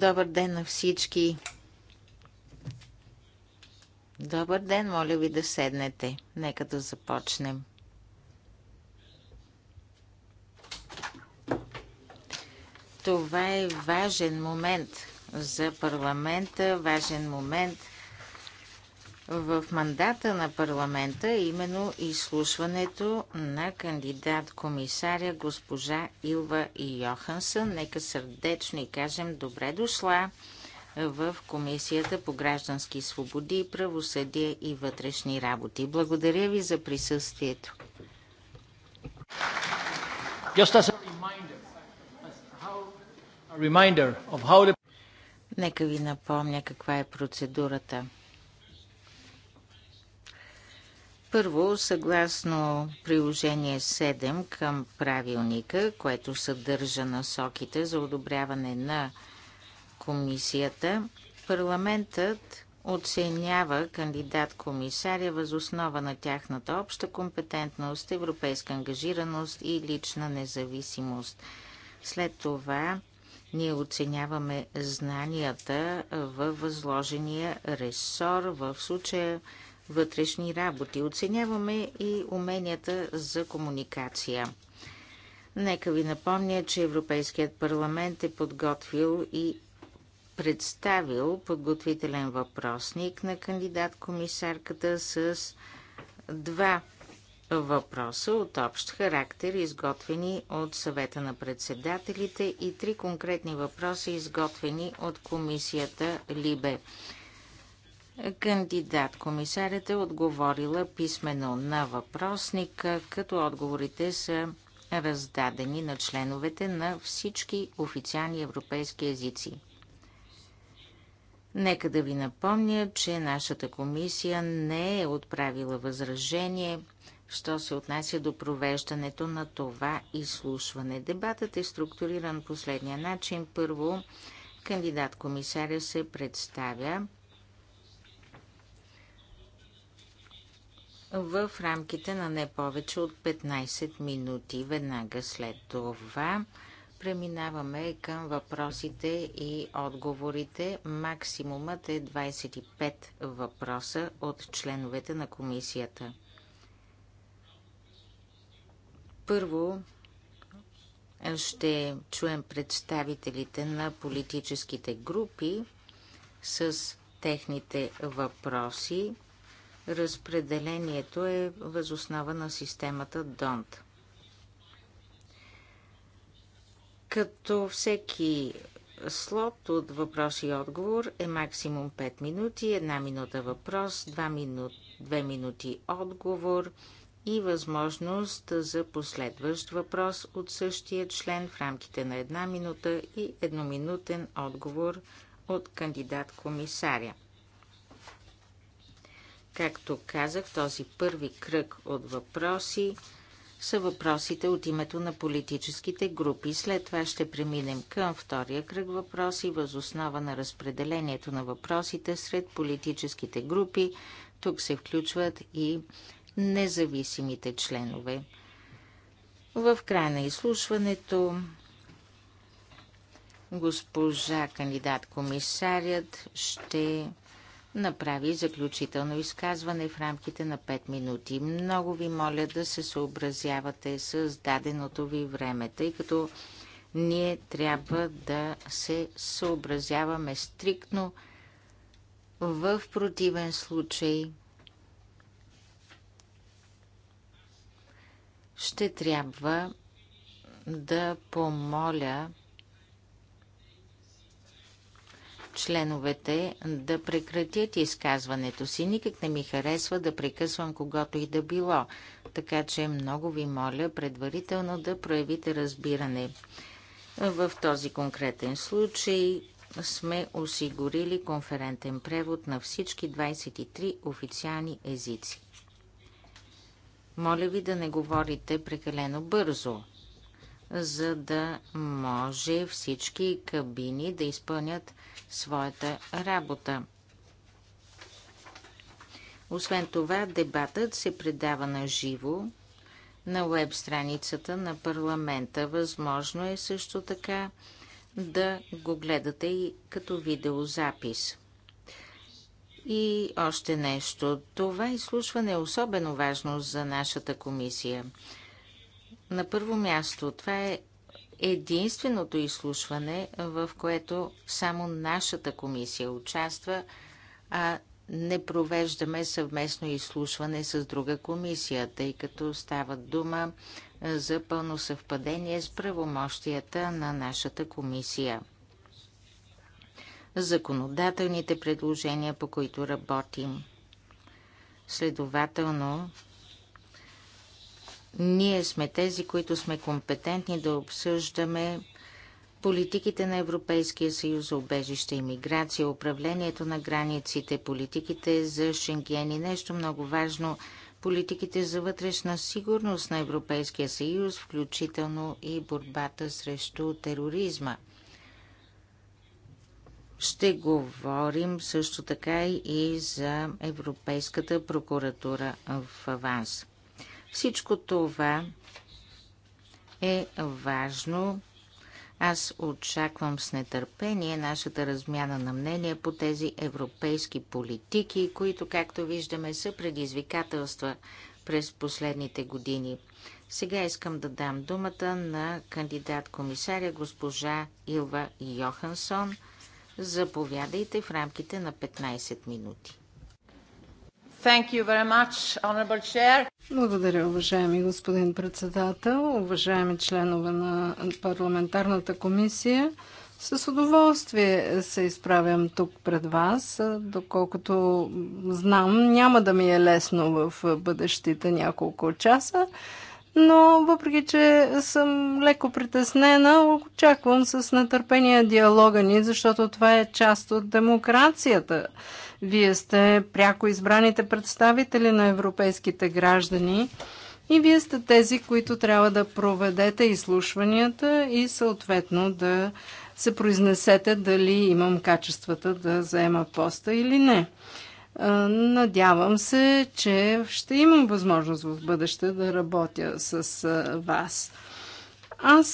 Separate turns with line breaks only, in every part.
Добър ден на всички. Добър ден, моля ви да седнете. Нека да започнем. Това е важен момент за парламента, важен момент – в мандата на парламента, именно изслушването на кандидат-комисаря госпожа Илва Йохансън. Нека сърдечно и кажем добре дошла в Комисията по граждански свободи, правосъдие и вътрешни работи. Благодаря ви за присъствието. Нека ви напомня каква е процедурата. Първо, съгласно приложение 7 към правилника, което съдържа насоките за одобряване на комисията, парламентът оценява кандидат-комисаря възоснова на тяхната обща компетентност, европейска ангажираност и лична независимост. След това ние оценяваме знанията във възложения ресор, в случая вътрешни работи. Оценяваме и уменията за комуникация. Нека ви напомня, че Европейският парламент е подготвил и представил подготвителен въпросник на кандидат-комисарката с два въпроса от общ характер, изготвени от съвета на председателите и три конкретни въпроса, изготвени от комисията Либе. Кандидат комисарят е отговорила писменно на въпросника, като отговорите са раздадени на членовете на всички официални европейски езици. Нека да ви напомня, че нашата комисия не е отправила възражение, що се отнася до провеждането на това изслушване. Дебатът е структуриран последния начин. Първо, кандидат комисаря се представя – в рамките на не повече от 15 минути. Веднага след това преминаваме към въпросите и отговорите. Максимумът е 25 въпроса от членовете на комисията. Първо ще чуем представителите на политическите групи с техните въпроси. Разпределението е възоснова на системата ДОНТ. Като всеки слот от въпрос и отговор е максимум 5 минути, една минута въпрос, 2 минути, 2 минути отговор и възможност за последващ въпрос от същия член в рамките на една минута и едноминутен отговор от кандидат комисаря. Както казах, този първи кръг от въпроси са въпросите от името на политическите групи. След това ще преминем към втория кръг въпроси, възоснова на разпределението на въпросите сред политическите групи. Тук се включват и независимите членове. В края на изслушването госпожа кандидат комисарят ще направи заключително изказване в рамките на 5 минути. Много ви моля да се съобразявате с даденото ви време, тъй като ние трябва да се съобразяваме стриктно. В противен случай ще трябва да помоля членовете да прекратят изказването си. Никак не ми харесва да прекъсвам когато и да било, така че много ви моля предварително да проявите разбиране. В този конкретен случай сме осигурили конферентен превод на всички 23 официални езици. Моля ви да не говорите прекалено бързо за да може всички кабини да изпълнят своята работа. Освен това, дебатът се предава на живо на веб страницата на парламента. Възможно е също така да го гледате и като видеозапис. И още нещо. Това изслушване е особено важно за нашата комисия – на първо място, това е единственото изслушване, в което само нашата комисия участва, а не провеждаме съвместно изслушване с друга комисия, тъй като става дума за пълно съвпадение с правомощията на нашата комисия. Законодателните предложения, по които работим. Следователно, ние сме тези, които сме компетентни да обсъждаме политиките на Европейския съюз за убежище и миграция, управлението на границите, политиките за Шенген и нещо много важно – политиките за вътрешна сигурност на Европейския съюз, включително и борбата срещу тероризма. Ще говорим също така и за Европейската прокуратура в аванс. Всичко това е важно. Аз очаквам с нетърпение нашата размяна на мнение по тези европейски политики, които, както виждаме, са предизвикателства през последните години. Сега искам да дам думата на кандидат-комисаря госпожа Илва Йохансон. Заповядайте в рамките на 15 минути.
Much, Благодаря, уважаеми господин председател, уважаеми членове на парламентарната комисия. С удоволствие се изправям тук пред вас. Доколкото знам, няма да ми е лесно в бъдещите няколко часа, но въпреки, че съм леко притеснена, очаквам с нетърпение диалога ни, защото това е част от демокрацията вие сте пряко избраните представители на европейските граждани и вие сте тези, които трябва да проведете изслушванията и съответно да се произнесете дали имам качествата да заема поста или не. Надявам се, че ще имам възможност в бъдеще да работя с вас. Аз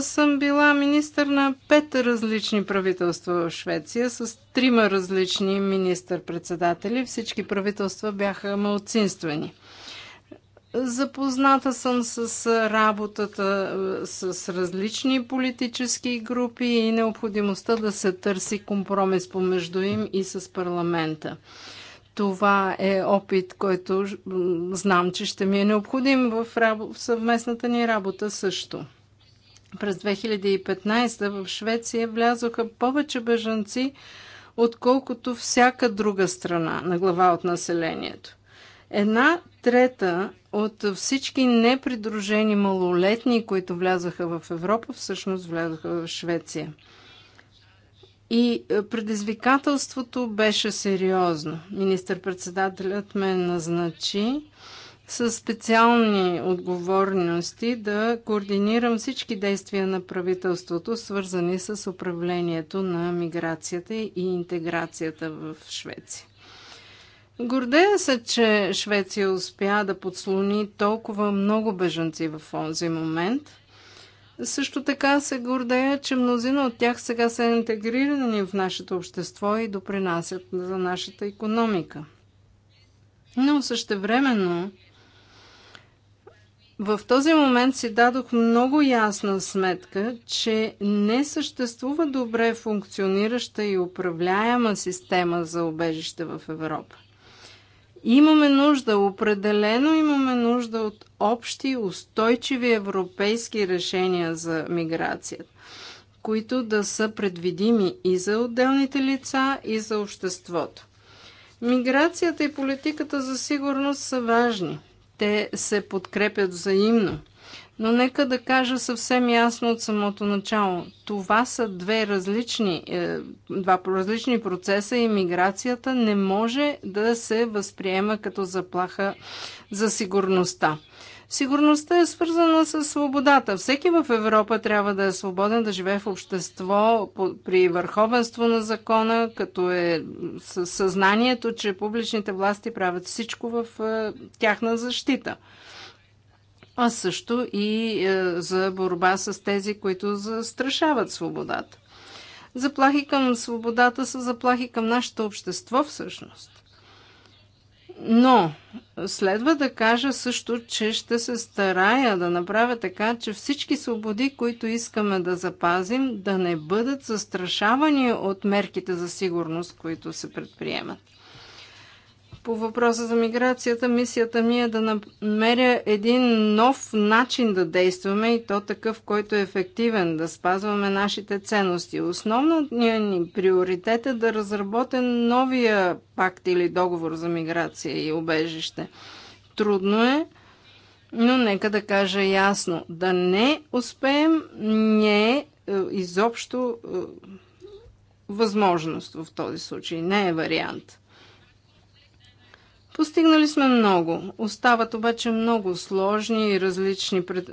съм била министър на пет различни правителства в Швеция с трима различни министър-председатели. Всички правителства бяха малцинствени. Запозната съм с работата с различни политически групи и необходимостта да се търси компромис помежду им и с парламента. Това е опит, който знам, че ще ми е необходим в, в съвместната ни работа също. През 2015 в Швеция влязоха повече бежанци, отколкото всяка друга страна на глава от населението. Една трета от всички непридружени малолетни, които влязаха в Европа, всъщност влязоха в Швеция. И е, предизвикателството беше сериозно. Министър-председателят ме назначи с специални отговорности да координирам всички действия на правителството, свързани с управлението на миграцията и интеграцията в Швеция. Гордея се, че Швеция успя да подслони толкова много бежанци в онзи момент. Също така се гордея, че мнозина от тях сега са интегрирани в нашето общество и допринасят за нашата економика. Но същевременно времено в този момент си дадох много ясна сметка, че не съществува добре функционираща и управляема система за убежище в Европа. Имаме нужда, определено имаме нужда от общи, устойчиви европейски решения за миграцията, които да са предвидими и за отделните лица, и за обществото. Миграцията и политиката за сигурност са важни – те се подкрепят взаимно. Но нека да кажа съвсем ясно от самото начало. Това са две различни, е, два различни процеса и миграцията не може да се възприема като заплаха за сигурността. Сигурността е свързана с свободата. Всеки в Европа трябва да е свободен да живее в общество при върховенство на закона, като е със съзнанието, че публичните власти правят всичко в е, тяхна защита. А също и е, за борба с тези, които застрашават свободата. Заплахи към свободата са заплахи към нашето общество всъщност. Но следва да кажа също, че ще се старая да направя така, че всички свободи, които искаме да запазим, да не бъдат застрашавани от мерките за сигурност, които се предприемат. По въпроса за миграцията, мисията ми е да намеря един нов начин да действаме и то такъв, който е ефективен, да спазваме нашите ценности. Основният ни приоритет е да разработен новия пакт или договор за миграция и обежище. Трудно е, но нека да кажа ясно. Да не успеем, не е, е изобщо е, възможност в този случай. Не е вариант. Постигнали сме много. Остават обаче много сложни и различни пред...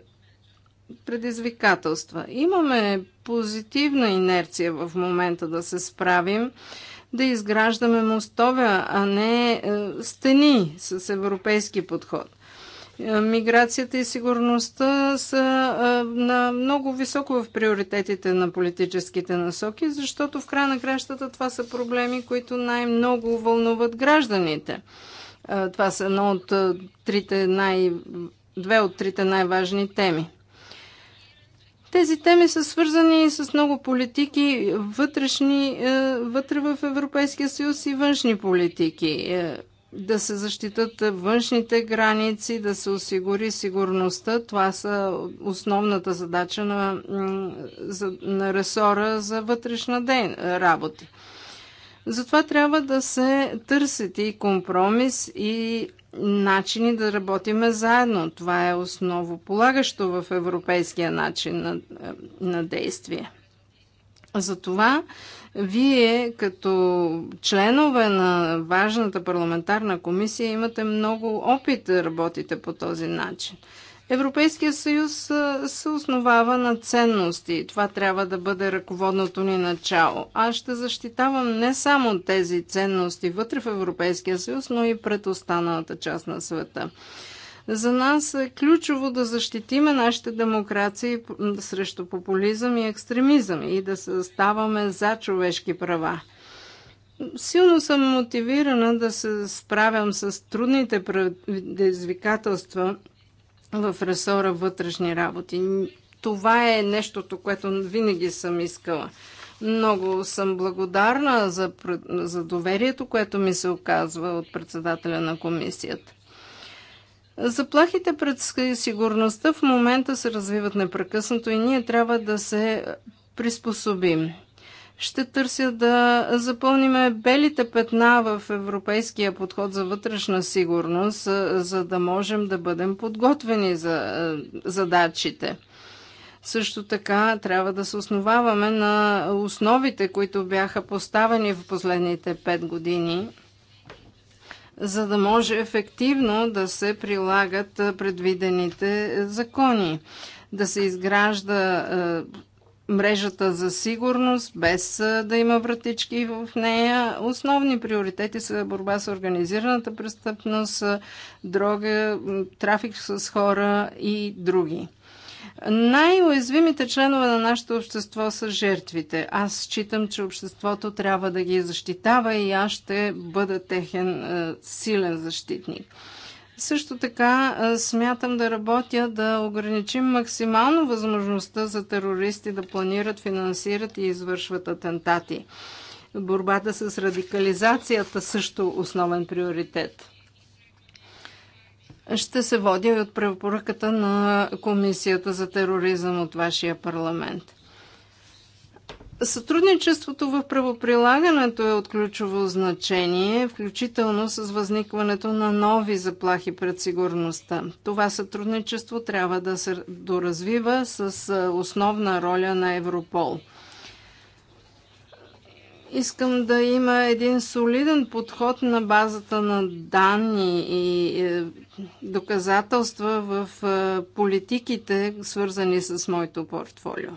предизвикателства. Имаме позитивна инерция в момента да се справим, да изграждаме мостове, а не е, стени с европейски подход. Е, миграцията и сигурността са е, на много високо в приоритетите на политическите насоки, защото в края на кращата това са проблеми, които най-много вълнуват гражданите. Това са едно от трите най... две от трите най-важни теми. Тези теми са свързани с много политики, вътрешни, вътре в Европейския съюз и външни политики. Да се защитат външните граници, да се осигури сигурността. Това са основната задача на, на ресора за вътрешна ден, работа. Затова трябва да се търсят и компромис, и начини да работиме заедно. Това е основополагащо в европейския начин на, на действие. Затова вие като членове на важната парламентарна комисия имате много опит да работите по този начин. Европейския съюз се основава на ценности. Това трябва да бъде ръководното ни начало. Аз ще защитавам не само тези ценности вътре в Европейския съюз, но и пред останалата част на света. За нас е ключово да защитиме нашите демокрации срещу популизъм и екстремизъм и да се ставаме за човешки права. Силно съм мотивирана да се справям с трудните предизвикателства – в ресора вътрешни работи. Това е нещото, което винаги съм искала. Много съм благодарна за, за доверието, което ми се оказва от председателя на комисията. Заплахите пред сигурността в момента се развиват непрекъснато и ние трябва да се приспособим ще търся да запълниме белите петна в европейския подход за вътрешна сигурност, за да можем да бъдем подготвени за задачите. Също така трябва да се основаваме на основите, които бяха поставени в последните 5 години, за да може ефективно да се прилагат предвидените закони, да се изгражда мрежата за сигурност, без да има вратички в нея. Основни приоритети са борба с организираната престъпност, дрога, трафик с хора и други. Най-уязвимите членове на нашето общество са жертвите. Аз считам, че обществото трябва да ги защитава и аз ще бъда техен силен защитник. Също така смятам да работя да ограничим максимално възможността за терористи да планират, финансират и извършват атентати. Борбата с радикализацията също основен приоритет. Ще се водя и от препоръката на Комисията за тероризъм от вашия парламент. Сътрудничеството в правоприлагането е от ключово значение, включително с възникването на нови заплахи пред сигурността. Това сътрудничество трябва да се доразвива с основна роля на Европол. Искам да има един солиден подход на базата на данни и е, доказателства в политиките, свързани с моето портфолио.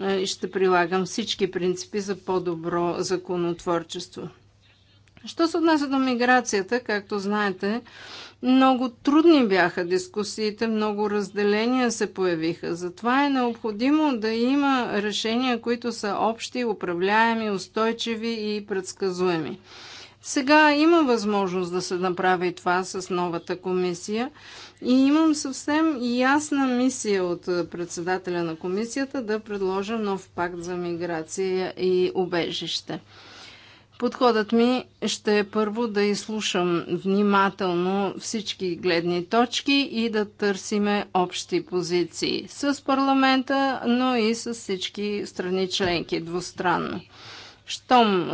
Е, и ще прилагам всички принципи за по-добро законотворчество. Що се отнася до миграцията, както знаете, много трудни бяха дискусиите, много разделения се появиха. Затова е необходимо да има решения, които са общи, управляеми, устойчиви и предсказуеми. Сега има възможност да се направи това с новата комисия и имам съвсем ясна мисия от е, председателя на комисията да предложа нов пакт за миграция и убежище. Подходът ми ще е първо да изслушам внимателно всички гледни точки и да търсиме общи позиции с парламента, но и с всички страни членки двустранно. Щом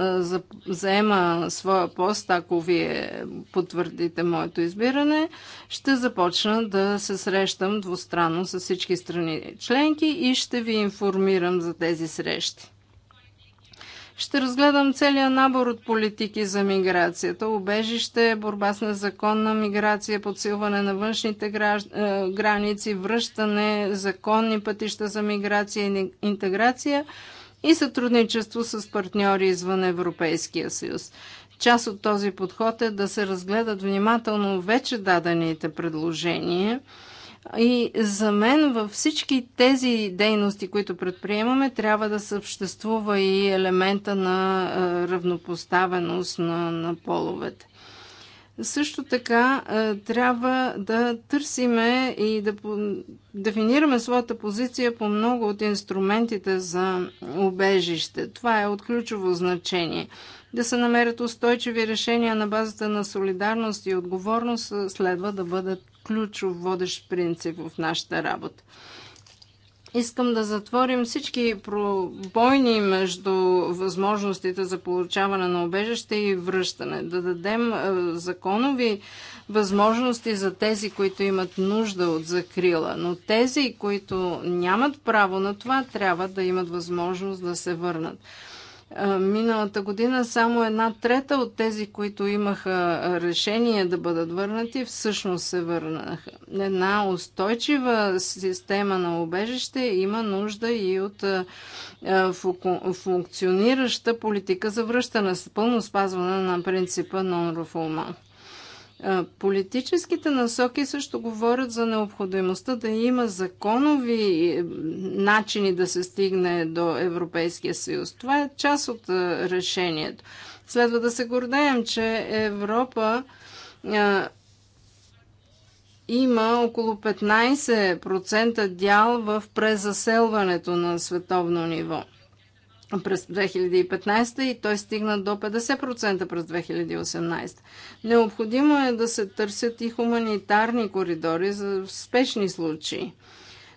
заема своя пост, ако вие потвърдите моето избиране, ще започна да се срещам двустранно с всички страни членки и ще ви информирам за тези срещи. Ще разгледам целият набор от политики за миграцията, Обежище, борба с незаконна миграция, подсилване на външните граници, връщане, законни пътища за миграция и интеграция – и сътрудничество с партньори извън Европейския съюз. Част от този подход е да се разгледат внимателно вече дадените предложения. И за мен във всички тези дейности, които предприемаме, трябва да съществува и елемента на равнопоставеност на, на половете. Също така е, трябва да търсиме и да дефинираме своята позиция по много от инструментите за убежище. Това е от ключово значение. Да се намерят устойчиви решения на базата на солидарност и отговорност следва да бъдат ключов водещ принцип в нашата работа. Искам да затворим всички пробойни между възможностите за получаване на обежище и връщане. Да дадем е, законови възможности за тези, които имат нужда от закрила. Но тези, които нямат право на това, трябва да имат възможност да се върнат. Миналата година само една трета от тези, които имаха решение да бъдат върнати, всъщност се върнаха. Една устойчива система на убежище има нужда и от функционираща политика за връщане с пълно спазване на принципа non-refoulement. Политическите насоки също говорят за необходимостта да има законови е, начини да се стигне до Европейския съюз. Това е част от решението. Следва да се гордеем, че Европа има около 15% дял в презаселването на световно ниво през 2015 и той стигна до 50% през 2018. Необходимо е да се търсят и хуманитарни коридори за спешни случаи.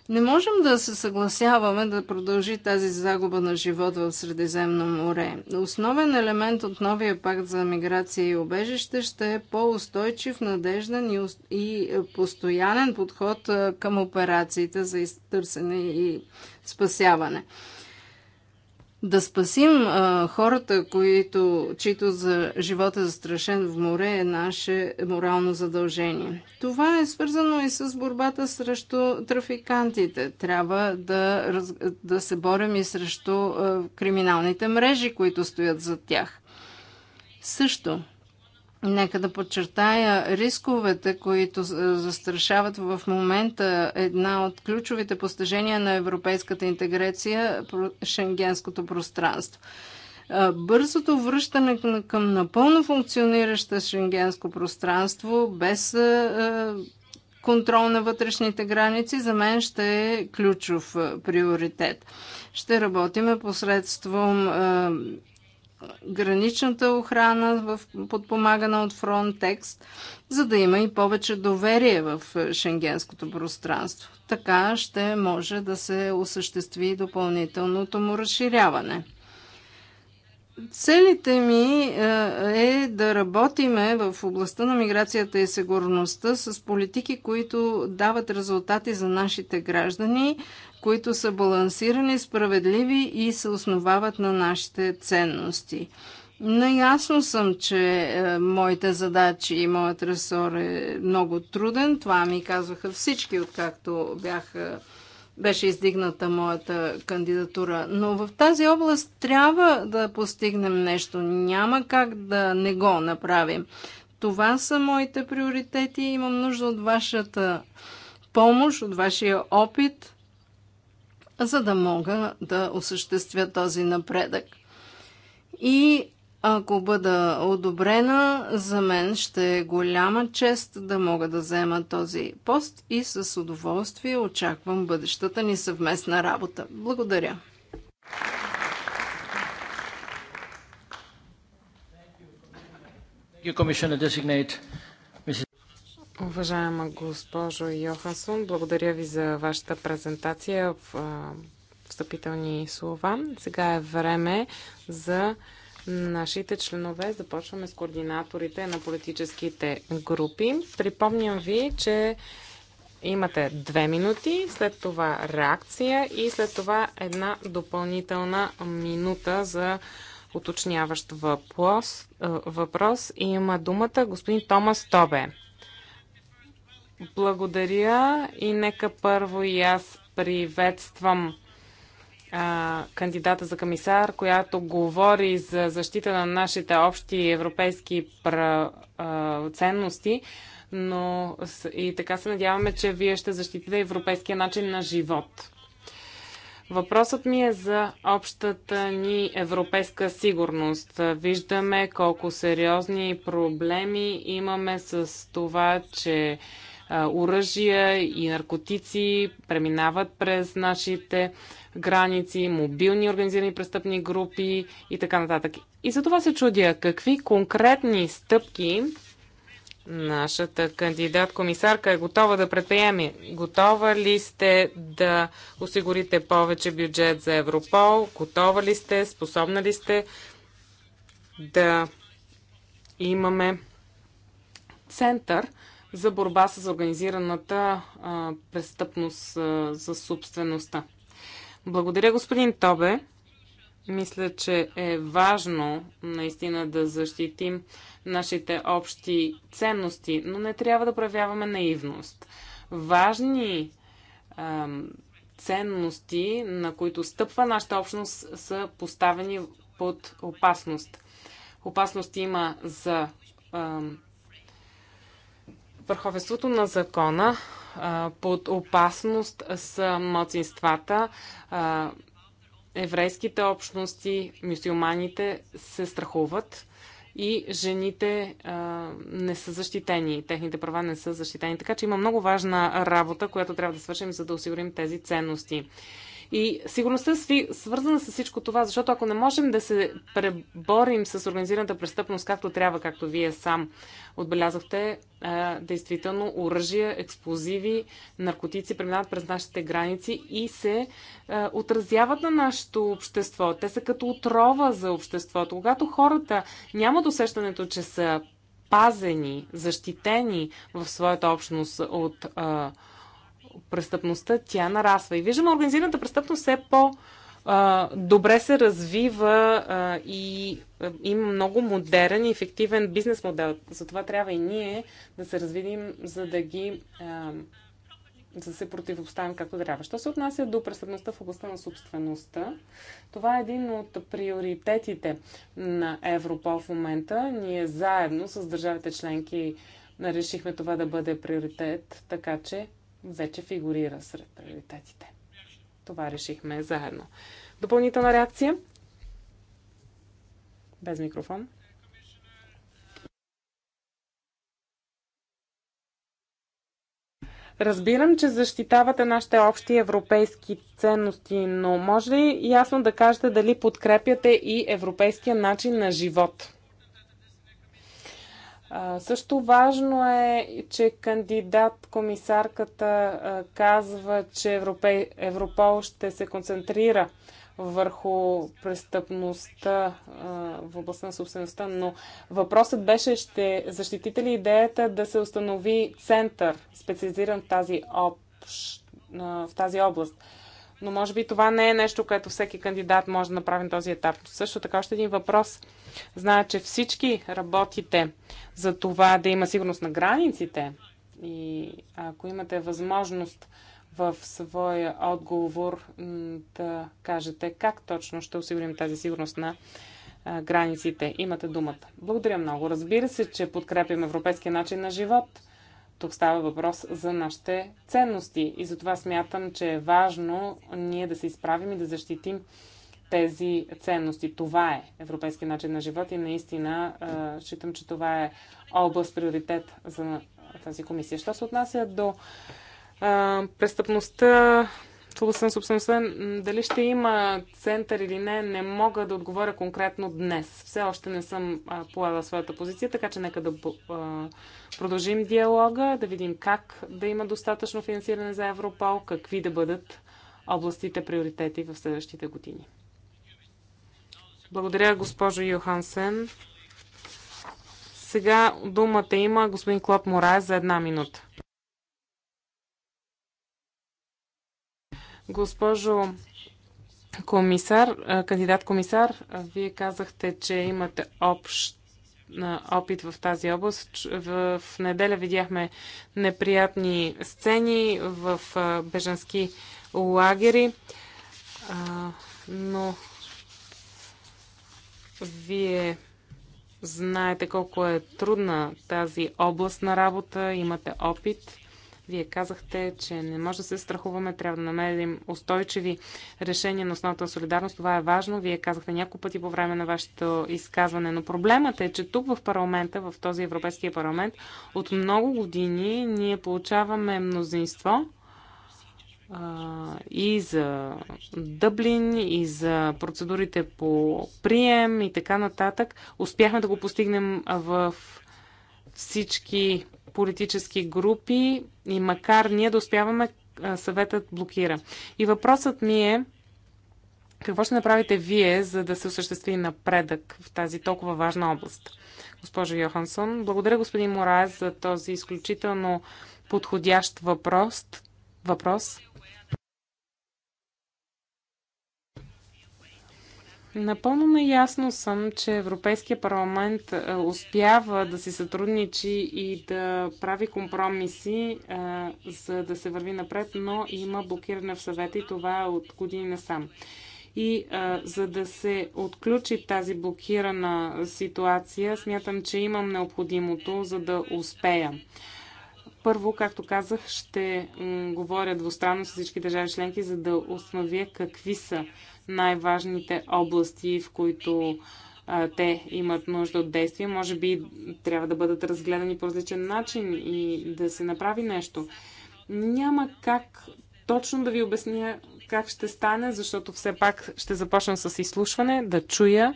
Не можем да се съгласяваме да продължи тази загуба на живот в Средиземно море. Основен елемент от новия пакт за миграция и обежище ще е по-устойчив, надежден и постоянен подход към операциите за изтърсене и спасяване да спасим а, хората, които, чието за живота за е застрашен в море, е наше морално задължение. Това е свързано и с борбата срещу трафикантите. Трябва да, да се борим и срещу а, криминалните мрежи, които стоят зад тях. Също Нека да подчертая рисковете, които е, застрашават в момента една от ключовите постижения на европейската интеграция шенгенското пространство. Е, бързото връщане към напълно функционираща шенгенско пространство без е, контрол на вътрешните граници за мен ще е ключов приоритет. Ще работиме посредством граничната охрана, в, подпомагана от Frontex, за да има и повече доверие в е, шенгенското пространство. Така ще може да се осъществи допълнителното му разширяване. Целите ми е, е да работиме в областта на миграцията и сигурността с политики, които дават резултати за нашите граждани, които са балансирани, справедливи и се основават на нашите ценности. Наясно съм, че е, моите задачи и моят ресор е много труден. Това ми казваха всички, откакто бяха беше издигната моята кандидатура. Но в тази област трябва да постигнем нещо. Няма как да не го направим. Това са моите приоритети. Имам нужда от вашата помощ, от вашия опит, за да мога да осъществя този напредък. И ако бъда одобрена, за мен ще е голяма чест да мога да взема този пост и с удоволствие очаквам бъдещата ни съвместна работа. Благодаря.
Уважаема госпожо Йохансон, благодаря ви за вашата презентация в встъпителни слова. Сега е време за нашите членове. Започваме с координаторите на политическите групи. Припомням ви, че имате две минути, след това реакция и след това една допълнителна минута за уточняващ въпрос. Е, въпрос. И има думата господин Томас Тобе. Благодаря и нека първо и аз приветствам а, кандидата за комисар, която говори за защита на нашите общи европейски пра, а, ценности, но и така се надяваме, че вие ще защитите европейския начин на живот. Въпросът ми е за общата ни европейска сигурност. Виждаме колко сериозни проблеми имаме с това, че оръжия и наркотици преминават през нашите граници, мобилни организирани престъпни групи и така нататък. И за това се чудя какви конкретни стъпки нашата кандидат-комисарка е готова да предприеме. Готова ли сте да осигурите повече бюджет за Европол? Готова ли сте? Способна ли сте да имаме център за борба с организираната а, престъпност а, за собствеността? Благодаря, господин Тобе. Мисля, че е важно наистина да защитим нашите общи ценности, но не трябва да проявяваме наивност. Важни ам, ценности, на които стъпва нашата общност, са поставени под опасност. Опасност има за ам, върховеството на закона, под опасност са младсинствата, еврейските общности, мюсюлманите се страхуват и жените не са защитени, техните права не са защитени. Така че има много важна работа, която трябва да свършим, за да осигурим тези ценности. И сигурността е свързана с всичко това, защото ако не можем да се преборим с организираната престъпност както трябва, както вие сам отбелязахте, а, е, действително оръжия, експлозиви, наркотици преминават през нашите граници и се а, е, отразяват на нашето общество. Те са като отрова за обществото. Когато хората нямат усещането, че са пазени, защитени в своята общност от а, е, престъпността, тя нарасва. И виждаме, организираната престъпност все по- добре се развива и има много модерен и ефективен бизнес модел. Затова трябва и ние да се развидим, за да ги да се противопоставим както трябва. Що се отнася до престъпността в областта на собствеността, това е един от приоритетите на Европол в момента. Ние заедно с държавите членки решихме това да бъде приоритет, така че вече фигурира сред приоритетите. Това решихме заедно. Допълнителна реакция? Без микрофон. Разбирам, че защитавате нашите общи европейски ценности, но може ли ясно да кажете дали подкрепяте и европейския начин на живот? А, също важно е, че кандидат-комисарката казва, че Европол ще се концентрира върху престъпността в областта на собствеността, но въпросът беше, ще защитите ли идеята да се установи център, специализиран в тази, общ, а, в тази област? но може би това не е нещо, което всеки кандидат може да направи на този етап. Също така още един въпрос. Знаят, че всички работите за това да има сигурност на границите и ако имате възможност в своя отговор да кажете как точно ще осигурим тази сигурност на границите. Имате думата. Благодаря много. Разбира се, че подкрепим европейския начин на живот тук става въпрос за нашите ценности и затова смятам, че е важно ние да се изправим и да защитим тези ценности. Това е европейски начин на живот и наистина считам, че това е област приоритет за тази комисия. Що се отнася до престъпността, съм собствеността, дали ще има център или не, не мога да отговоря конкретно днес. Все още не съм поела своята позиция, така че нека да продължим диалога, да видим как да има достатъчно финансиране за Европол, какви да бъдат областите приоритети в следващите години. Благодаря, госпожо Йохансен. Сега думата има господин Клод Морай за една минута. Госпожо комисар, кандидат-комисар, вие казахте, че имате общ опит в тази област. В неделя видяхме неприятни сцени в бежански лагери, но вие знаете колко е трудна тази област на работа, имате опит вие казахте, че не може да се страхуваме, трябва да намерим устойчиви решения на основата на солидарност. Това е важно. Вие казахте няколко пъти по време на вашето изказване. Но проблемът е, че тук в парламента, в този Европейския парламент, от много години ние получаваме мнозинство а, и за Дъблин, и за процедурите по прием и така нататък. Успяхме да го постигнем в всички политически групи и макар ние да успяваме, съветът блокира. И въпросът ми е, какво ще направите вие, за да се осъществи напредък в тази толкова важна област? Госпожо Йохансон, благодаря господин Мораз за този изключително подходящ въпрос. въпрос. Напълно наясно съм, че Европейския парламент е, успява да си сътрудничи и да прави компромиси, е, за да се върви напред, но има блокиране в съвета и това е от години насам. И а, е, за да се отключи тази блокирана ситуация, смятам, че имам необходимото, за да успея. Първо, както казах, ще говоря двустранно с всички държави членки, за да установя какви са най-важните области, в които а, те имат нужда от действие. Може би трябва да бъдат разгледани по различен начин и да се направи нещо. Няма как точно да ви обясня как ще стане, защото все пак ще започна с изслушване, да чуя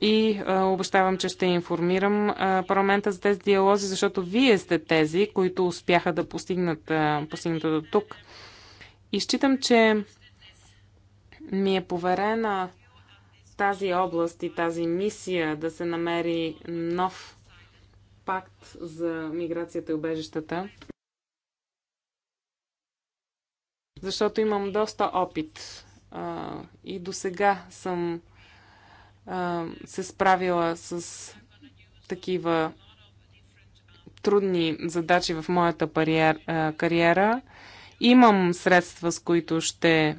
и а, обещавам, че ще информирам а, парламента за тези диалози, защото вие сте тези, които успяха да постигнат а, постигнато до тук. И считам, че ми е поверена тази област и тази мисия да се намери нов пакт за миграцията и убежищата, защото имам доста опит а, и до сега съм а, се справила с такива трудни задачи в моята париер, а, кариера. Имам средства, с които ще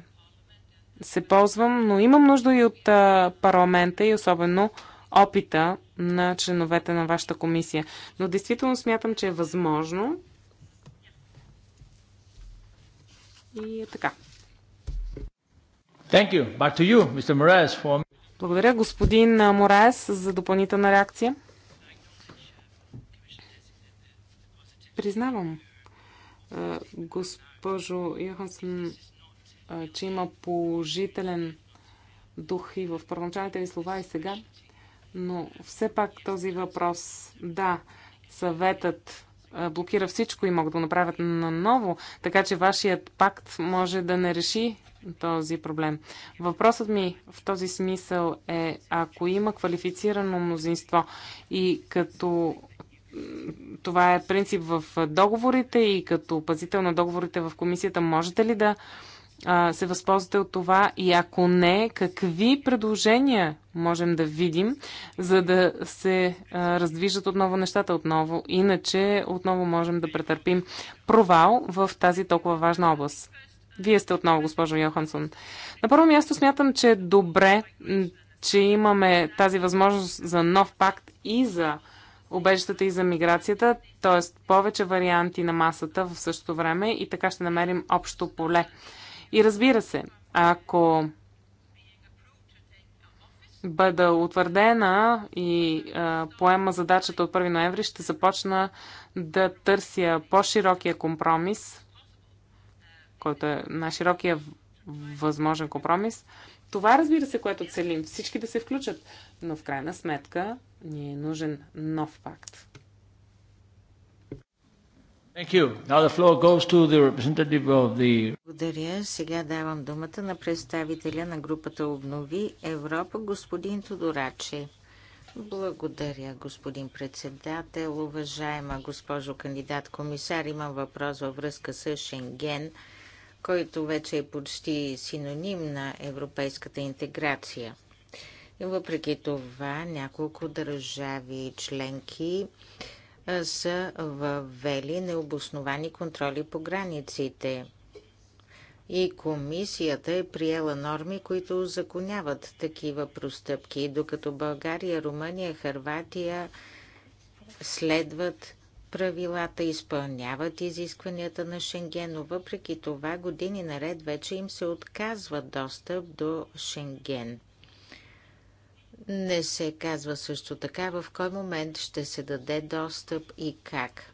се ползвам, но имам нужда и от парламента и особено опита на членовете на вашата комисия. Но действително смятам, че е възможно. И е така.
Thank you. Back to you, Mr. Moraes, for...
Благодаря, господин Мораес, за допълнителна реакция. Признавам, госпожо Йохансен, че има положителен дух и в първоначалните ви слова и сега, но все пак този въпрос, да, съветът блокира всичко и могат да го направят наново, така че вашият пакт може да не реши този проблем. Въпросът ми в този смисъл е, ако има квалифицирано мнозинство и като това е принцип в договорите и като пазител на договорите в комисията, можете ли да а, се възползвате от това и ако не, какви предложения можем да видим, за да се а, раздвижат отново нещата отново. Иначе отново можем да претърпим провал в тази толкова важна област. Вие сте отново, госпожо Йохансон. На първо място смятам, че е добре, че имаме тази възможност за нов пакт и за обежищата и за миграцията, т.е. повече варианти на масата в същото време и така ще намерим общо поле и разбира се, ако бъда утвърдена и а, поема задачата от 1 ноември, ще започна да търся по-широкия компромис, който е най-широкия възможен компромис. Това разбира се, което целим. Всички да се включат, но в крайна сметка ни е нужен нов пакт.
Благодаря. Сега давам думата на представителя на групата Обнови Европа, господин Тодорачи. Благодаря, господин председател. Уважаема госпожо кандидат комисар, имам въпрос във връзка с Шенген, който вече е почти синоним на европейската интеграция. И въпреки това, няколко държави членки са въвели необосновани контроли по границите. И комисията е приела норми, които узаконяват такива простъпки, докато България, Румъния, Харватия следват правилата, изпълняват изискванията на Шенген, но въпреки това години наред вече им се отказва достъп до Шенген – не се казва също така в кой момент ще се даде достъп и как.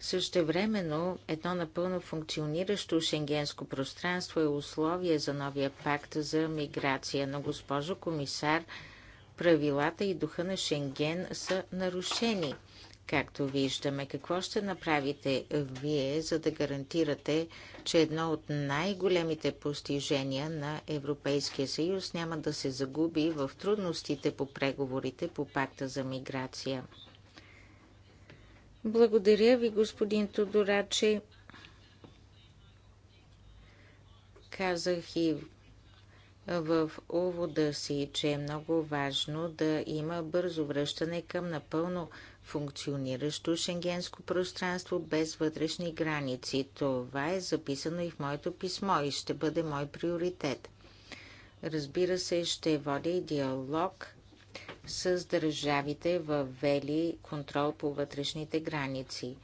Същевременно, едно напълно функциониращо шенгенско пространство е условие за новия пакт за миграция. Но, госпожо комисар, правилата и духа на Шенген са нарушени както виждаме. Какво ще направите вие, за да гарантирате, че едно от най-големите постижения на Европейския съюз няма да се загуби в трудностите по преговорите по пакта за миграция? Благодаря ви, господин Тодорачи, Казах и в увода си, че е много важно да има бързо връщане към напълно функциониращо шенгенско пространство без вътрешни граници. Това е записано и в моето писмо и ще бъде мой приоритет. Разбира се, ще водя и диалог с държавите вели контрол по вътрешните граници.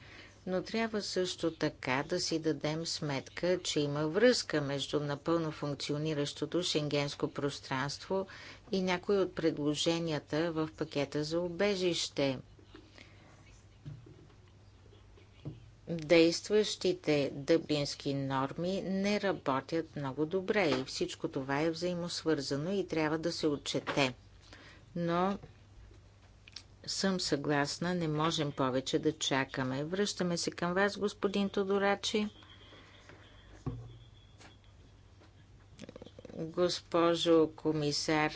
Но трябва също така да си дадем сметка, че има връзка между напълно функциониращото шенгенско пространство и някои от предложенията в пакета за убежище – действащите дъблински норми не работят много добре и всичко това е взаимосвързано и трябва да се отчете. Но съм съгласна, не можем повече да чакаме. Връщаме се към вас, господин Тодорачи. Госпожо комисар,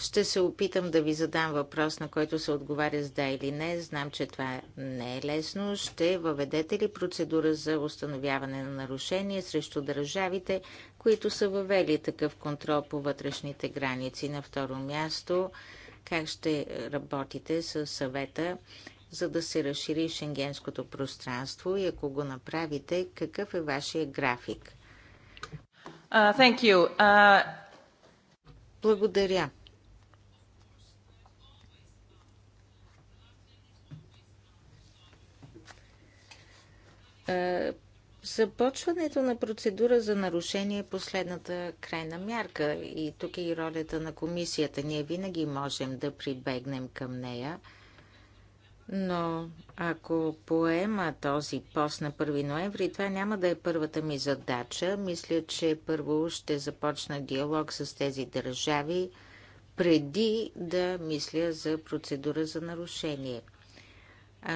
ще се опитам да ви задам въпрос, на който се отговаря с да или не. Знам, че това не е лесно. Ще въведете ли процедура за установяване на нарушение срещу държавите, които са въвели такъв контрол по вътрешните граници? На второ място, как ще работите с съвета, за да се разшири шенгенското пространство и ако го направите, какъв е вашия график?
Uh, thank you.
Uh... Благодаря. Е, започването на процедура за нарушение е последната крайна мярка и тук е и ролята на комисията. Ние винаги можем да прибегнем към нея, но ако поема този пост на 1 ноември, това няма да е първата ми задача. Мисля, че първо ще започна диалог с тези държави, преди да мисля за процедура за нарушение –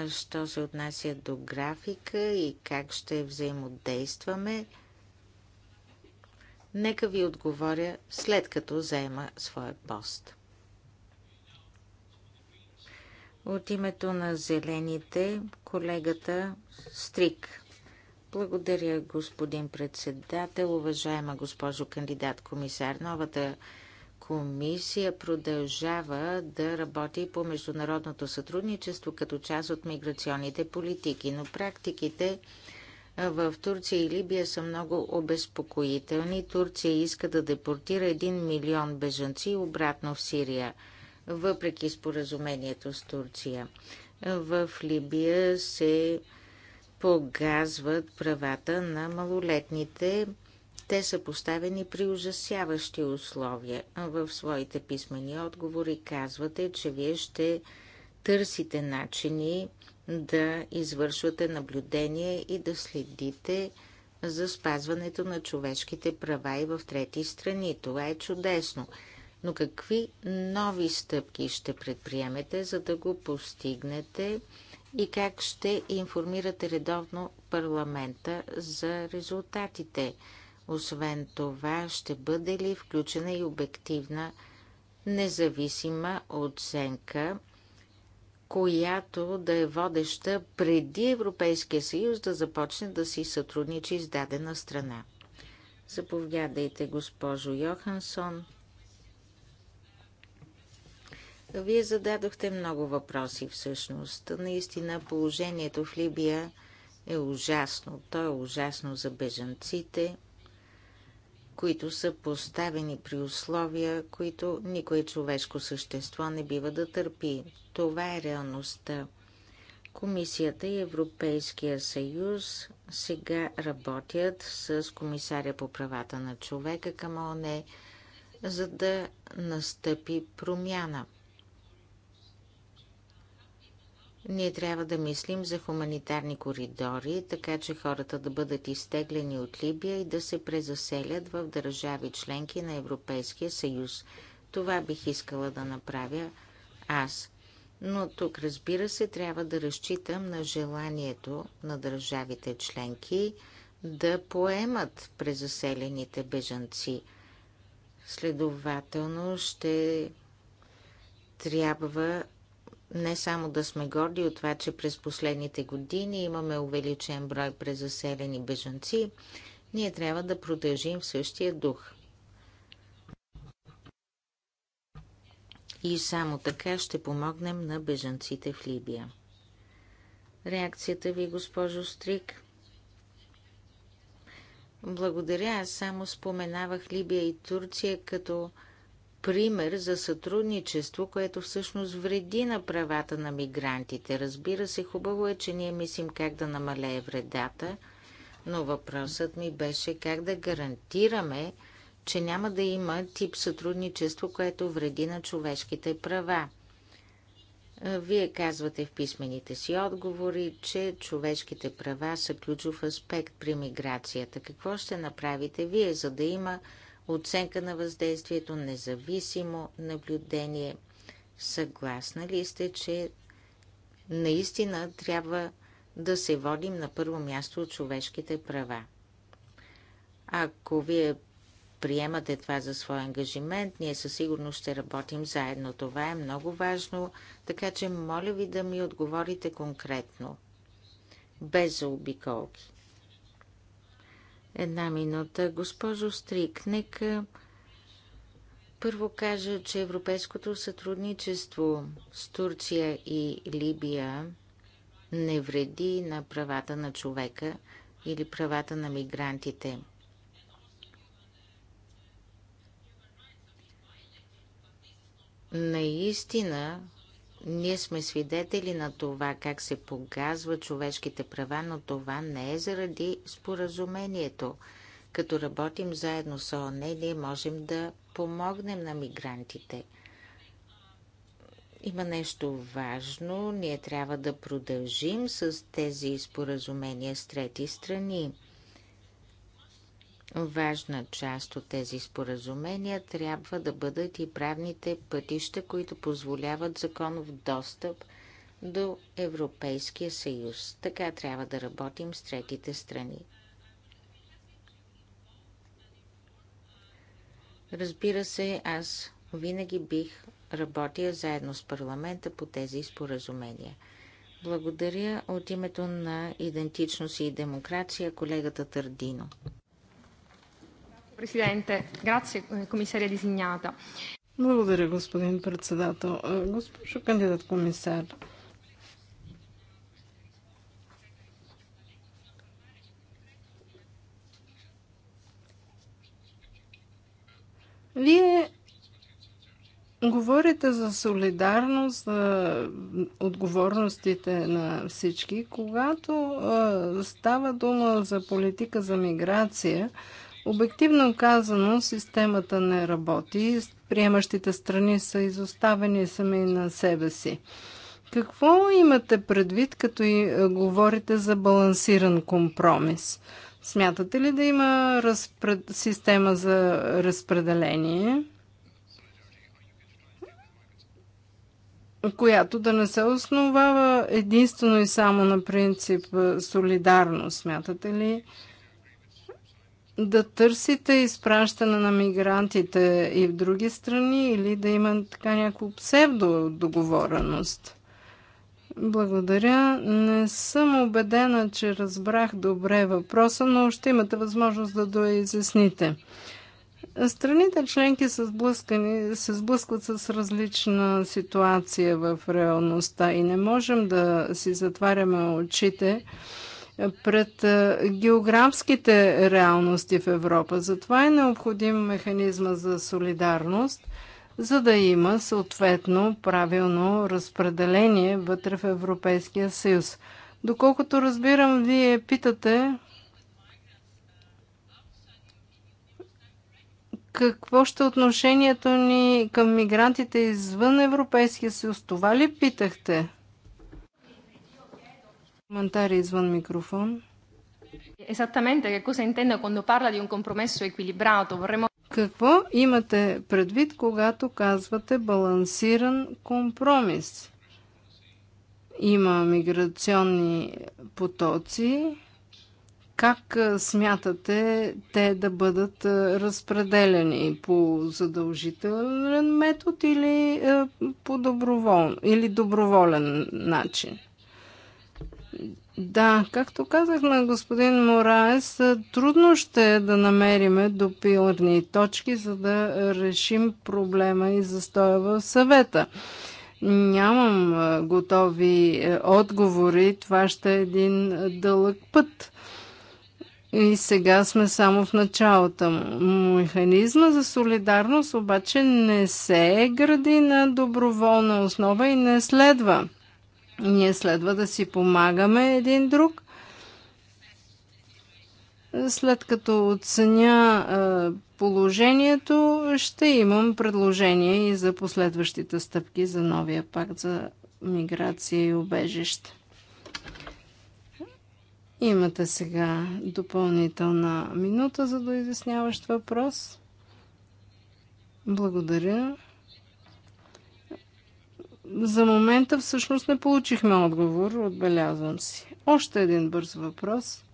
що се отнася до графика и как ще взаимодействаме, нека ви отговоря след като заема своя пост. От името на зелените, колегата Стрик. Благодаря, господин председател, уважаема госпожо кандидат комисар. Новата комисия продължава да работи по международното сътрудничество като част от миграционните политики, но практиките в Турция и Либия са много обезпокоителни. Турция иска да депортира 1 милион бежанци обратно в Сирия, въпреки споразумението с Турция. В Либия се погазват правата на малолетните те са поставени при ужасяващи условия. В своите писмени отговори казвате, че вие ще търсите начини да извършвате наблюдение и да следите за спазването на човешките права и в трети страни. Това е чудесно. Но какви нови стъпки ще предприемете, за да го постигнете и как ще информирате редовно парламента за резултатите? Освен това, ще бъде ли включена и обективна независима оценка, която да е водеща преди Европейския съюз да започне да си сътрудничи с дадена страна? Заповядайте, госпожо Йохансон. Вие зададохте много въпроси всъщност. Наистина положението в Либия е ужасно. То е ужасно за бежанците – които са поставени при условия, които никое човешко същество не бива да търпи. Това е реалността. Комисията и Европейския съюз сега работят с комисаря по правата на човека към ОНЕ, за да настъпи промяна – ние трябва да мислим за хуманитарни коридори, така че хората да бъдат изтеглени от Либия и да се презаселят в държави членки на Европейския съюз. Това бих искала да направя аз. Но тук, разбира се, трябва да разчитам на желанието на държавите членки да поемат презаселените бежанци. Следователно ще трябва не само да сме горди от това, че през последните години имаме увеличен брой презаселени бежанци, ние трябва да продължим в същия дух. И само така ще помогнем на бежанците в Либия. Реакцията ви, госпожо Стрик? Благодаря, аз само споменавах Либия и Турция като пример за сътрудничество, което всъщност вреди на правата на мигрантите. Разбира се, хубаво е, че ние мислим как да намалее вредата, но въпросът ми беше как да гарантираме, че няма да има тип сътрудничество, което вреди на човешките права. Вие казвате в писмените си отговори, че човешките права са ключов аспект при миграцията. Какво ще направите вие, за да има оценка на въздействието, независимо наблюдение. Съгласна ли сте, че наистина трябва да се водим на първо място от човешките права? Ако вие приемате това за свой ангажимент, ние със сигурност ще работим заедно. Това е много важно, така че моля ви да ми отговорите конкретно, без заобиколки една минута. Госпожо Стрик, нека първо кажа, че европейското сътрудничество с Турция и Либия не вреди на правата на човека или правата на мигрантите. Наистина ние сме свидетели на това, как се погазват човешките права, но това не е заради споразумението. Като работим заедно с ООН, ние можем да помогнем на мигрантите. Има нещо важно. Ние трябва да продължим с тези споразумения с трети страни. Важна част от тези споразумения трябва да бъдат и правните пътища, които позволяват законов достъп до Европейския съюз. Така трябва да работим с третите страни. Разбира се, аз винаги бих работя заедно с парламента по тези споразумения. Благодаря от името на Идентичност и демокрация колегата Търдино.
Presidente, grazie eh, commissaria Дизинята.
Благодаря, господин председател. Е, госпожо кандидат
комисар, Вие говорите за солидарност, за отговорностите на всички. Когато е, става дума за политика за миграция, Обективно казано, системата не работи. Приемащите страни са изоставени сами на себе си. Какво имате предвид, като и е, говорите за балансиран компромис? Смятате ли да има разпред... система за разпределение, която да не се основава единствено и само на принцип е, солидарност? Смятате ли? да търсите изпращане на мигрантите и в други страни или да има така някаква псевдодоговореност? Благодаря. Не съм убедена, че разбрах добре въпроса, но ще имате възможност да доизясните. Страните членки са сблъскани, се сблъскват с различна ситуация в реалността и не можем да си затваряме очите пред географските реалности в Европа. Затова е необходим механизма за солидарност, за да има съответно правилно разпределение вътре в Европейския съюз. Доколкото разбирам, вие питате какво ще е отношението ни към мигрантите извън Европейския съюз. Това ли питахте? Коментар извън микрофон.
Esattamente che cosa intende quando parla di un compromesso equilibrato? Vorremmo... Какво
имате предвид, когато казвате балансиран компромис? Има миграционни потоци. Как смятате те да бъдат разпределени по задължителен метод или по доброволен или доброволен начин? Да, както казах на господин Мораес, трудно ще е да намериме допилни точки, за да решим проблема и застоя в съвета. Нямам готови е, отговори, това ще е един дълъг път. И сега сме само в началото. Механизма за солидарност обаче не се гради на доброволна основа и не следва ние следва да си помагаме един друг. След като оценя положението, ще имам предложение и за последващите стъпки за новия пакт за миграция и убежище. Имате сега допълнителна минута за доизясняващ въпрос. Благодаря. За момента всъщност не получихме отговор, отбелязвам си. Още един бърз въпрос.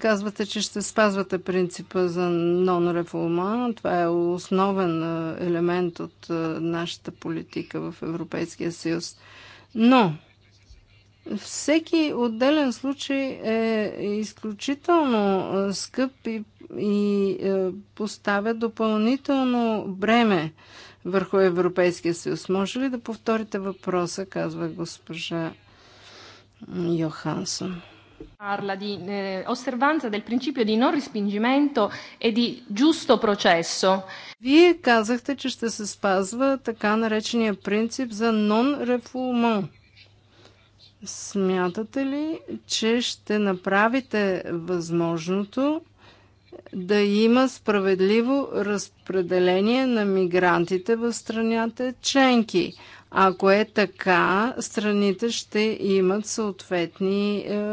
Казвате, че ще спазвате принципа за нон-реформа. Това е основен елемент от нашата политика в Европейския съюз. Но всеки отделен случай е изключително скъп и, и поставя допълнително бреме върху Европейския съюз. Може ли да повторите въпроса, казва госпожа Йохансон.
Parla di eh, osservanza del principio di non respingimento
e di giusto processo. Вие казахте, че ще се спазва така наречения принцип за non-refoulement. Смятате ли, че ще направите възможното да има справедливо разпределение на мигрантите в страните членки. Ако е така, страните ще имат съответни е,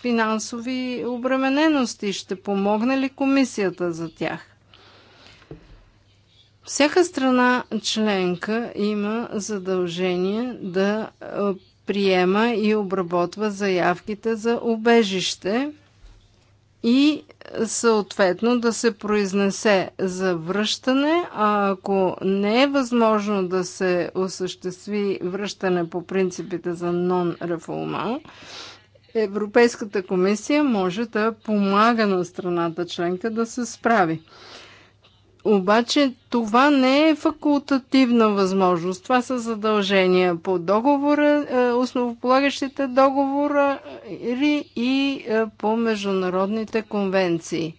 финансови обременености. Ще помогне ли комисията за тях? Всяка страна членка има задължение да е, приема и обработва заявките за убежище и съответно да се произнесе за връщане, а ако не е възможно да се осъществи връщане по принципите за нон-рефулма, Европейската комисия може да помага на страната членка да се справи. Обаче това не е факултативна възможност. Това са задължения по договора, е, основополагащите договора и е, по международните конвенции.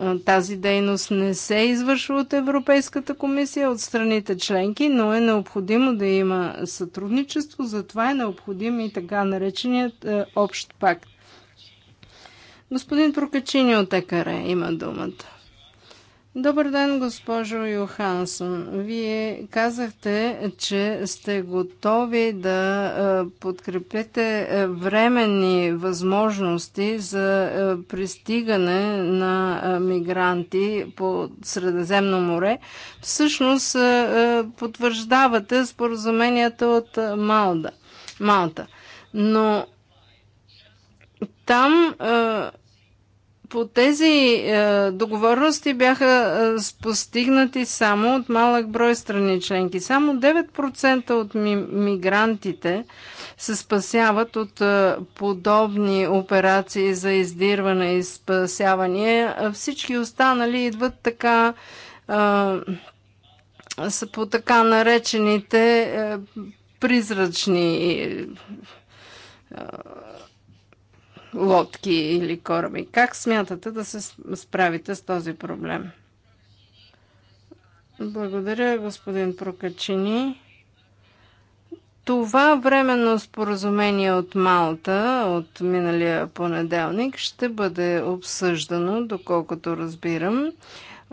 Е, тази дейност не се извършва от Европейската комисия, от страните членки, но е необходимо да има сътрудничество. Затова е необходим и така нареченият общ пакт. Господин Прокачини от ЕКАРЕ има думата. Добър ден, госпожо Йохансон. Вие казахте, че сте готови да е, подкрепите е, временни възможности за е, пристигане на мигранти по Средиземно море. Всъщност потвърждавате споразуменията от Малда, Малта. Но там по тези е, договорности бяха е, постигнати само от малък брой страни членки. Само 9% от ми, мигрантите се спасяват от е, подобни операции за издирване и спасяване. Всички останали идват така е, са по така наречените е, призрачни е, лодки или кораби. Как смятате да се справите с този проблем? Благодаря, господин Прокачини. Това временно споразумение от Малта от миналия понеделник ще бъде обсъждано, доколкото разбирам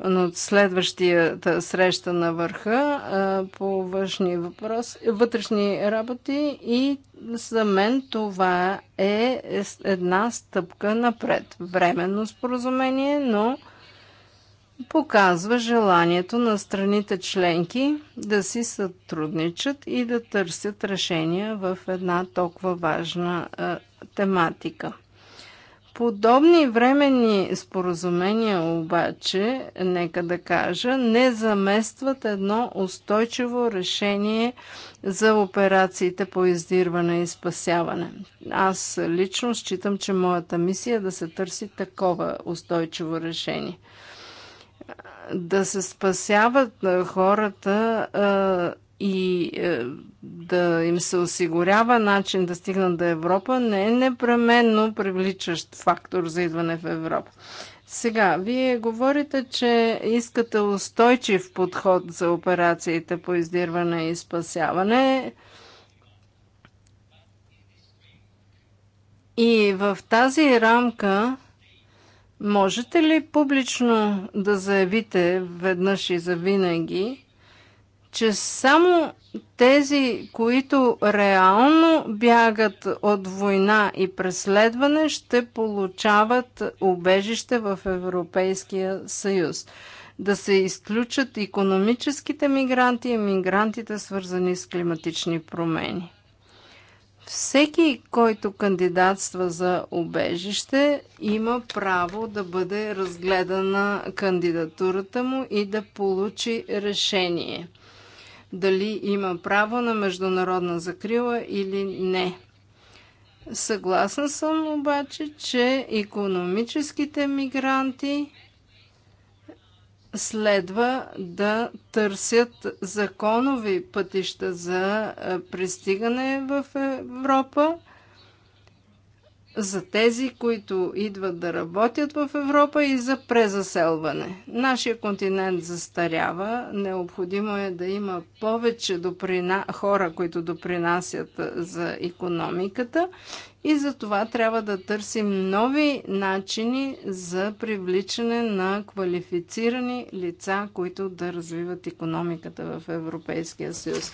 от следващията среща на върха по външни въпроси, вътрешни работи и за мен това е, е една стъпка напред. Временно споразумение, но показва желанието на страните членки да си сътрудничат и да търсят решения в една толкова важна тематика. Подобни временни споразумения обаче, нека да кажа, не заместват едно устойчиво решение за операциите по издирване и спасяване. Аз лично считам, че моята мисия е да се търси такова устойчиво решение. Да се спасяват хората и е, да им се осигурява начин да стигнат до Европа, не е непременно привличащ фактор за идване в Европа. Сега, вие говорите, че искате устойчив подход за операциите по издирване и спасяване. И в тази рамка можете ли публично да заявите веднъж и завинаги, че само тези, които реално бягат от война и преследване, ще получават убежище в Европейския съюз. Да се изключат економическите мигранти и мигрантите, свързани с климатични промени. Всеки, който кандидатства за обежище, има право да бъде разгледана кандидатурата му и да получи решение – дали има право на международна закрила или не. Съгласна съм обаче, че економическите мигранти следва да търсят законови пътища за пристигане в Европа за тези, които идват да работят в Европа и за презаселване. Нашия континент застарява, необходимо е да има повече доприна... хора, които допринасят за економиката и за това трябва да търсим нови начини за привличане на квалифицирани лица, които да развиват економиката в Европейския съюз.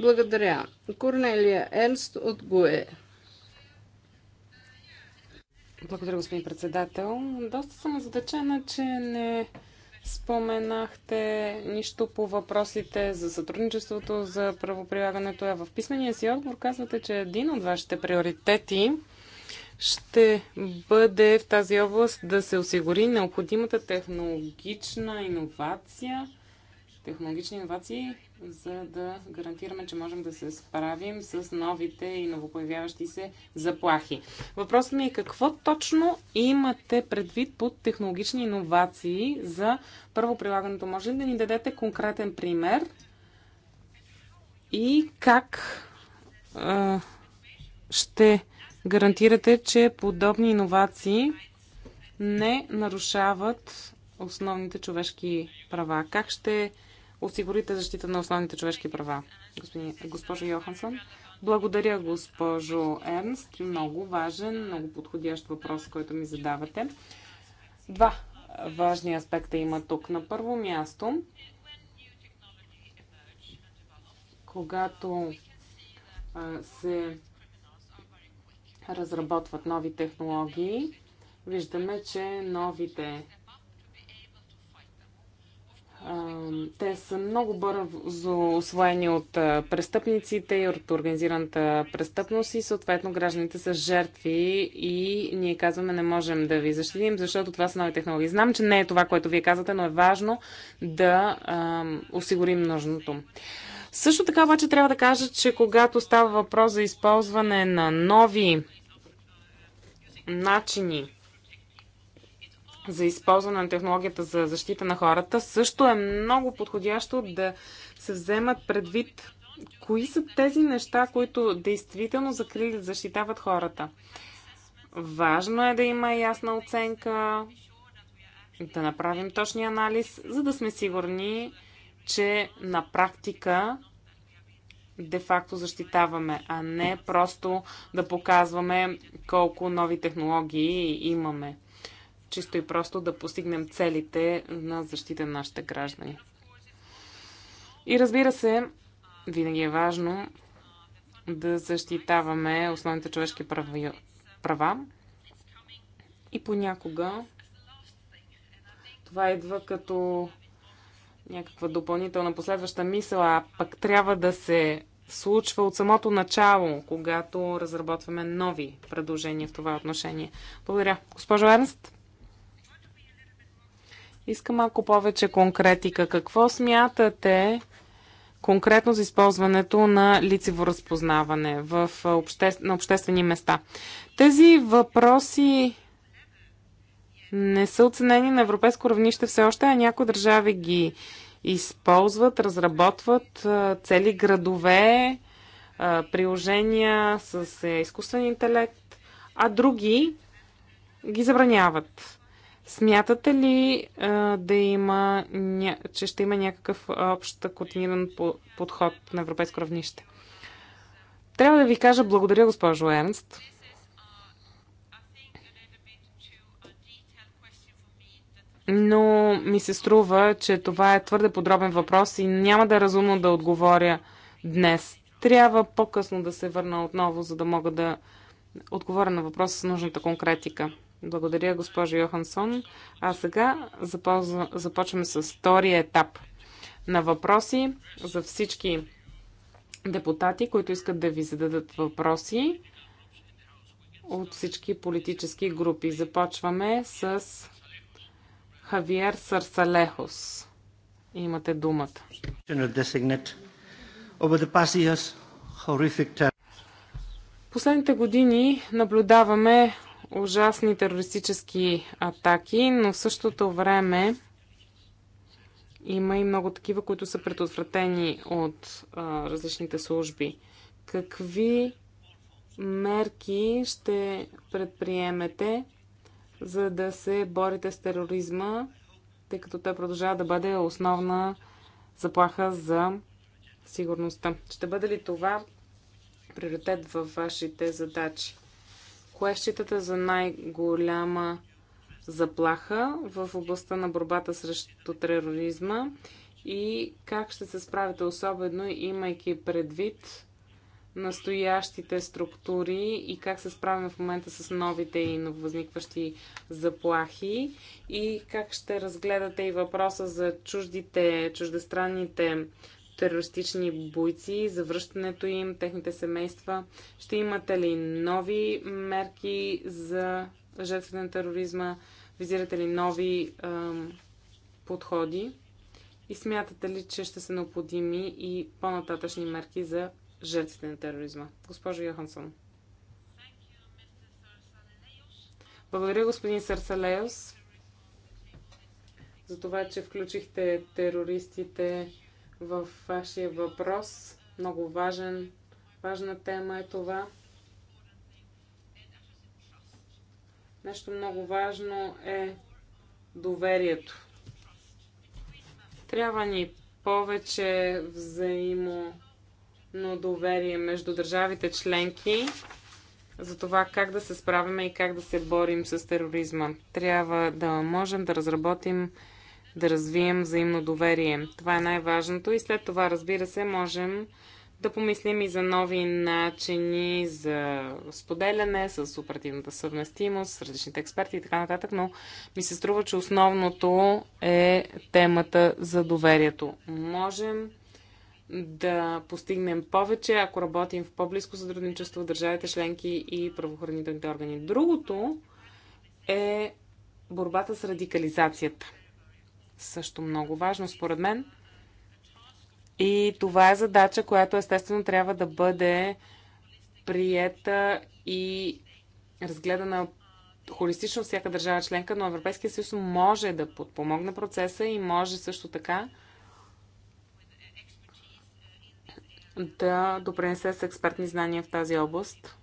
Благодаря. Корнелия Ернст от ГУЕ.
Благодаря, господин председател. Доста съм задачена, че не споменахте нищо по въпросите за сътрудничеството, за правоприлагането. А в писмения си отговор казвате, че един от вашите приоритети ще бъде в тази област да се осигури необходимата технологична иновация технологични иновации, за да гарантираме, че можем да се справим с новите и новопоявяващи се заплахи. Въпросът ми е какво точно имате предвид под технологични иновации за първо прилагането? Може ли да ни дадете конкретен пример и как а, ще гарантирате, че подобни иновации не нарушават основните човешки права? Как ще осигурите защита на основните човешки права. Господин, госпожо Йохансон, благодаря, госпожо Ернст. Много важен, много подходящ въпрос, който ми задавате. Два важни аспекта има тук. На първо място, когато се разработват нови технологии, виждаме, че новите те са много бързо освоени от престъпниците и от организираната престъпност и съответно гражданите са жертви и ние казваме не можем да ви защитим, защото това са нови технологии. Знам, че не е това, което вие казвате, но е важно да осигурим нужното. Също така обаче трябва да кажа, че когато става въпрос за използване на нови начини за използване на технологията за защита на хората, също е много подходящо да се вземат предвид кои са тези неща, които действително закрилят, защитават хората. Важно е да има ясна оценка, да направим точния анализ, за да сме сигурни, че на практика де-факто защитаваме, а не просто да показваме колко нови технологии имаме чисто и просто да постигнем целите на защита на нашите граждани. И разбира се, винаги е важно да защитаваме основните човешки права. И понякога това идва като някаква допълнителна последваща мисъл, а пък трябва да се случва от самото начало, когато разработваме нови предложения в това отношение. Благодаря. Госпожо Ернст? Искам малко повече конкретика. Какво смятате конкретно за използването на лицево разпознаване в обще... на обществени места? Тези въпроси не са оценени на европейско равнище все още, а някои държави ги използват, разработват цели градове, приложения с е, изкуствен интелект, а други ги забраняват. Смятате ли а, да има, ня... че ще има някакъв общ координиран подход на европейско равнище? Трябва да ви кажа благодаря, госпожо Ернст. Но ми се струва, че това е твърде подробен въпрос и няма да е разумно да отговоря днес. Трябва по-късно да се върна отново, за да мога да отговоря на въпроса с нужната конкретика. Благодаря, госпожо Йохансон. А сега започваме с втория етап на въпроси за всички депутати, които искат да ви зададат въпроси от всички политически групи. Започваме с Хавиер Сарсалехос. Имате думата. Последните години наблюдаваме ужасни терористически атаки, но в същото време има и много такива, които са предотвратени от а, различните служби. Какви мерки ще предприемете, за да се борите с тероризма, тъй като той продължава да бъде основна заплаха за сигурността? Ще бъде ли това приоритет във вашите задачи? Кое считате за най-голяма заплаха в областта на борбата срещу тероризма и как ще се справите особено, имайки предвид настоящите структури и как се справяме в момента с новите и нововъзникващи заплахи и как ще разгледате и въпроса за чуждите, чуждестранните терористични бойци, завръщането им, техните семейства? Ще имате ли нови мерки за жертвите на тероризма? Визирате ли нови е, подходи? И смятате ли, че ще са необходими и по-нататъчни мерки за жертвите на тероризма? Госпожо Йохансон. Благодаря, господин Сарсалеос, за това, че включихте терористите в вашия въпрос. Много важен, важна тема е това. Нещо много важно е доверието. Трябва ни повече взаимно доверие между държавите членки за това как да се справяме и как да се борим с тероризма. Трябва да можем да разработим да развием взаимно доверие. Това е най-важното и след това, разбира се, можем да помислим и за нови начини за споделяне с оперативната съвместимост, с различните експерти и така нататък, но ми се струва, че основното е темата за доверието. Можем да постигнем повече, ако работим в по-близко сътрудничество в държавите членки и правоохранителните органи. Другото е борбата с радикализацията също много важно, според мен. И това е задача, която естествено трябва да бъде приета и разгледана холистично всяка държава членка, но Европейския съюз може да подпомогне процеса и може също така да допринесе с експертни знания в тази област.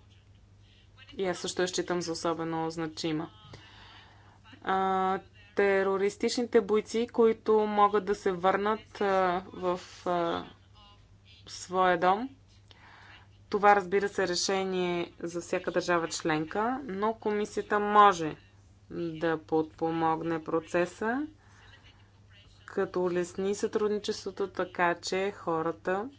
И аз също я считам за особено значима терористичните бойци, които могат да се върнат в своя дом. Това разбира се е решение за всяка държава членка, но комисията може да подпомогне процеса, като улесни сътрудничеството така, че хората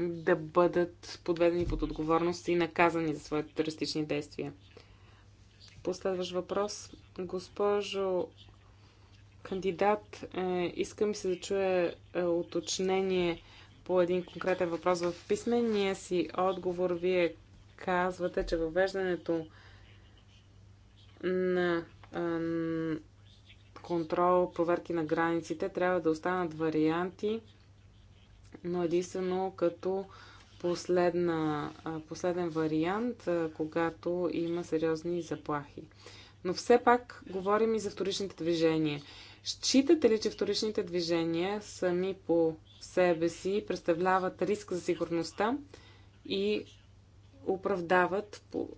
да бъдат подведени под отговорност и наказани за своите терористични действия последващ въпрос. Госпожо кандидат, е, искам се да чуя е, уточнение по един конкретен въпрос. В писмения си отговор вие казвате, че въвеждането на е, контрол, проверки на границите трябва да останат варианти, но единствено като последна, последен вариант, когато има сериозни заплахи. Но все пак говорим и за вторичните движения. Считате ли, че вторичните движения сами по себе си представляват риск за сигурността и оправдават по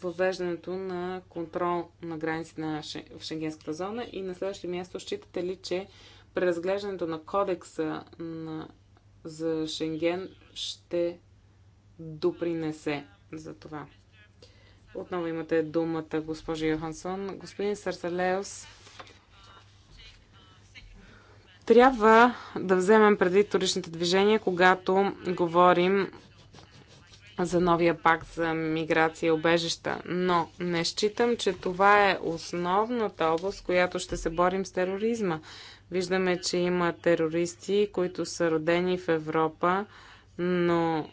въвеждането на контрол на границите на в Шенгенската зона? И на следващото място, считате ли, че преразглеждането на кодекса на, за Шенген ще допринесе за това. Отново имате думата, госпожа Йохансон. Господин Сарсалеос, трябва да вземем предвид туричните движения, когато говорим за новия пакт за миграция и обежища. Но не считам, че това е основната област, която ще се борим с тероризма. Виждаме, че има терористи, които са родени в Европа, но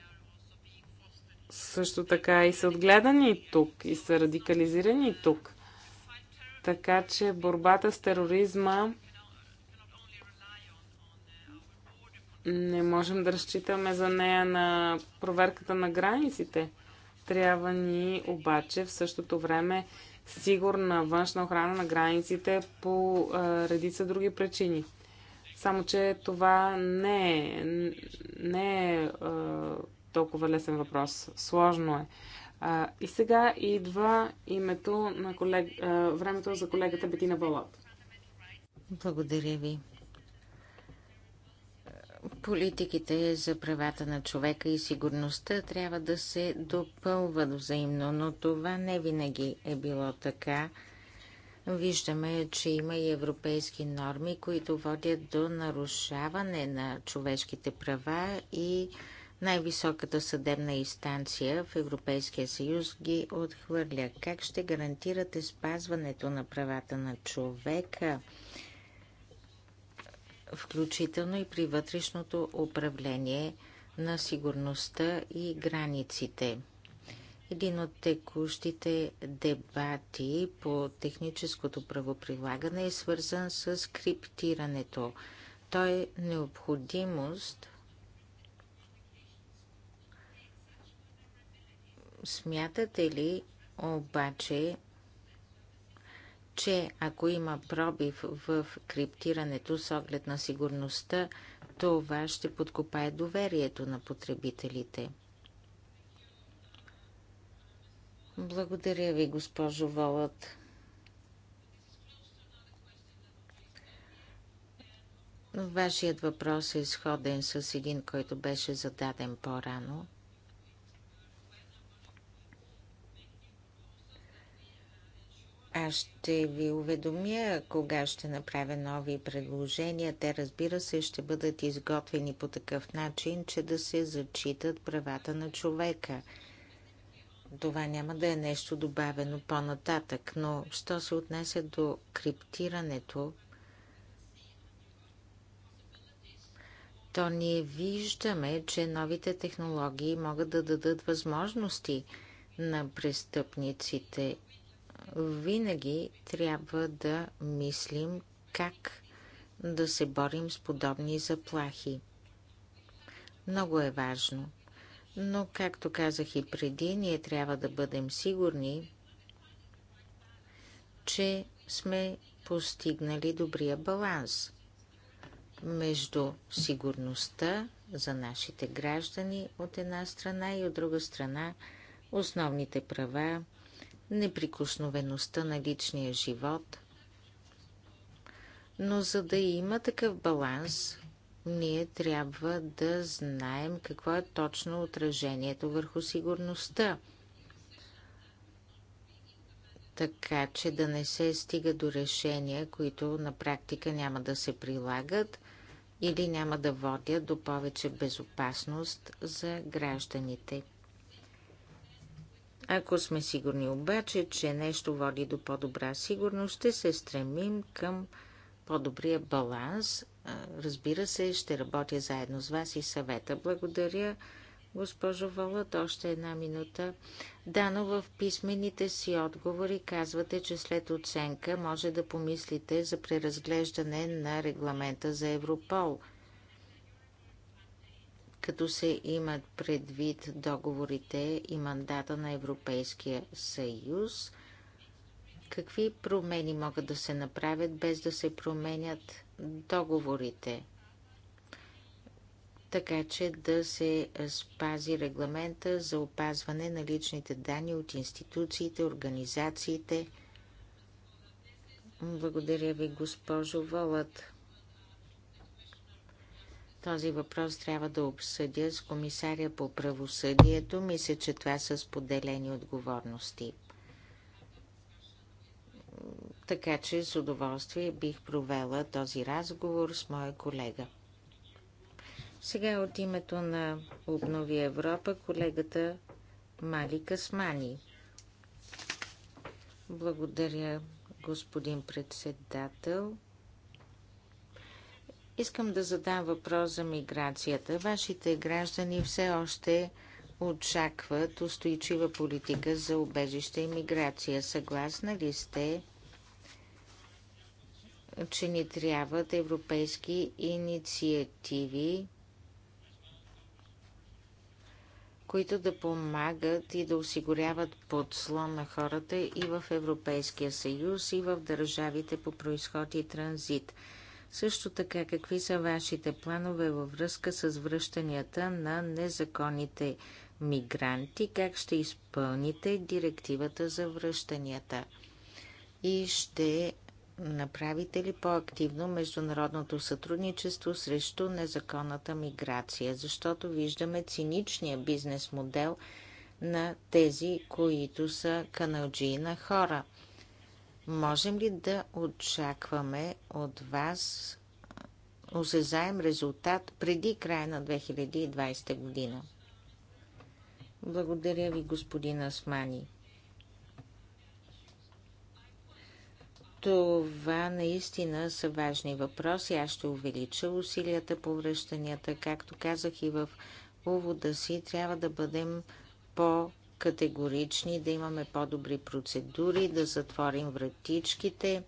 също така и са отгледани тук, и са радикализирани тук. Така че борбата с тероризма не можем да разчитаме за нея на проверката на границите. Трябва ни обаче в същото време сигурна външна охрана на границите по а, редица други причини. Само, че това не е, не е, е толкова лесен въпрос. Сложно е. А, и сега идва името на колег... е, времето за колегата Бетина Балот.
Благодаря ви. Политиките за правата на човека и сигурността трябва да се допълват взаимно, но това не винаги е било така. Виждаме, че има и европейски норми, които водят до нарушаване на човешките права и най-високата съдебна инстанция в Европейския съюз ги отхвърля. Как ще гарантирате спазването на правата на човека, включително и при вътрешното управление на сигурността и границите? един от текущите дебати по техническото правоприлагане е свързан с криптирането. Той е необходимост Смятате ли обаче, че ако има пробив в криптирането с оглед на сигурността, това ще подкопае доверието на потребителите? Благодаря ви, госпожо Волът. Вашият въпрос е изходен с един, който беше зададен по-рано. Аз ще ви уведомя кога ще направя нови предложения. Те, разбира се, ще бъдат изготвени по такъв начин, че да се зачитат правата на човека – това няма да е нещо добавено по-нататък, но що се отнесе до криптирането, то ние виждаме, че новите технологии могат да дадат възможности на престъпниците. Винаги трябва да мислим как да се борим с подобни заплахи. Много е важно – но, както казах и преди, ние трябва да бъдем сигурни, че сме постигнали добрия баланс между сигурността за нашите граждани от една страна и от друга страна основните права, неприкосновеността на личния живот. Но за да има такъв баланс, ние трябва да знаем какво е точно отражението върху сигурността. Така че да не се стига до решения, които на практика няма да се прилагат или няма да водят до повече безопасност за гражданите. Ако сме сигурни обаче, че нещо води до по-добра сигурност, ще се стремим към по-добрия баланс Разбира се, ще работя заедно с вас и съвета. Благодаря, госпожо Волът. Още една минута. Да, но в писмените си отговори казвате, че след оценка може да помислите за преразглеждане на регламента за Европол като се имат предвид договорите и мандата на Европейския съюз, какви промени могат да се направят без да се променят договорите, така че да се спази регламента за опазване на личните данни от институциите, организациите. Благодаря ви, госпожо Волът. Този въпрос трябва да обсъдя с комисаря по правосъдието. Мисля, че това са споделени отговорности така че с удоволствие бих провела този разговор с моя колега. Сега от името на Обнови Европа колегата Мали Касмани. Благодаря, господин председател. Искам да задам въпрос за миграцията. Вашите граждани все още очакват устойчива политика за убежище и миграция. Съгласна ли сте че ни трябват европейски инициативи, които да помагат и да осигуряват подслон на хората и в Европейския съюз, и в държавите по происход и транзит. Също така, какви са вашите планове във връзка с връщанията на незаконните мигранти? Как ще изпълните директивата за връщанията? И ще направите ли по-активно международното сътрудничество срещу незаконната миграция? Защото виждаме циничния бизнес модел на тези, които са каналджии на хора. Можем ли да очакваме от вас осезаем резултат преди края на 2020 година? Благодаря ви, господин Асмани. Това наистина са важни въпроси. Аз ще увелича усилията по връщанията. Както казах и в увода си, трябва да бъдем по-категорични, да имаме по-добри процедури, да затворим вратичките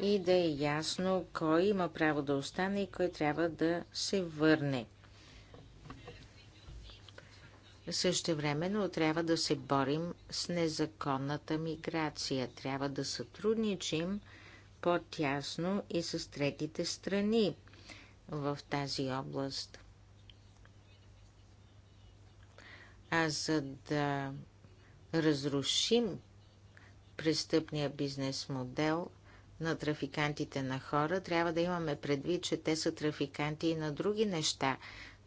и да е ясно кой има право да остане и кой трябва да се върне. Същевременно трябва да се борим с незаконната миграция. Трябва да сътрудничим по-тясно и с третите страни в тази област. А за да разрушим престъпния бизнес модел на трафикантите на хора, трябва да имаме предвид, че те са трафиканти и на други неща,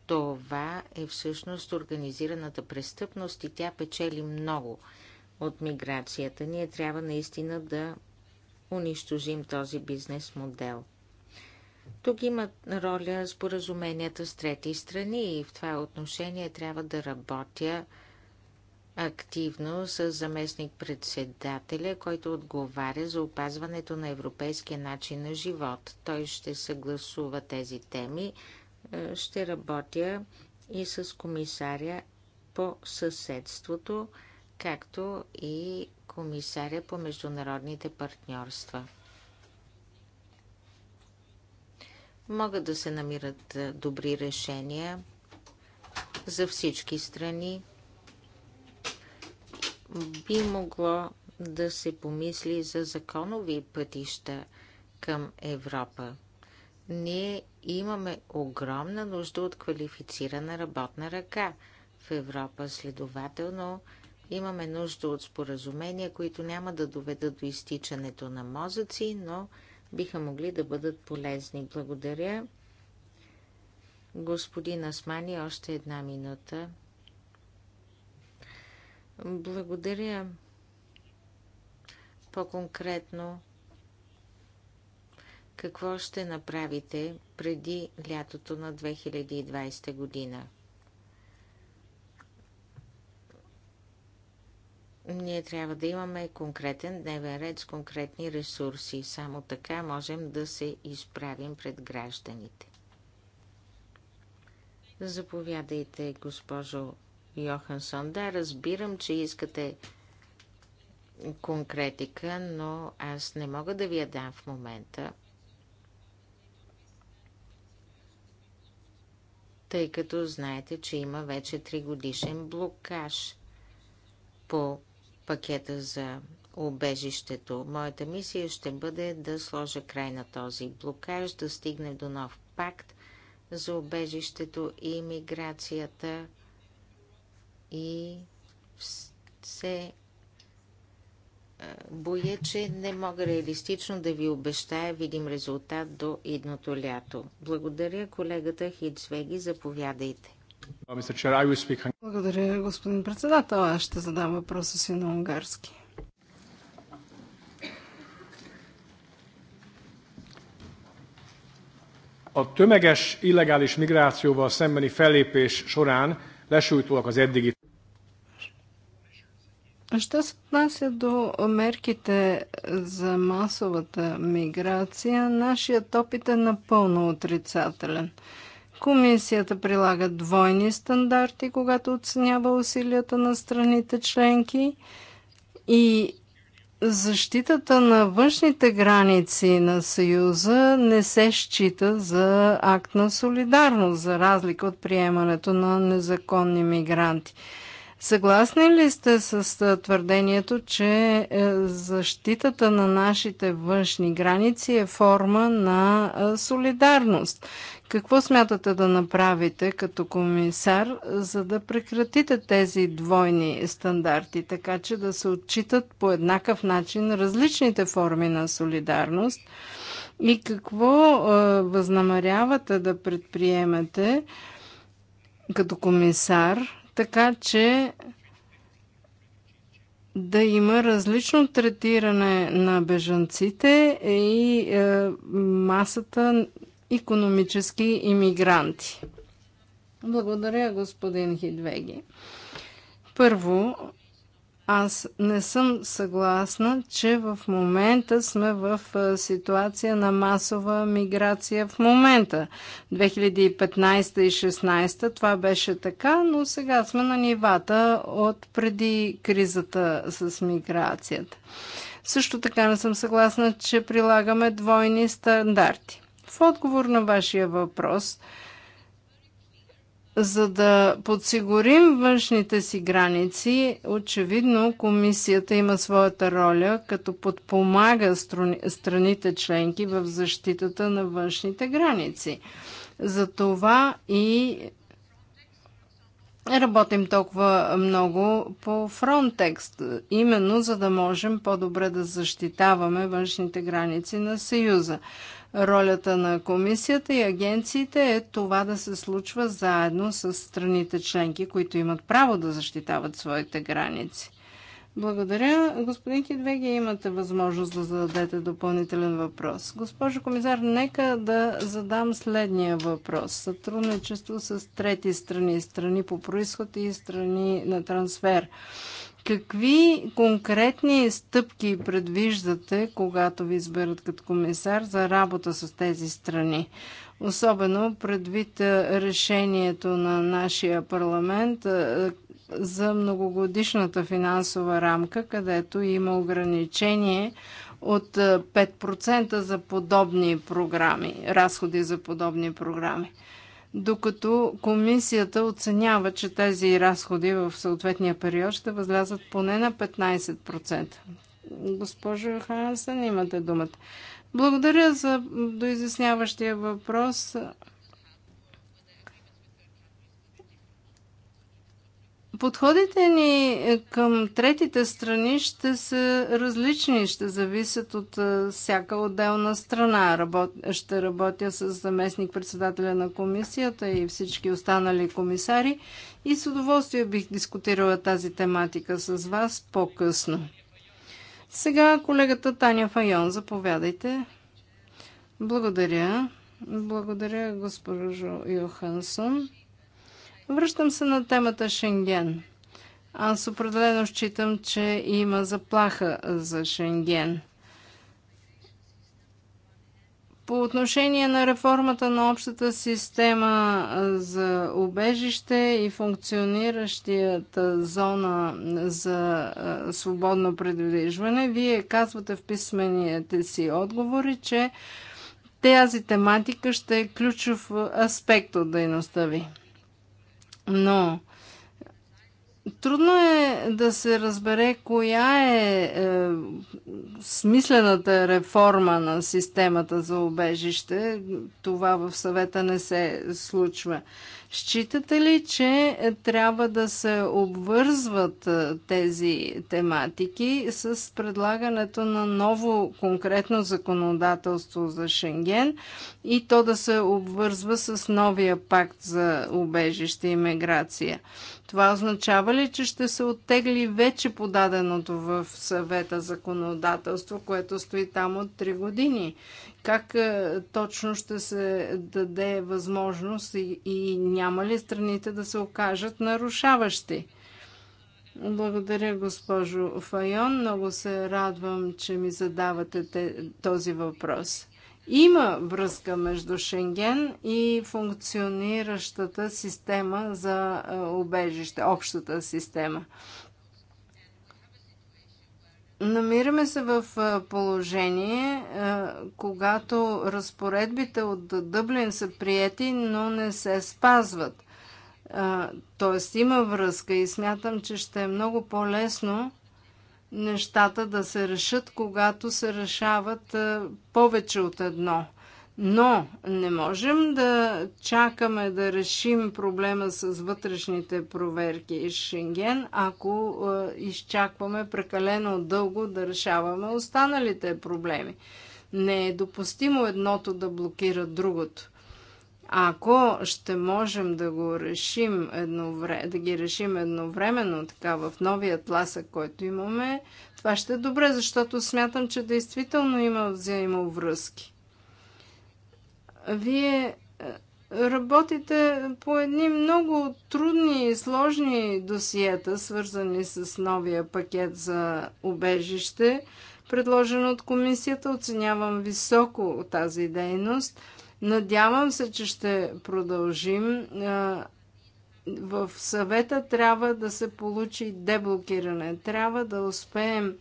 това е всъщност организираната престъпност и тя печели много от миграцията. Ние трябва наистина да унищожим този бизнес модел. Тук имат роля споразуменията с трети страни и в това отношение трябва да работя активно с заместник-председателя, който отговаря за опазването на европейския начин на живот. Той ще съгласува тези теми е, ще работя и с комисаря по съседството, както и комисаря по международните партньорства. Могат да се намират е, добри решения за всички страни. Би могло да се помисли за законови пътища към Европа. Ние имаме огромна нужда от квалифицирана работна ръка в Европа. Следователно, имаме нужда от споразумения, които няма да доведат до изтичането на мозъци, но биха могли да бъдат полезни. Благодаря. Господин Асмани, още една минута. Благодаря. По-конкретно какво ще направите преди лятото на 2020 година. Ние трябва да имаме конкретен дневен ред с конкретни ресурси. Само така можем да се изправим пред гражданите. Заповядайте, госпожо Йохансон. Да, разбирам, че искате конкретика, но аз не мога да ви я дам в момента. тъй като знаете, че има вече 3 годишен блокаж по пакета за убежището. Моята мисия ще бъде да сложа край на този блокаж, да стигне до нов пакт за убежището и миграцията и все боя, че не мога реалистично да ви обещая видим резултат до едното лято. Благодаря колегата Хидсвеги, заповядайте.
Благодаря, господин председател. Аз ще задам въпроса си на унгарски. A tömeges illegális migrációval szembeni fellépés során lesújtóak az eddigi Що се отнася до мерките за масовата миграция, нашият опит е напълно отрицателен. Комисията прилага двойни стандарти, когато оценява усилията на страните членки и защитата на външните граници на Съюза не се счита за акт на солидарност, за разлика от приемането на незаконни мигранти. Съгласни ли сте с твърдението, че е, защитата на нашите външни граници е форма на солидарност? Какво смятате да направите като комисар, за да прекратите тези двойни стандарти, така че да се отчитат по еднакъв начин различните форми на солидарност? И какво възнамерявате да предприемете като комисар, така че да има различно третиране на бежанците и е, масата економически иммигранти. Благодаря, господин Хидвеги. Първо, аз не съм съгласна, че в момента сме в ситуация на масова миграция в момента. 2015 и 2016 това беше така, но сега сме на нивата от преди кризата с миграцията. Също така не съм съгласна, че прилагаме двойни стандарти. В отговор на вашия въпрос – за да подсигурим външните си граници, очевидно комисията има своята роля, като подпомага страните членки в защитата на външните граници. За това и работим толкова много по Фронтекст, именно за да можем по-добре да защитаваме външните граници на Съюза. Ролята на комисията и агенциите е това да се случва заедно с страните членки, които имат право да защитават своите граници. Благодаря. Господин Кидвеги, имате възможност да зададете допълнителен въпрос. Госпожо комисар, нека да задам следния въпрос. Сътрудничество с трети страни, страни по происход и страни на трансфер. Какви конкретни стъпки предвиждате, когато ви изберат като комисар за работа с тези страни? Особено предвид решението на нашия парламент за многогодишната финансова рамка, където има ограничение от 5% за подобни програми, разходи за подобни програми докато комисията оценява, че тези разходи в съответния период ще възлязат поне на 15%. Госпожо Хансен, имате думата. Благодаря за доизясняващия въпрос. подходите ни е, към третите страни ще са различни, ще зависят от е, всяка отделна страна. Ще работя с заместник-председателя на комисията и всички останали комисари и с удоволствие бих дискутирала тази тематика с вас по-късно. Сега колегата Таня Файон, заповядайте. Благодаря. Благодаря, госпожо Йохансон. Връщам се на темата Шенген. Аз определено считам, че има заплаха за Шенген. По отношение на реформата на общата система за убежище и функциониращията зона за свободно предвижване, вие казвате в писмените си отговори, че тази тематика ще е ключов аспект от дейността ви. Но трудно е да се разбере коя е, е смислената реформа на системата за обежище. Това в съвета не се случва. Считате ли, че трябва да се обвързват е, тези тематики с предлагането на ново конкретно законодателство за Шенген и то да се обвързва с новия пакт за убежище и миграция? Това означава ли, че ще се оттегли вече подаденото в съвета законодателство, което стои там от 3 години? Как е, точно ще се даде възможност и, и няма ли страните да се окажат нарушаващи? Благодаря, госпожо Файон. Много се радвам, че ми задавате те, този въпрос. Има връзка между Шенген и функциониращата система за обежище, е, общата система. Намираме се в положение, когато разпоредбите от Дъблин са приети, но не се спазват. Тоест има връзка и смятам, че ще е много по-лесно нещата да се решат, когато се решават повече от едно. Но не можем да чакаме да решим проблема с вътрешните проверки и Шенген, ако изчакваме прекалено дълго да решаваме останалите проблеми. Не е допустимо едното да блокира другото. Ако ще можем да го решим едновременно, да ги решим едновременно, така в новия тласък, който имаме, това ще е добре, защото смятам, че действително има взаимовръзки. Вие е, работите по едни много трудни и сложни досиета, свързани с новия пакет за убежище, предложен от комисията. Оценявам високо тази дейност. Надявам се, че ще продължим. Е, в съвета трябва да се получи деблокиране. Трябва да успеем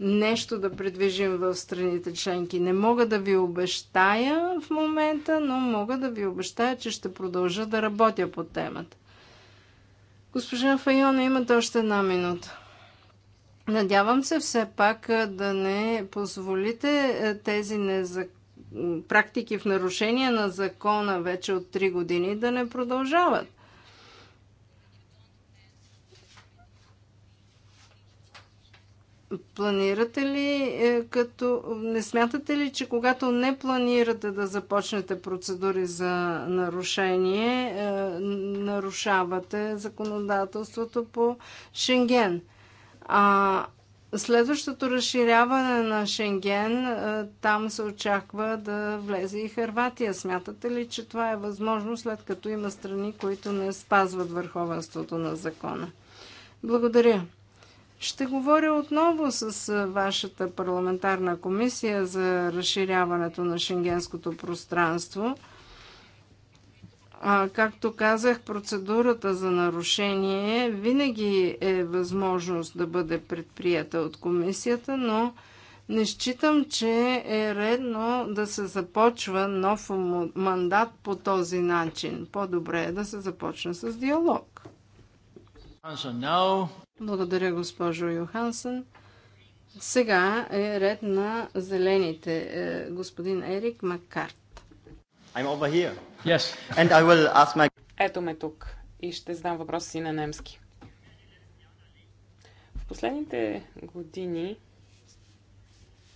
нещо да предвижим в страните членки. Не мога да ви обещая в момента, но мога да ви обещая, че ще продължа да работя по темата. Госпожа Файона, имате още една минута. Надявам се все пак да не позволите тези незаконни практики в нарушение на закона вече от 3 години да не продължават. Планирате ли, е, като не смятате ли, че когато не планирате да започнете процедури за нарушение, е, нарушавате законодателството по Шенген? А следващото разширяване на Шенген, е, там се очаква да влезе и Харватия. Смятате ли, че това е възможно след като има страни, които не спазват върховенството на закона? Благодаря. Ще говоря отново с вашата парламентарна комисия за разширяването на шенгенското пространство. А, както казах, процедурата за нарушение винаги е възможност да бъде предприята от комисията, но не считам, че е редно да се започва нов мандат по този начин. По-добре е да се започне с диалог. Благодаря, госпожо Йохансън. Сега е ред на зелените. Е, господин Ерик Маккарт.
Yes. My... Ето ме тук и ще задам въпроса си на немски. В последните години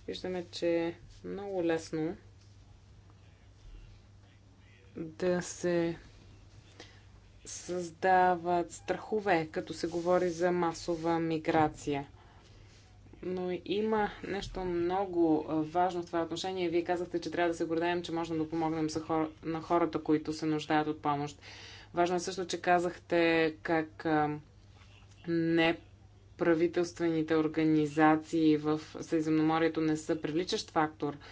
виждаме, че е много лесно да се създават страхове, като се говори за масова миграция. Но има нещо много важно в това отношение. Вие казахте, че трябва да се гордеем, че можем да помогнем на хората, които се нуждаят от помощ. Важно е също, че казахте как неправителствените организации в Средиземноморието не са приличащ фактор –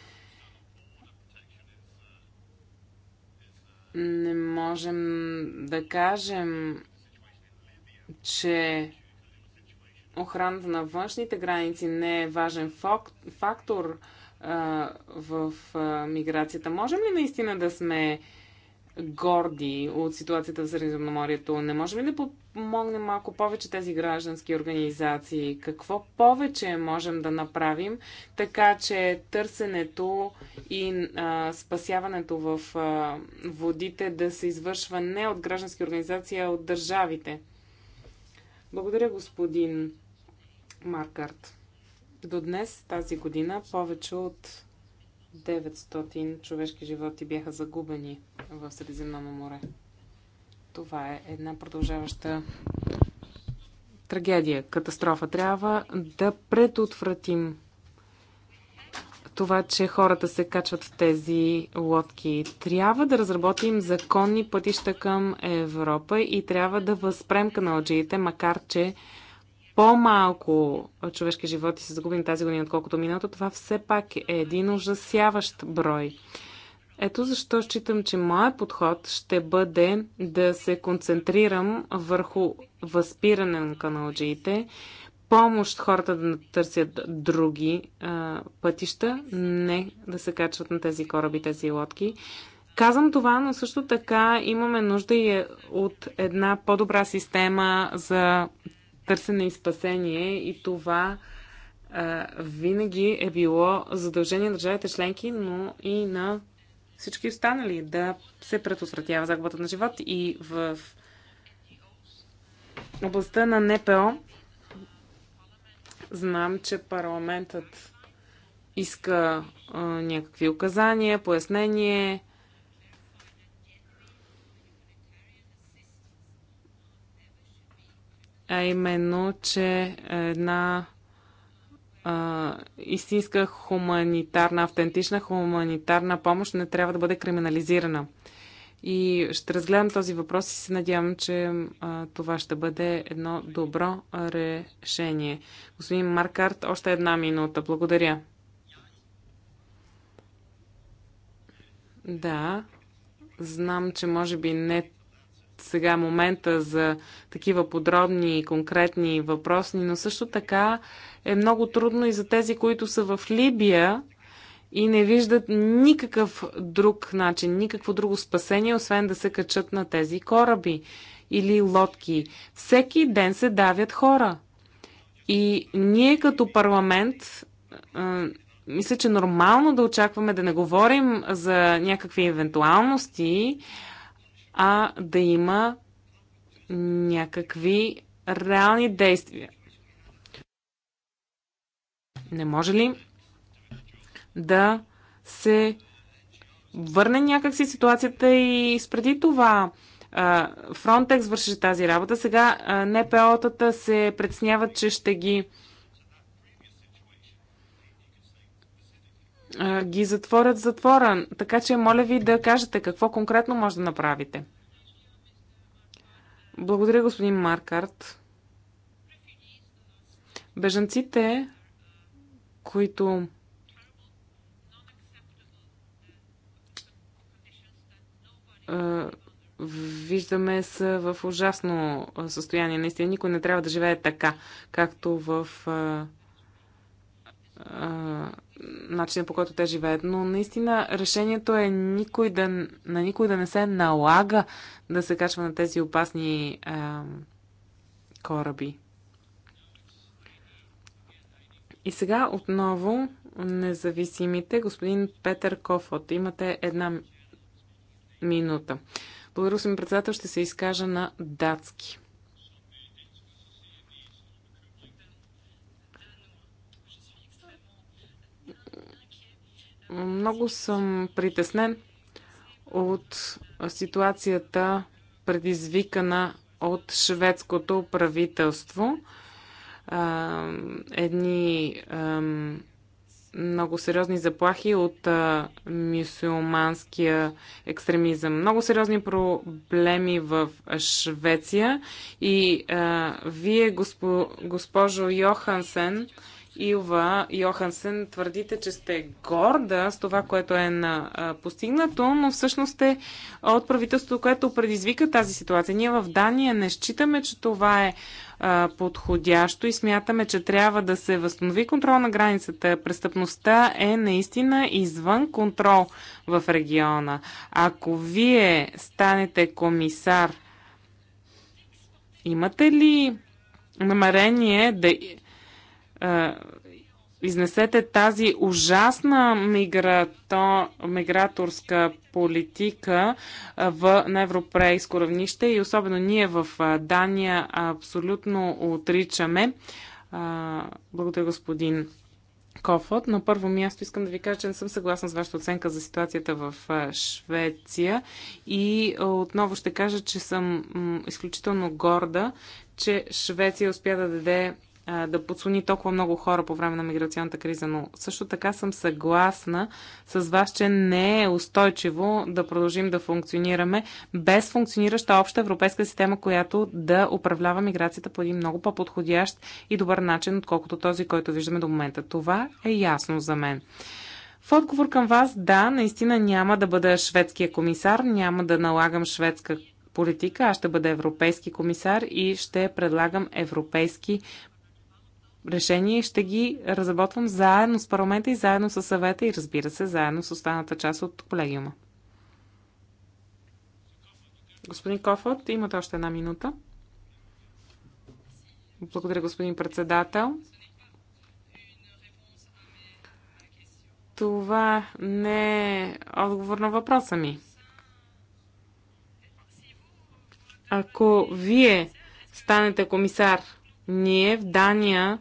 не можем да кажем, че охраната на външните граници не е важен фактор в миграцията. Можем ли наистина да сме горди от ситуацията в Средиземноморието? Не можем ли да помогне малко повече тези граждански организации? Какво повече можем да направим, така че търсенето и а, спасяването в а, водите да се извършва не от граждански организации, а от държавите? Благодаря, господин Маркарт. До днес, тази година, повече от 900 човешки животи бяха загубени в Средиземно море. Това е една продължаваща трагедия, катастрофа. Трябва да предотвратим това, че хората се качват в тези лодки. Трябва да разработим законни пътища към Европа и трябва да възпрем каналджиите, макар че по-малко човешки животи са загубени тази година, отколкото миналото. Това все пак е един ужасяващ брой. Ето защо считам, че моят подход ще бъде да се концентрирам върху възпиране на каналджиите, помощ хората да търсят други а, пътища, не да се качват на тези кораби, тези лодки. Казвам това, но също така имаме нужда и от една по-добра система за търсене и спасение и това а, винаги е било задължение на държавите членки, но и на всички останали, да се предотвратява загубата на живот и в областта на НПО знам, че парламентът иска а, някакви указания, пояснение. А именно, че една а, истинска хуманитарна, автентична хуманитарна помощ не трябва да бъде криминализирана. И ще разгледам този въпрос и се надявам, че а, това ще бъде едно добро решение. Господин Маркарт, още една минута. Благодаря. Да, знам, че може би не сега момента за такива подробни и конкретни въпроси, но също така е много трудно и за тези, които са в Либия и не виждат никакъв друг начин, никакво друго спасение, освен да се качат на тези кораби или лодки. Всеки ден се давят хора. И ние като парламент мисля, че нормално да очакваме да не говорим за някакви евентуалности, а да има някакви реални действия. Не може ли да се върне някакси ситуацията и спреди това? Фронтекс върши тази работа. Сега НПО-тата се предсняват, че ще ги ги затворят в затвора. Така че, моля ви да кажете какво конкретно може да направите. Благодаря, господин Маркарт. Бежанците които виждаме са в ужасно състояние. Наистина никой не трябва да живее така, както в а, а, начина по който те живеят. Но наистина решението е никой да, на никой да не се налага да се качва на тези опасни а, кораби. И сега отново независимите. Господин Петър Кофот, имате една минута. Благодаря, господин председател. Ще се изкажа на датски. Много съм притеснен от ситуацията предизвикана от шведското правителство – а, едни а, много сериозни заплахи от а, мюсюлманския екстремизъм. Много сериозни проблеми в Швеция и а, вие, госпо, госпожо Йохансен, Илва Йохансен, твърдите, че сте горда с това, което е на, а, постигнато, но всъщност е от правителството, което предизвика тази ситуация. Ние в Дания не считаме, че това е а, подходящо и смятаме, че трябва да се възстанови контрол на границата. Престъпността е наистина извън контрол в региона. Ако вие станете комисар, имате ли намерение да е, изнесете тази ужасна миграто, миграторска политика е, в, на европейско равнище и особено ние в е, Дания абсолютно отричаме. Благодаря, господин Кофот. На първо място искам да ви кажа, че не съм съгласна с вашата оценка за ситуацията в Швеция и отново ще кажа, че съм изключително горда, че Швеция успя да даде да подслони толкова много хора по време на миграционната криза, но също така съм съгласна с вас, че не е устойчиво да продължим да функционираме без функционираща обща европейска система, която да управлява миграцията по един много по-подходящ и добър начин, отколкото този, който виждаме до момента. Това е ясно за мен. В отговор към вас, да, наистина няма да бъда шведския комисар, няма да налагам шведска политика, аз ще бъда европейски комисар и ще предлагам европейски решения и ще ги разработвам заедно с парламента и заедно с съвета и разбира се, заедно с останата част от колегиума. Господин Кофът, имате още една минута. Благодаря, господин председател. Това не е отговор на въпроса ми. Ако вие станете комисар, ние в Дания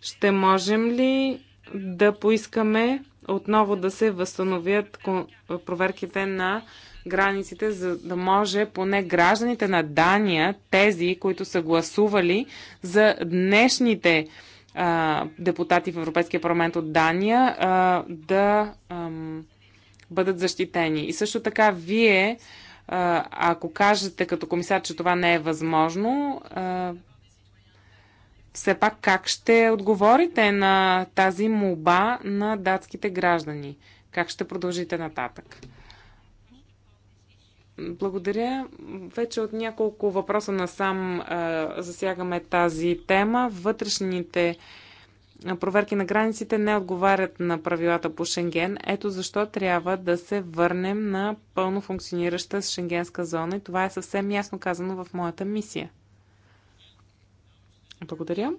ще можем ли да поискаме отново да се възстановят проверките на границите, за да може поне гражданите на Дания, тези, които са гласували за днешните а, депутати в Европейския парламент от Дания, а, да ам, бъдат защитени. И също така, вие, а, ако кажете като комисар, че това не е възможно, а, все пак как ще отговорите на тази молба на датските граждани? Как ще продължите нататък? Благодаря. Вече от няколко въпроса насам а, засягаме тази тема. Вътрешните проверки на границите не отговарят на правилата по Шенген. Ето защо трябва да се върнем на пълно функционираща шенгенска зона и това е съвсем ясно казано в моята мисия. Благодаря.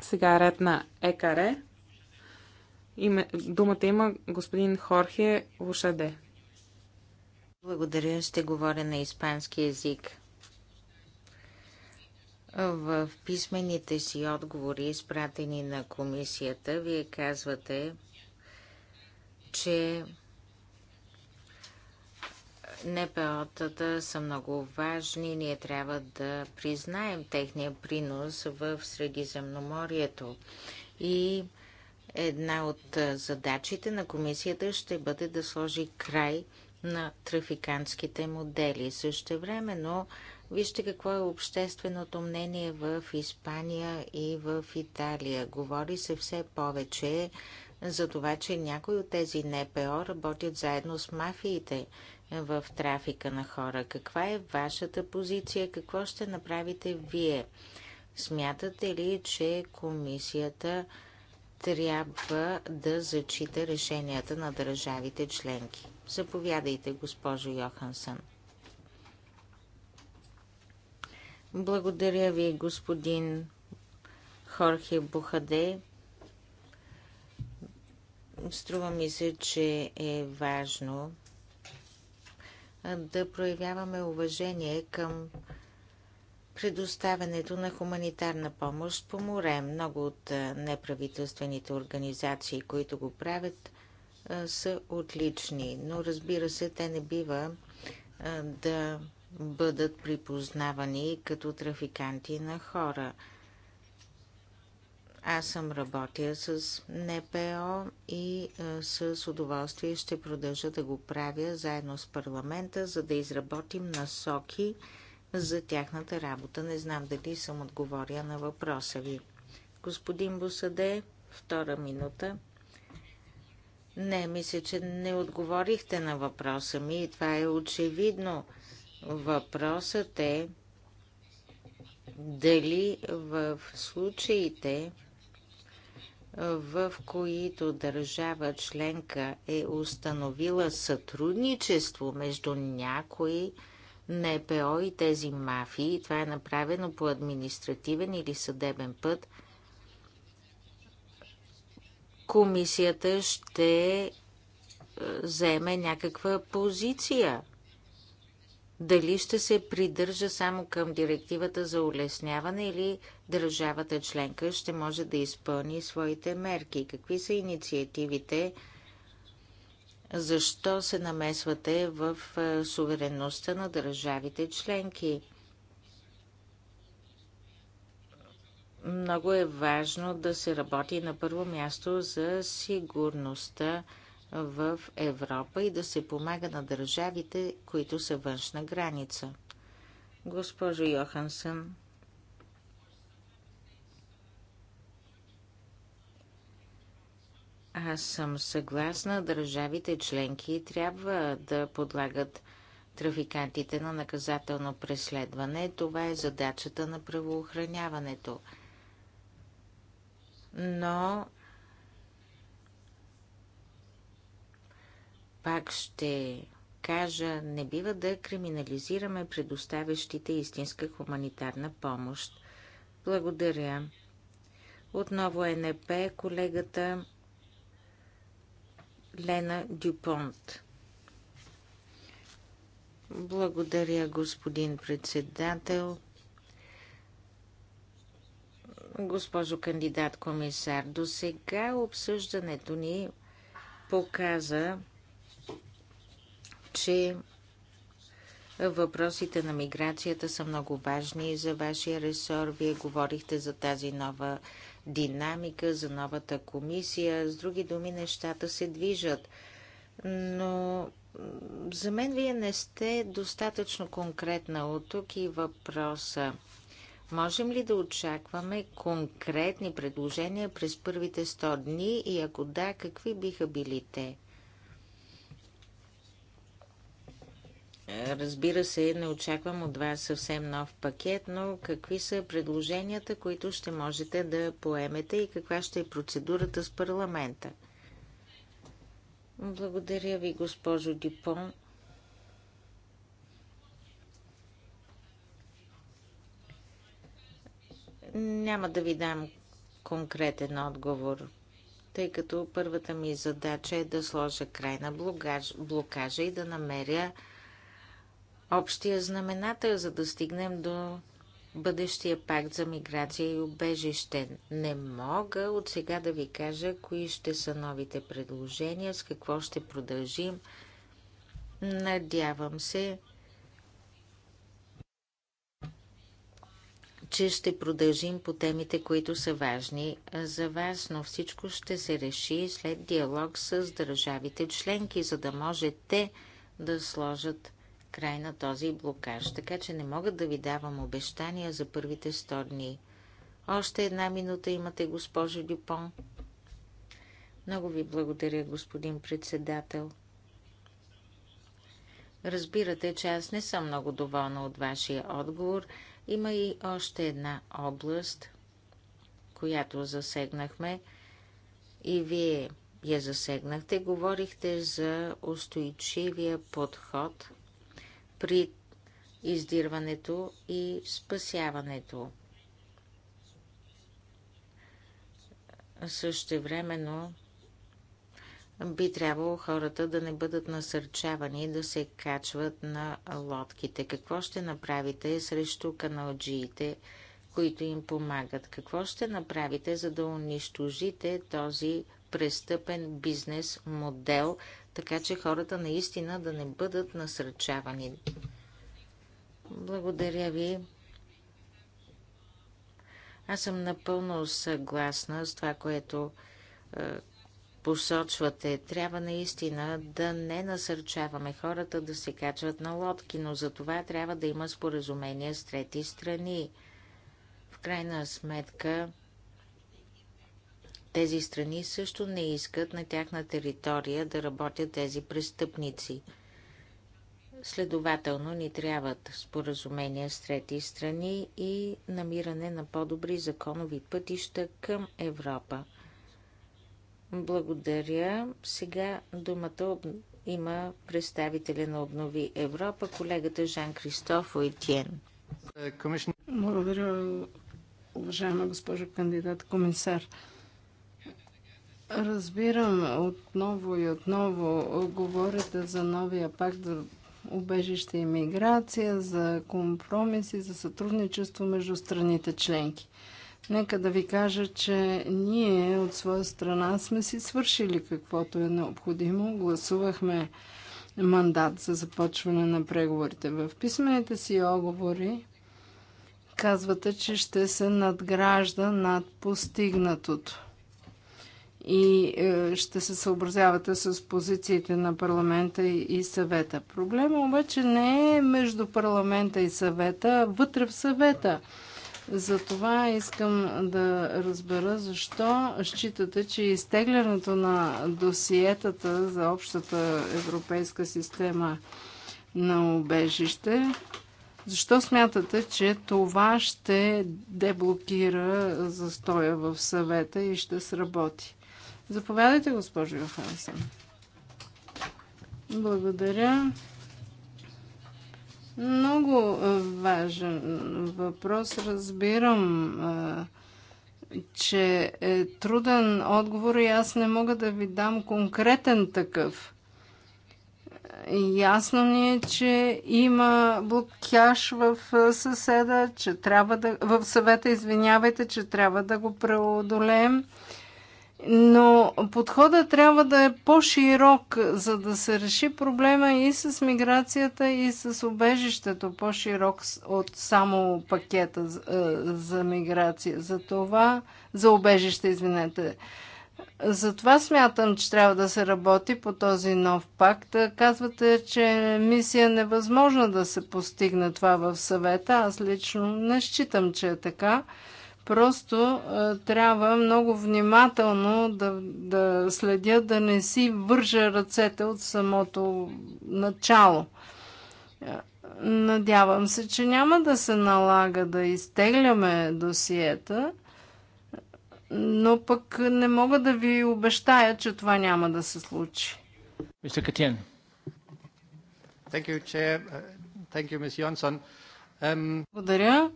Сега ред на ЕКАРЕ. Име, думата има господин Хорхе Вушаде. Благодаря, ще говоря на испански язик. В
писмените си отговори, изпратени на комисията, вие казвате, че НПО-тата са много важни. Ние трябва да признаем техния принос в Средиземноморието. И една от задачите на комисията ще бъде да сложи край на трафиканските модели. Също време, но вижте какво е общественото мнение в Испания и в Италия. Говори се все повече за това, че някои от тези НПО работят заедно с мафиите в трафика на хора. Каква е вашата позиция? Какво ще направите вие? Смятате ли, че комисията трябва да зачита решенията на държавите членки? Заповядайте, госпожо Йохансън. Благодаря ви, господин Хорхе Бухаде. Струва ми се, че е важно да проявяваме уважение към предоставянето на хуманитарна помощ по море. Много от неправителствените организации, които го правят, са отлични, но разбира се, те не бива да бъдат припознавани като трафиканти на хора. Аз съм работя с НПО и с удоволствие ще продължа да го правя заедно с парламента, за да изработим насоки за тяхната работа. Не знам дали съм отговоря на въпроса ви. Господин Босаде, втора минута. Не, мисля, че не отговорихте на въпроса ми и това е очевидно. Въпросът е дали в случаите, в които държава членка е установила сътрудничество между някои НПО и тези мафии. Това е направено по административен или съдебен път. Комисията ще е, заеме някаква позиция дали ще се придържа само към директивата за улесняване или държавата членка ще може да изпълни своите мерки. Какви са инициативите? Защо се намесвате в суверенността на държавите членки? Много е важно да се работи на първо място за сигурността в Европа и да се помага на държавите, които са външна граница. Госпожо Йохансън, Аз съм съгласна, държавите членки трябва да подлагат трафикантите на наказателно преследване. Това е задачата на правоохраняването. Но Пак ще кажа, не бива да криминализираме предоставящите истинска хуманитарна помощ. Благодаря. Отново е НП колегата Лена Дюпонт. Благодаря, господин председател. Госпожо кандидат комисар, до сега обсъждането ни показа, че въпросите на миграцията са много важни за вашия ресор. Вие говорихте за тази нова динамика, за новата комисия. С други думи, нещата се движат. Но за мен вие не сте достатъчно конкретна от тук и въпроса. Можем ли да очакваме конкретни предложения през първите 100 дни и ако да, какви биха били те? Разбира се, не очаквам от вас съвсем нов пакет, но какви са предложенията, които ще можете да поемете и каква ще е процедурата с парламента? Благодаря ви, госпожо Дипон. Няма да ви дам конкретен отговор, тъй като първата ми задача е да сложа край на блокажа и да намеря общия знаменател, за да стигнем до бъдещия пакт за миграция и убежище. Не мога от сега да ви кажа кои ще са новите предложения, с какво ще продължим. Надявам се, че ще продължим по темите, които са важни за вас, но всичко ще се реши след диалог с държавите членки, за да може те да сложат край на този блокаж, така че не мога да ви давам обещания за първите 100 дни. Още една минута имате, госпожо Дюпон. Много ви благодаря, господин председател. Разбирате, че аз не съм много доволна от вашия отговор. Има и още една област, която засегнахме и вие я засегнахте. Говорихте за устойчивия подход – при издирването и спасяването. Същевременно би трябвало хората да не бъдат насърчавани да се качват на лодките. Какво ще направите срещу каналджиите, които им помагат? Какво ще направите, за да унищожите този престъпен бизнес модел, така че хората наистина да не бъдат насръчавани. Благодаря ви. Аз съм напълно съгласна с това, което е, посочвате. Трябва наистина да не насърчаваме хората да се качват на лодки, но за това трябва да има споразумение с трети страни. В крайна сметка, тези страни също не искат на тяхна територия да работят тези престъпници. Следователно ни трябват споразумения с трети страни и намиране на по-добри законови пътища към Европа. Благодаря. Сега думата има представителя на Обнови Европа, колегата Жан-Кристоф Ойтиен.
Е, Благодаря,
уважаема госпожо кандидат комисар. Разбирам отново и отново говорите за новия пакт за убежище и миграция, за компромиси, за сътрудничество между страните членки. Нека да ви кажа, че ние от своя страна сме си свършили каквото е необходимо. Гласувахме мандат за започване на преговорите. В писмените си оговори казвате, че ще се надгражда над постигнатото и е, ще се съобразявате с позициите на парламента и съвета. Проблема обаче не е между парламента и съвета, а вътре в съвета. Затова искам да разбера защо считате, че изтеглянето на досиетата за общата европейска система на убежище, защо смятате, че това ще деблокира застоя в съвета и ще сработи? Заповядайте, госпожо Йохансен. Благодаря. Много е, важен въпрос. Разбирам, е, че е труден отговор и аз не мога да ви дам конкретен такъв. Ясно ни е, че има блокяж в е, съседа, че трябва да... в съвета, извинявайте, че трябва да го преодолеем. Но подходът трябва да е по-широк, за да се реши проблема и с миграцията, и с убежището, по-широк от само пакета е, за миграция. За това, за убежище, извинете. Затова смятам, че трябва да се работи по този нов пакт. Казвате, че мисия е невъзможно да се постигне това в съвета. Аз лично не считам, че е така. Просто а, е, трябва много внимателно да, да следя, да не си вържа ръцете от самото начало. Е, надявам се, че няма да се налага да изтегляме досиета, но пък не мога да ви обещая, че това няма да се случи. Мистер Катиен. Uh, um, Благодаря.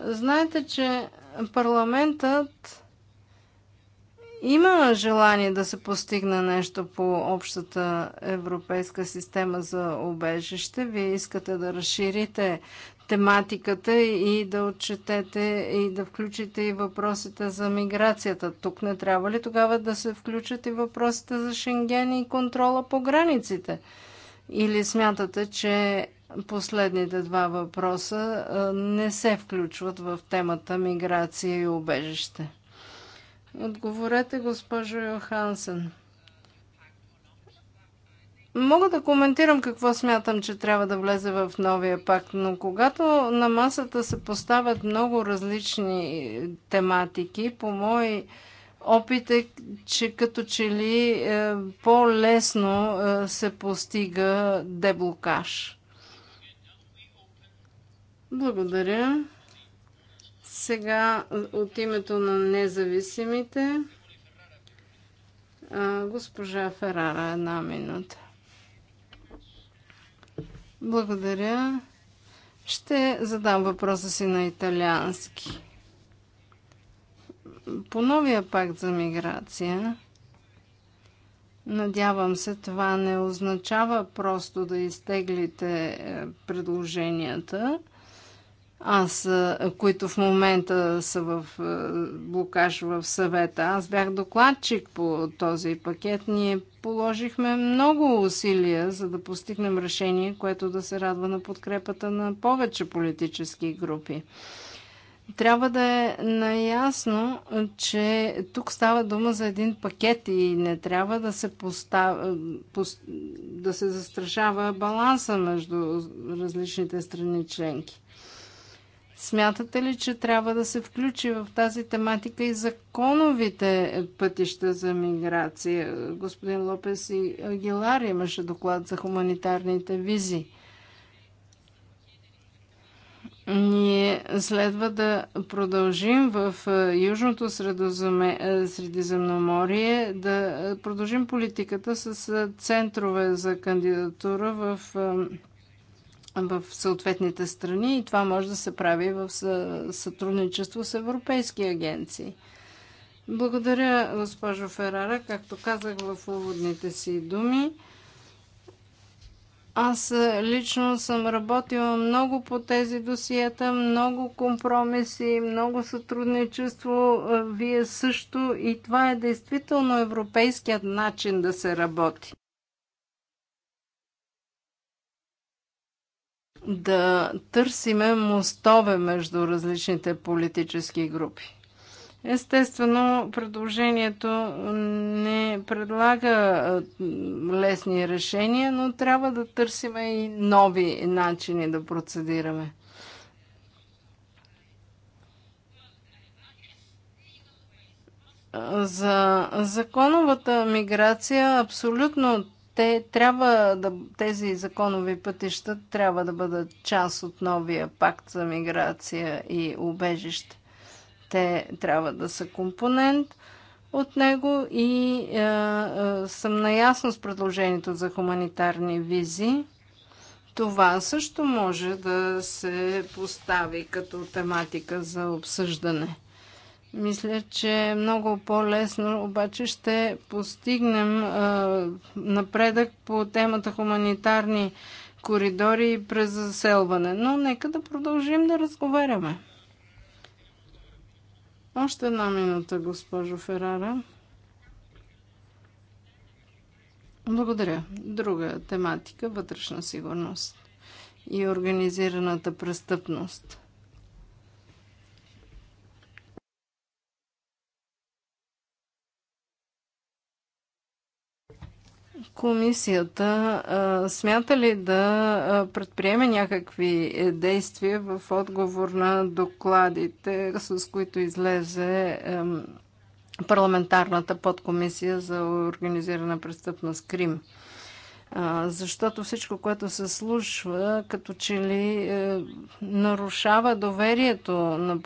Знаете, че парламентът има желание да се постигне нещо по общата европейска система за обежище. Вие искате да разширите тематиката и да отчетете и да включите и въпросите за миграцията. Тук не трябва ли тогава да се включат и въпросите за Шенген и контрола по границите? Или смятате, че Последните два въпроса не се включват в темата миграция и убежище. Отговорете, госпожо Йохансен. Мога да коментирам какво смятам, че трябва да влезе в новия пакт, но когато на масата се поставят много различни тематики, по мой опит е, че като че ли е, по-лесно е, се постига деблокаж. Благодаря. Сега от името на независимите госпожа Ферара една минута. Благодаря. Ще задам въпроса си на италиански. По новия пакт за миграция, надявам се, това не означава просто да изтеглите е, предложенията – аз, които в момента са в блокаж в съвета. Аз бях докладчик по този пакет. Ние положихме много усилия, за да постигнем решение, което да се радва на подкрепата на повече политически групи. Трябва да е наясно, че тук става дума за един пакет и не трябва да се, постав... да се застрашава баланса между различните страни членки. Смятате ли, че трябва да се включи в тази тематика и законовите пътища за миграция? Господин Лопес и Агилар имаше доклад за хуманитарните визи. Ние следва да продължим в е, Южното е, Средиземноморие, да продължим политиката с е, центрове за кандидатура в в съответните страни и това може да се прави в сътрудничество с европейски агенции. Благодаря, госпожо Ферара. Както казах в уводните си думи, аз е, лично съм работила много по тези досиета, много компромиси, много сътрудничество. Е, вие също. И това е действително европейският начин да се работи. да търсиме мостове между различните политически групи. Естествено, предложението не предлага лесни решения, но трябва да търсиме и нови начини да процедираме. За законовата миграция абсолютно те трябва да, тези законови пътища трябва да бъдат част от новия пакт за миграция и убежище. Те трябва да са компонент от него и е, е, съм наясно с предложението за хуманитарни визи. Това също може да се постави като тематика за обсъждане. Мисля, че е много по-лесно обаче ще постигнем а, напредък по темата хуманитарни коридори и през заселване. Но нека да продължим да разговаряме. Още една минута, госпожо Ферара. Благодаря. Друга тематика вътрешна сигурност и организираната престъпност. Комисията а, смята ли да предприеме някакви е, действия в отговор на докладите, с които излезе парламентарната подкомисия за организирана престъпност Крим? А, защото всичко, което се слушва, като че ли е, нарушава доверието на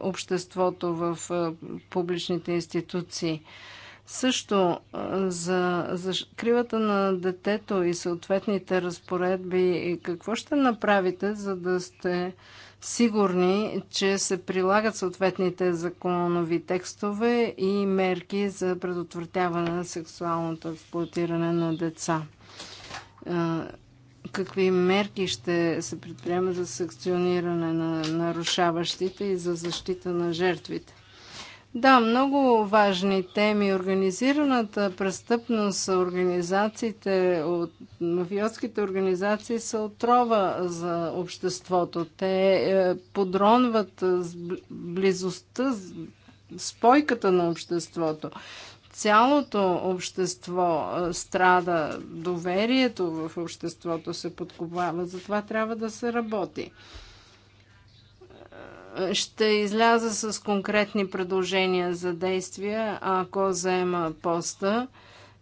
обществото в е, публичните институции. Също за закривата на детето и съответните разпоредби, какво ще направите, за да сте сигурни, че се прилагат съответните законови текстове и мерки за предотвратяване на сексуалното експлуатиране на деца? Какви мерки ще се предприемат за санкциониране на нарушаващите и за защита на жертвите? Да, много важни теми. Организираната престъпност, организациите от мафиотските организации са отрова за обществото. Те е, подронват близостта, спойката на обществото. Цялото общество е, страда, доверието в обществото се подкопава, затова трябва да се работи ще изляза с конкретни предложения за действия, ако заема поста.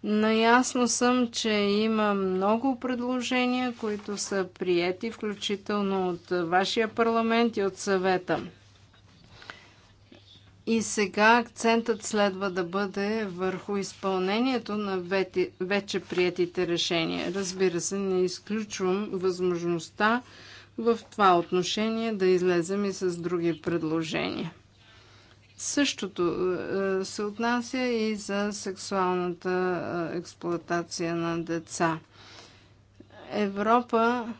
Наясно съм, че има много предложения, които са приети, включително от вашия парламент и от съвета. И сега акцентът следва да бъде върху изпълнението на вече приетите решения. Разбира се, не изключвам възможността в това отношение да излезем и с други предложения. Същото е, се отнася и за сексуалната е, експлоатация на деца. Европа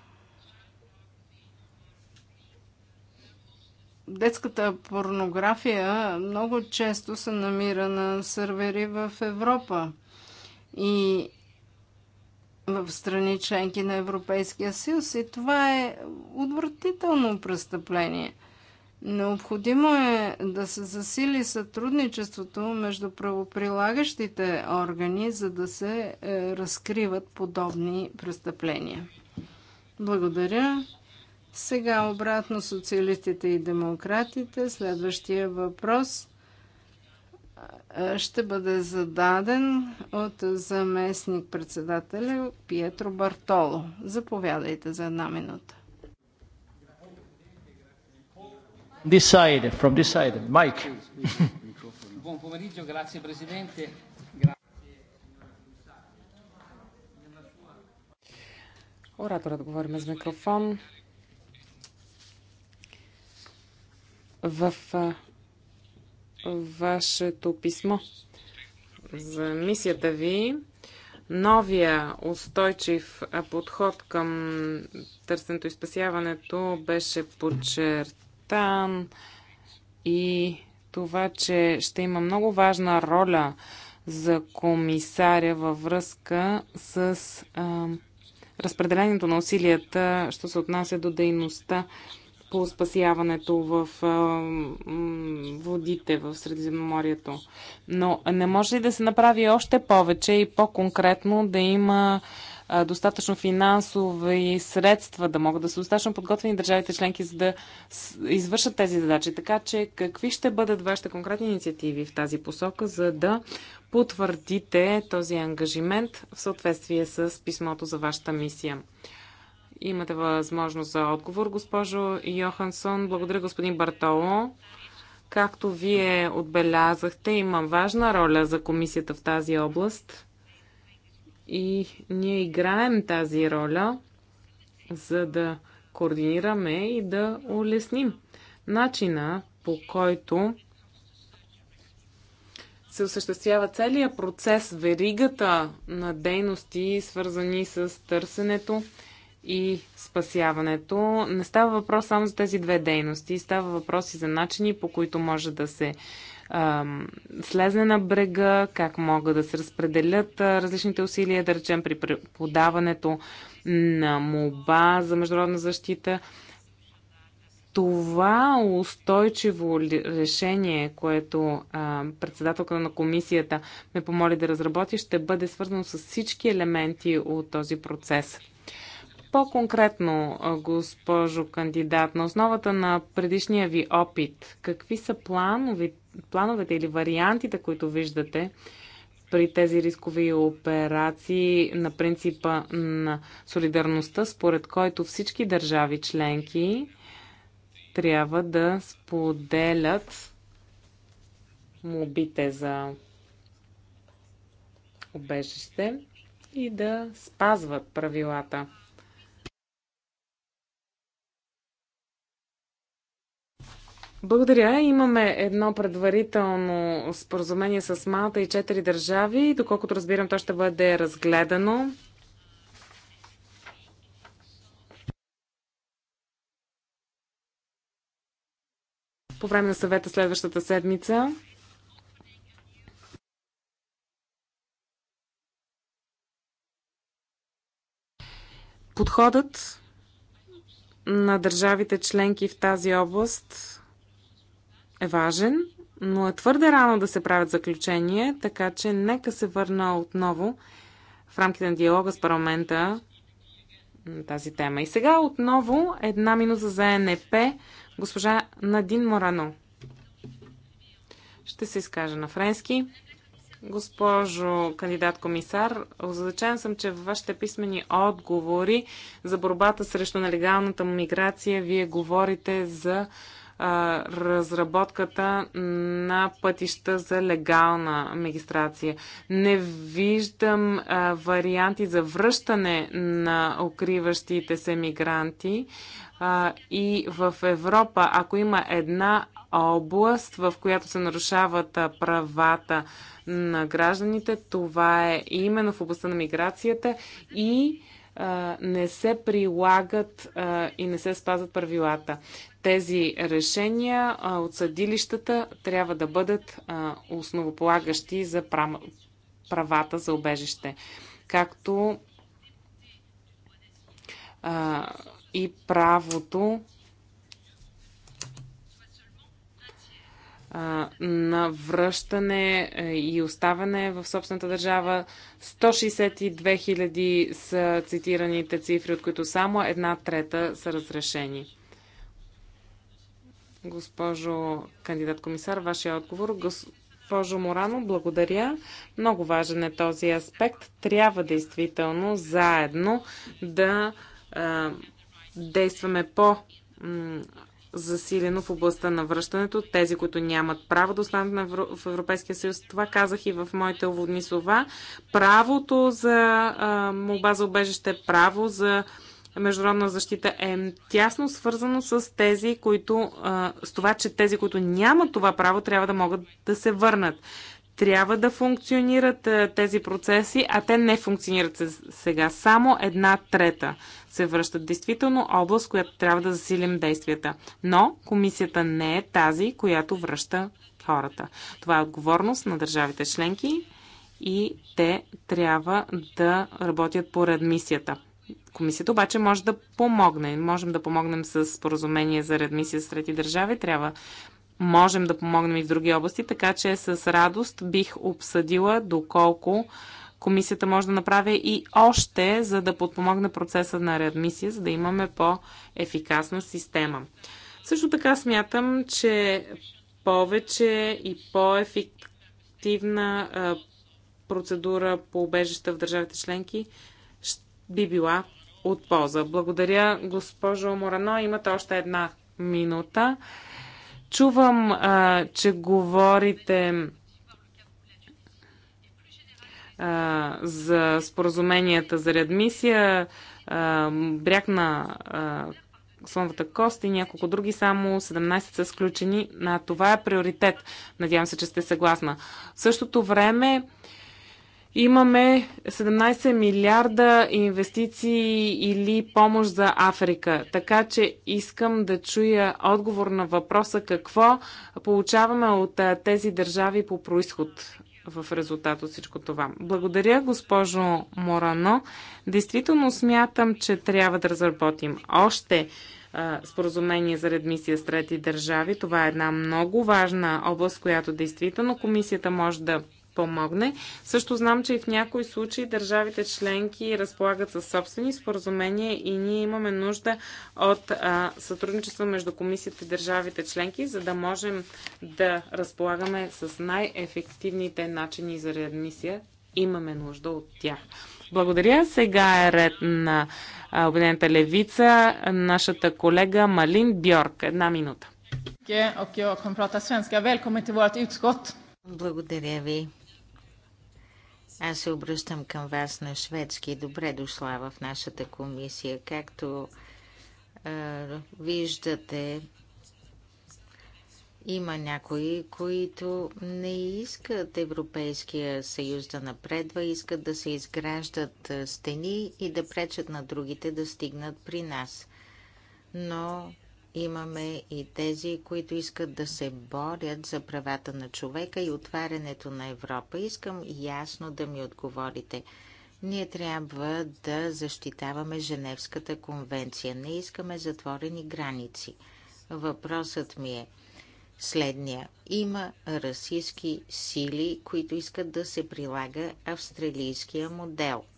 детската порнография много често се намира на сървери в Европа. И в страни членки на Европейския съюз и това е отвратително престъпление. Необходимо е да се засили сътрудничеството между правоприлагащите органи, за да се е, разкриват подобни престъпления. Благодаря. Сега обратно социалистите и демократите. Следващия въпрос – ще бъде зададен от заместник председателя Пиетро Бартоло. Заповядайте за една минута.
This
side, from this side. Mike.
Buon pomeriggio, grazie Presidente. Ораторът говори с микрофон. В вашето писмо за мисията ви. Новия устойчив подход към търсенето и спасяването беше подчертан и това, че ще има много важна роля за комисаря във връзка с а, разпределението на усилията, що се отнася до дейността по спасяването в водите в Средиземноморието. Но не може ли да се направи още повече и по-конкретно да има достатъчно финансови средства, да могат да са достатъчно подготвени държавите членки, за да извършат тези задачи. Така че какви ще бъдат вашите конкретни инициативи в тази посока, за да потвърдите този ангажимент в съответствие с писмото за вашата мисия? Имате възможност за отговор, госпожо Йохансон. Благодаря, господин Бартоло. Както вие отбелязахте, има важна роля за комисията в тази област. И ние играем тази роля, за да координираме и да улесним начина по който се осъществява целият процес, веригата на дейности, свързани с търсенето и спасяването. Не става въпрос само за тези две дейности, става въпрос и за начини по които може да се слезне на брега, как могат да се разпределят различните усилия, да речем при подаването на молба за международна защита. Това устойчиво решение, което а, председателката на комисията ме помоли да разработи, ще бъде свързано с всички елементи от този процес. По-конкретно, госпожо кандидат, на основата на предишния ви опит, какви са планови, плановете или вариантите, които виждате при тези рискови операции на принципа на солидарността, според който всички държави членки трябва да споделят мобите за убежище и да спазват правилата? Благодаря. Имаме едно предварително споразумение с Малта и четири държави. Доколкото разбирам, то ще бъде разгледано. По време на съвета следващата седмица. Подходът на държавите членки в тази област е важен, но е твърде рано да се правят заключения, така че нека се върна отново в рамките на диалога с парламента на тази тема. И сега отново една минута за НП, госпожа Надин Морано. Ще се изкажа на френски. Госпожо кандидат комисар, озадачен съм, че във вашите писмени отговори за борбата срещу нелегалната миграция вие говорите за разработката на пътища за легална магистрация. Не виждам а, варианти за връщане на укриващите се мигранти. А, и в Европа, ако има една област, в която се нарушават правата на гражданите, това е именно в областта на миграцията и не се прилагат и не се спазват правилата. Тези решения от съдилищата трябва да бъдат основополагащи за правата за обежище, както и правото на връщане е, и оставане в собствената държава. 162 000 са цитираните цифри, от които само една трета са разрешени. Госпожо кандидат комисар, вашия отговор. Госпожо Морано, благодаря. Много важен е този аспект. Трябва действително заедно да а, действаме по засилено в областта на връщането, тези, които нямат право да останат в Европейския съюз. Това казах и в моите уводни слова. Правото за молба за убежище, право за международна защита е тясно свързано с тези, които, с това, че тези, които нямат това право, трябва да могат да се върнат. Трябва да функционират тези процеси, а те не функционират сега. Само една трета се връщат. Действително област, която трябва да засилим действията. Но комисията не е тази, която връща хората. Това е отговорност на държавите членки и те трябва да работят по редмисията. Комисията обаче може да помогне. Можем да помогнем с споразумение за редмисия с трети държави. Трябва можем да помогнем и в други области, така че с радост бих обсъдила доколко комисията може да направи и още, за да подпомогне процеса на реадмисия, за да имаме по-ефикасна система. Също така смятам, че повече и по-ефективна процедура по убежища в държавите членки би била от полза. Благодаря, госпожо Морано. Имате още една минута. Чувам, а, че говорите а, за споразуменията за реадмисия, а, бряг на а, слоновата кост и няколко други, само 17 са сключени. А, това е приоритет. Надявам се, че сте съгласна. В същото време имаме 17 милиарда инвестиции или помощ за Африка. Така че искам да чуя отговор на въпроса какво получаваме от тези държави по происход в резултат от всичко това. Благодаря, госпожо Морано. Действително смятам, че трябва да разработим още споразумение за редмисия с трети държави. Това е една много важна област, която действително комисията може да помогне. Също знам, че и в някои случаи държавите членки разполагат със собствени споразумения и ние имаме нужда от а, сътрудничество между комисията и държавите членки, за да можем да разполагаме с най-ефективните начини за реадмисия. Имаме нужда от тях. Благодаря. Сега е ред на Обединената левица, нашата колега Малин Бьорк. Една минута.
Благодаря ви. Аз се обръщам към вас на шведски. Добре дошла в нашата комисия. Както е, виждате, има някои, които не искат Европейския съюз да напредва, искат да се изграждат стени и да пречат на другите да стигнат при нас. Но Имаме и тези, които искат да се борят за правата на човека и отварянето на Европа. Искам ясно да ми отговорите. Ние трябва да защитаваме Женевската конвенция. Не искаме затворени граници. Въпросът ми е следния. Има расистски сили, които искат да се прилага австралийския модел –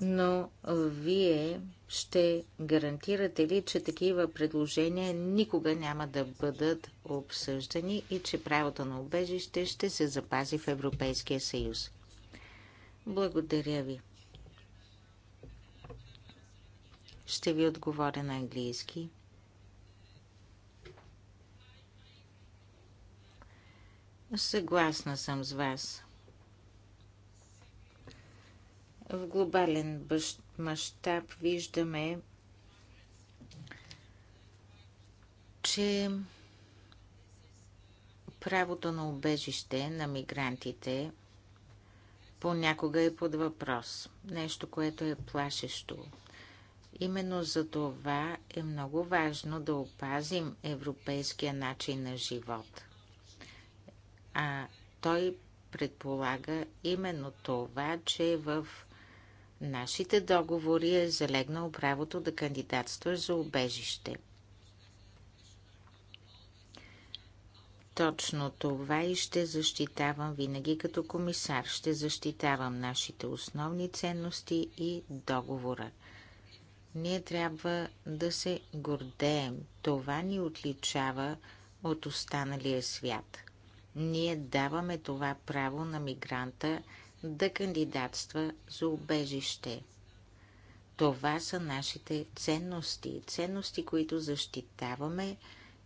но вие ще гарантирате ли, че такива предложения никога няма да бъдат обсъждани и че правото на убежище ще се запази в Европейския съюз? Благодаря ви. Ще ви отговоря на английски. Съгласна съм с вас. В глобален мащаб виждаме, че правото на убежище на мигрантите понякога е под въпрос. Нещо, което е плашещо. Именно за това е много важно да опазим европейския начин на живот. А той предполага именно това, че в нашите договори е залегнал правото да кандидатства за убежище. Точно това и ще защитавам винаги като комисар. Ще защитавам нашите основни ценности и договора. Ние трябва да се гордеем. Това ни отличава от останалия свят. Ние даваме това право на мигранта – да кандидатства за убежище. Това са нашите ценности, ценности, които защитаваме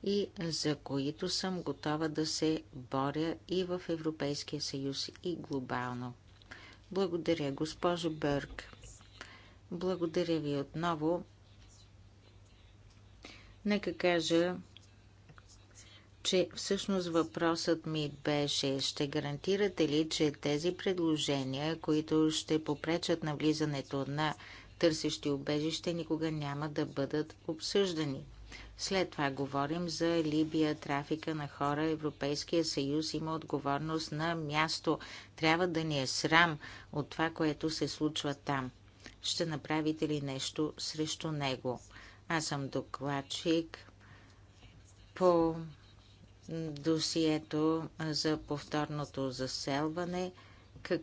и за които съм готова да се боря и в Европейския съюз и глобално. Благодаря, госпожо Бърг. Благодаря ви отново. Нека кажа, че всъщност въпросът ми беше ще гарантирате ли, че тези предложения, които ще попречат на влизането на търсещи убежище, никога няма да бъдат обсъждани? След това говорим за Либия, трафика на хора. Европейския съюз има отговорност на място. Трябва да ни е срам от това, което се случва там. Ще направите ли нещо срещу него? Аз съм докладчик по досието за повторното заселване. Как...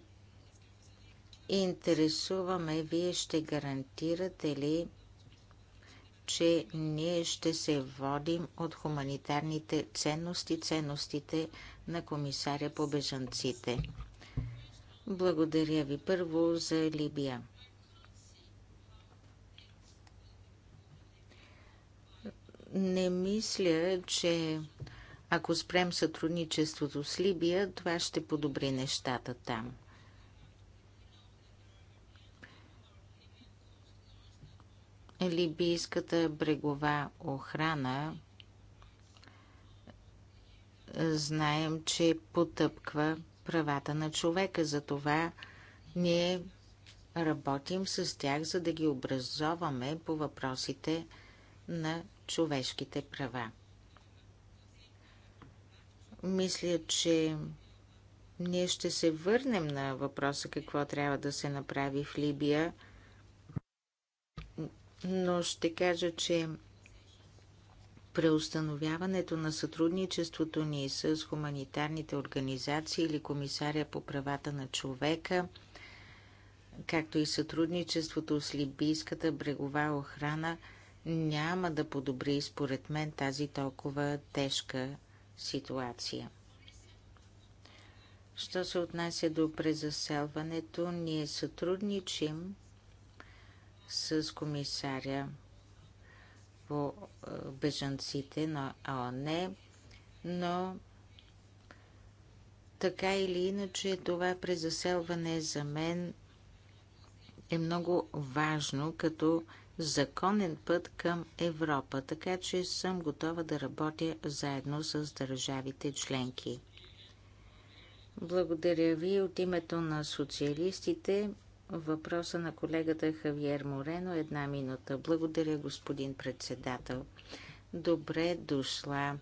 Интересуваме, вие ще гарантирате ли, че ние ще се водим от хуманитарните ценности, ценностите на комисаря по бежанците. Благодаря ви първо за Либия. Не мисля, че ако спрем сътрудничеството с Либия, това ще подобри нещата там. Либийската брегова охрана знаем, че потъпква правата на човека. Затова ние работим с тях, за да ги образоваме по въпросите на човешките права. Мисля, че ние ще се върнем на въпроса какво трябва да се направи в Либия, но ще кажа, че преустановяването на сътрудничеството ни с хуманитарните организации или комисаря по правата на човека, както и сътрудничеството с либийската брегова охрана, няма да подобри, според мен, тази толкова тежка ситуация. Що се отнася до презаселването, ние сътрудничим с комисаря по е, бежанците на ООН, но така или иначе това презаселване за мен е много важно като законен път към Европа, така че съм готова да работя заедно с държавите членки. Благодаря ви от името на социалистите. Въпроса на колегата Хавиер Морено една минута. Благодаря, господин председател. Добре дошла,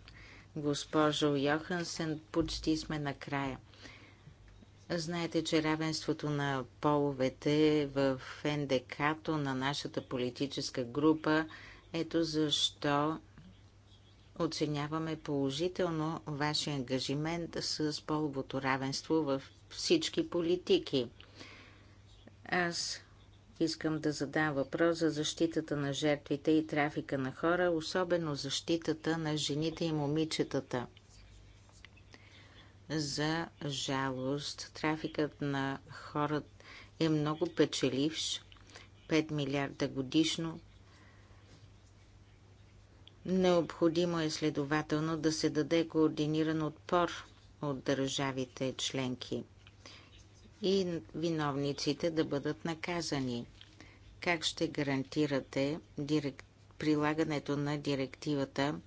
госпожо Йохансен. Почти сме на края. Знаете, че равенството на половете в НДК-то на нашата политическа група ето защо оценяваме положително вашия ангажимент с половото равенство във всички политики. Аз искам да задам въпрос за защитата на жертвите и трафика на хора, особено защитата на жените и момичетата – за жалост, трафикът на хора е много печеливш. 5 милиарда годишно. Необходимо е следователно да се даде координиран отпор от държавите членки и виновниците да бъдат наказани. Как ще гарантирате директ... прилагането на директивата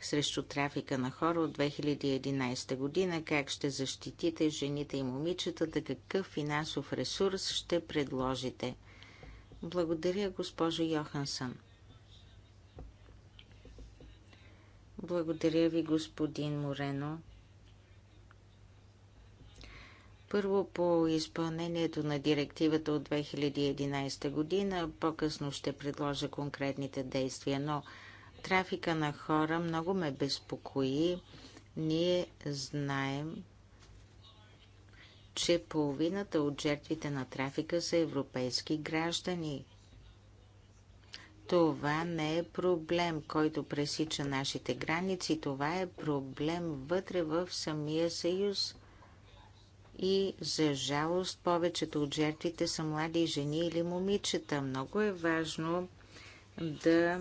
срещу трафика на хора от 2011 година, как ще защитите жените и момичетата, какъв финансов ресурс ще предложите. Благодаря, госпожо Йохансън. Благодаря ви, господин Морено. Първо по изпълнението на директивата от 2011 година, по-късно ще предложа конкретните действия, но Трафика на хора много ме безпокои. Ние знаем, че половината от жертвите на трафика са европейски граждани. Това не е проблем, който пресича нашите граници. Това е проблем вътре в самия съюз. И за жалост повечето от жертвите са млади жени или момичета. Много е важно да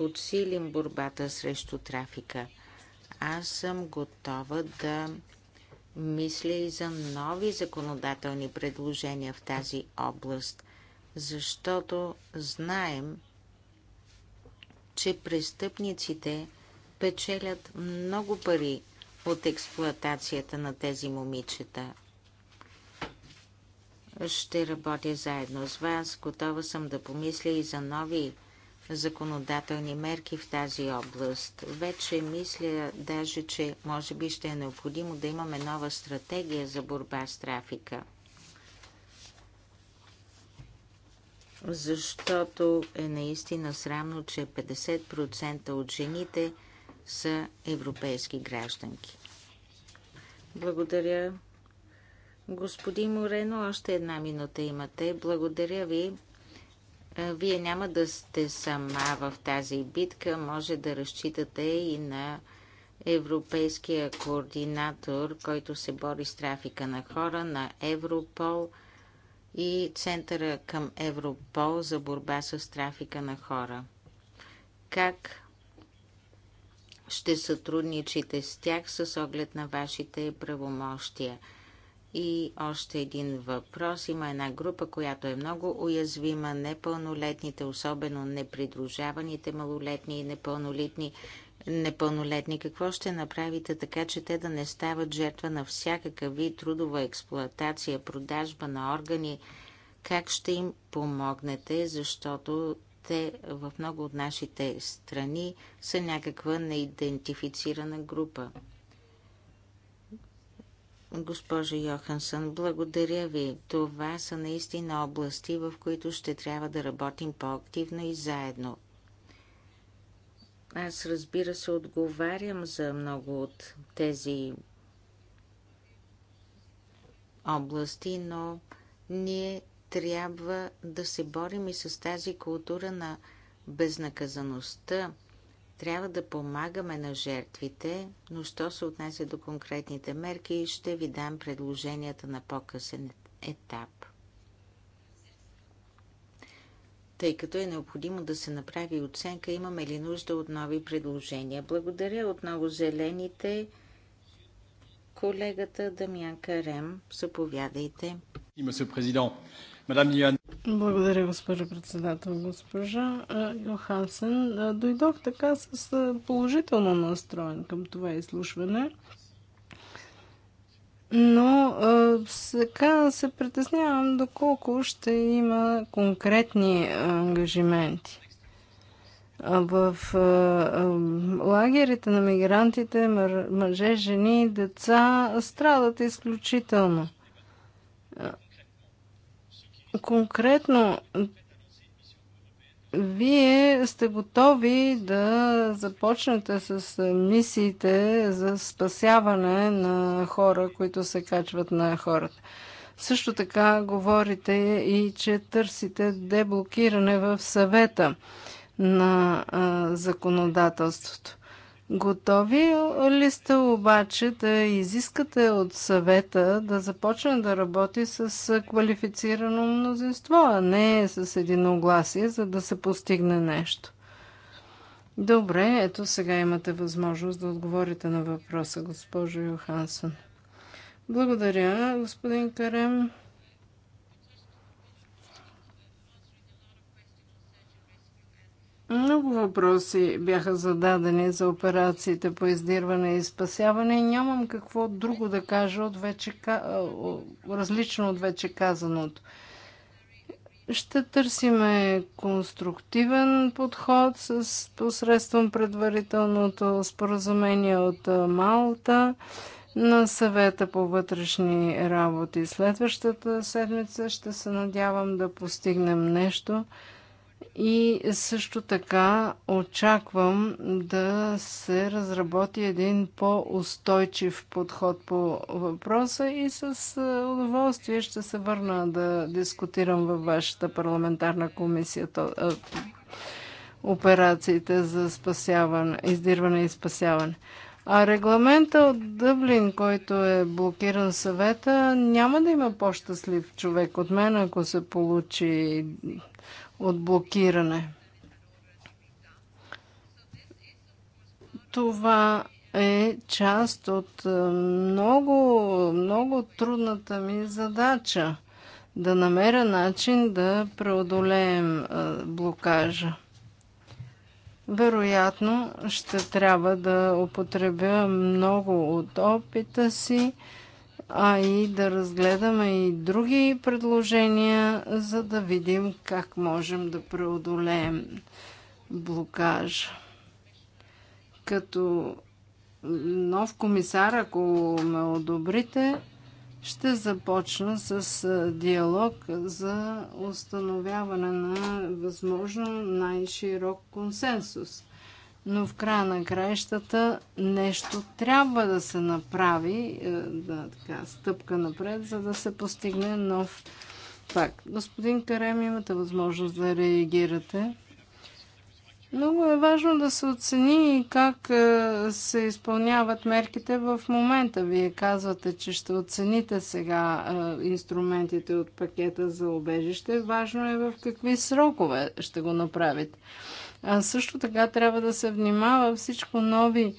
подсилим борбата срещу трафика. Аз съм готова да мисля и за нови законодателни предложения в тази област, защото знаем, че престъпниците печелят много пари от експлоатацията на тези момичета. Ще работя заедно с вас. Готова съм да помисля и за нови законодателни мерки в тази област. Вече мисля даже, че може би ще е необходимо да имаме нова стратегия за борба с трафика. Защото е наистина срамно, че 50% от жените са европейски гражданки. Благодаря. Господин Морено, още една минута имате. Благодаря ви. Вие няма да сте сама в тази битка, може да разчитате и на европейския координатор, който се бори с трафика на хора, на Европол и Центъра към Европол за борба с трафика на хора. Как ще сътрудничите с тях с оглед на вашите правомощия? И още един въпрос. Има една група, която е много уязвима. Непълнолетните, особено непридружаваните малолетни и непълнолетни. Непълнолетни, какво ще направите така, че те да не стават жертва на всякакъв вид трудова експлоатация, продажба на органи? Как ще им помогнете, защото те в много от нашите страни са някаква неидентифицирана група? Госпожо Йохансън, благодаря ви. Това са наистина области, в които ще трябва да работим по-активно и заедно. Аз разбира се отговарям за много от тези области, но ние трябва да се борим и с тази култура на безнаказаността, трябва да помагаме на жертвите, но що се отнася до конкретните мерки, ще ви дам предложенията на по-късен етап. Тъй като е необходимо да се направи оценка, имаме ли нужда от нови предложения. Благодаря отново зелените. Колегата Дамян Карем, заповядайте. И,
благодаря, госпожа председател. Госпожа Йохансен, дойдох така с положително настроен към това изслушване. Но сега се притеснявам доколко ще има конкретни ангажименти. В лагерите на мигрантите мъже, жени, деца страдат изключително конкретно вие сте готови да започнете с мисиите за спасяване на хора, които се качват на хората. Също така говорите и, че търсите деблокиране в съвета на законодателството. Готови ли сте обаче да изискате от съвета да започне да работи с квалифицирано мнозинство, а не с единогласие, за да се постигне нещо? Добре, ето сега имате възможност да отговорите на въпроса, госпожо Йохансон. Благодаря, господин Карем. Много въпроси бяха зададени за операциите по издирване и спасяване и нямам какво друго да кажа от вече, различно от вече казаното. Ще търсиме конструктивен подход с посредством предварителното споразумение от Малта на съвета по вътрешни работи. Следващата седмица ще се надявам да постигнем нещо – и също така очаквам да се разработи един по-устойчив подход по въпроса и с удоволствие ще се върна да дискутирам във вашата парламентарна комисия операциите за спасяване, издирване и спасяване. А регламента от Дъблин, който е блокиран съвета, няма да има по-щастлив човек от мен, ако се получи от блокиране. Това е част от е, много, много трудната ми задача да намеря начин да преодолеем е, блокажа. Вероятно ще трябва да употребя много от опита си, а и да разгледаме и други предложения, за да видим как можем да преодолеем блокажа. Като нов комисар, ако ме одобрите, ще започна с диалог за установяване на възможно най-широк консенсус. Но в края на краищата нещо трябва да се направи, да, така, стъпка напред, за да се постигне нов факт. Господин Карем, имате възможност да реагирате. Много е важно да се оцени как е, се изпълняват мерките в момента. Вие казвате, че ще оцените сега е, инструментите от пакета за обежище. Важно е в какви срокове ще го направите. А също така трябва да се внимава всичко нови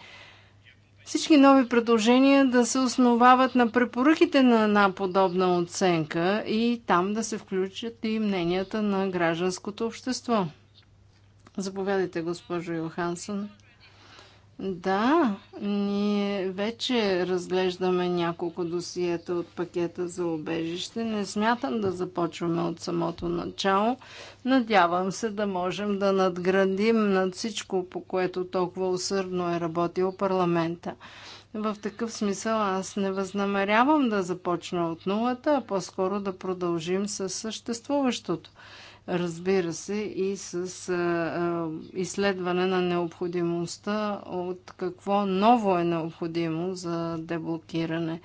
всички нови предложения да се основават на препоръките на една подобна оценка и там да се включат и мненията на гражданското общество. Заповядайте, госпожо Йохансън. Да, ние вече разглеждаме няколко досиета от пакета за обежище. Не смятам да започваме от самото начало. Надявам се да можем да надградим над всичко, по което толкова усърдно е работил парламента. В такъв смисъл аз не възнамерявам да започна от нулата, а по-скоро да продължим с съществуващото разбира се, и с а, а, изследване на необходимостта от какво ново е необходимо за деблокиране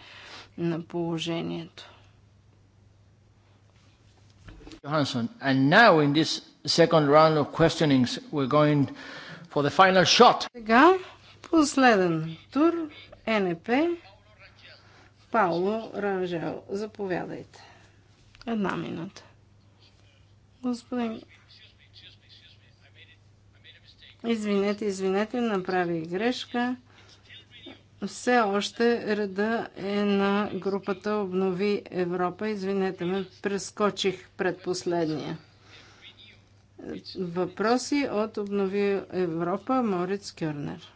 на положението.
And now in this second round of questionings, we're going for the final shot. Сега последен тур
НП Пауло Ранжел. Заповядайте. Една минута. Господин... Извинете, извинете, направих грешка. Все още реда е на групата Обнови Европа. Извинете ме, прескочих предпоследния. Въпроси от Обнови Европа Мориц Кюрнер.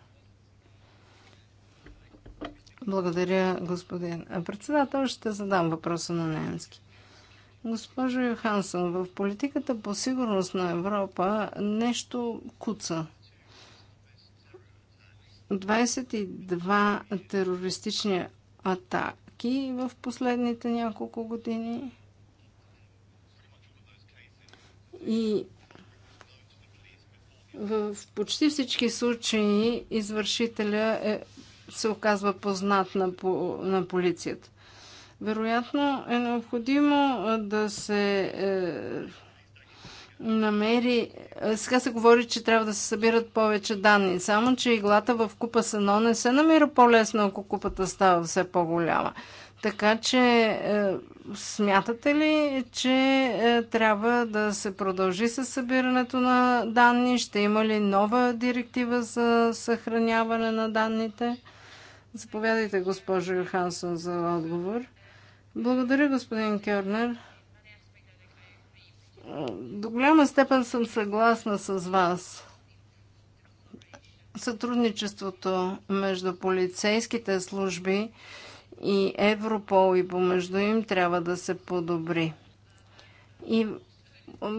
Благодаря, господин председател. Ще задам въпроса на немски. Госпожо Йохансън, в политиката по сигурност на Европа нещо куца. 22 терористични атаки в последните няколко години. И в почти всички случаи извършителя е, се оказва познат на, на полицията. Вероятно е необходимо да се е, намери... Сега се говори, че трябва да се събират повече данни, само че иглата в купа сено не се намира по-лесно, ако купата става все по-голяма. Така че е, смятате ли, че е, трябва да се продължи с събирането на данни? Ще има ли нова директива за съхраняване на данните? Заповядайте, госпожо Йохансон, за отговор. Благодаря, господин Кьорнер. До голяма степен съм съгласна с вас. Сътрудничеството между полицейските служби и Европол и помежду им трябва да се подобри. И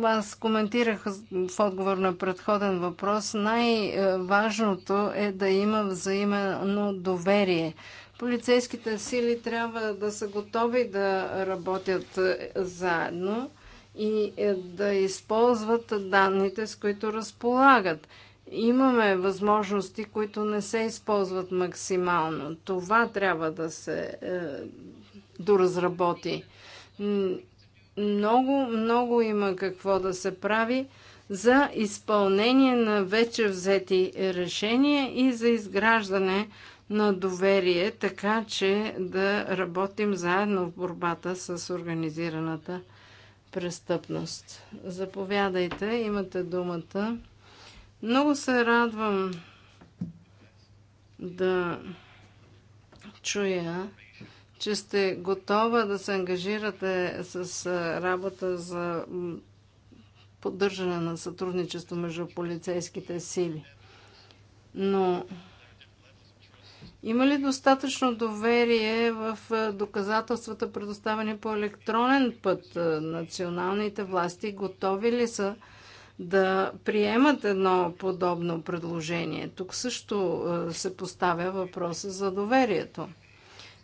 аз коментирах в отговор на предходен въпрос, най-важното е да има взаимно доверие – Полицейските сили трябва да са готови да работят е, заедно и е, да използват данните, с които разполагат. Имаме възможности, които не се използват максимално. Това трябва да се е, доразработи. Много, много има какво да се прави за изпълнение на вече взети решения и за изграждане на доверие, така че да работим заедно в борбата с организираната престъпност. Заповядайте, имате думата. Много се радвам да чуя, че сте готова да се ангажирате с работа за поддържане на сътрудничество между полицейските сили. Но има ли достатъчно доверие в доказателствата, предоставени по електронен път? Националните власти готови ли са да приемат едно подобно предложение? Тук също се поставя въпроса за доверието.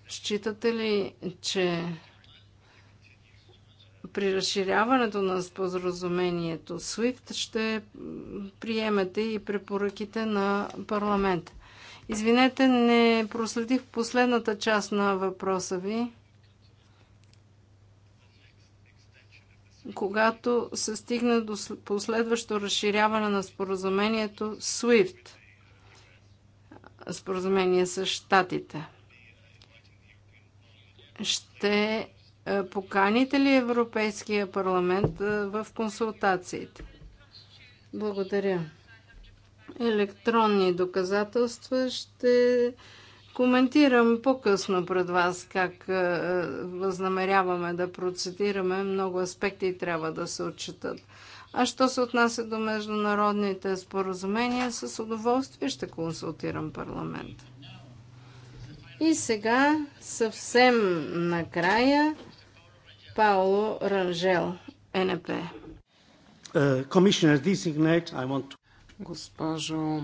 Считате ли, че при разширяването на споразумението SWIFT ще приемете и препоръките на парламента? Извинете, не проследих последната част на въпроса ви. Когато се стигне до последващо разширяване на споразумението SWIFT, споразумение с щатите, ще е, поканите ли Европейския парламент е, в консултациите? Благодаря електронни доказателства ще коментирам по-късно пред вас как е, възнамеряваме да процедираме. Много аспекти трябва да се отчитат. А що се отнася до международните споразумения, с удоволствие ще консултирам парламент. И сега съвсем накрая Пауло
Ранжел, НП.
Uh, е,
госпожо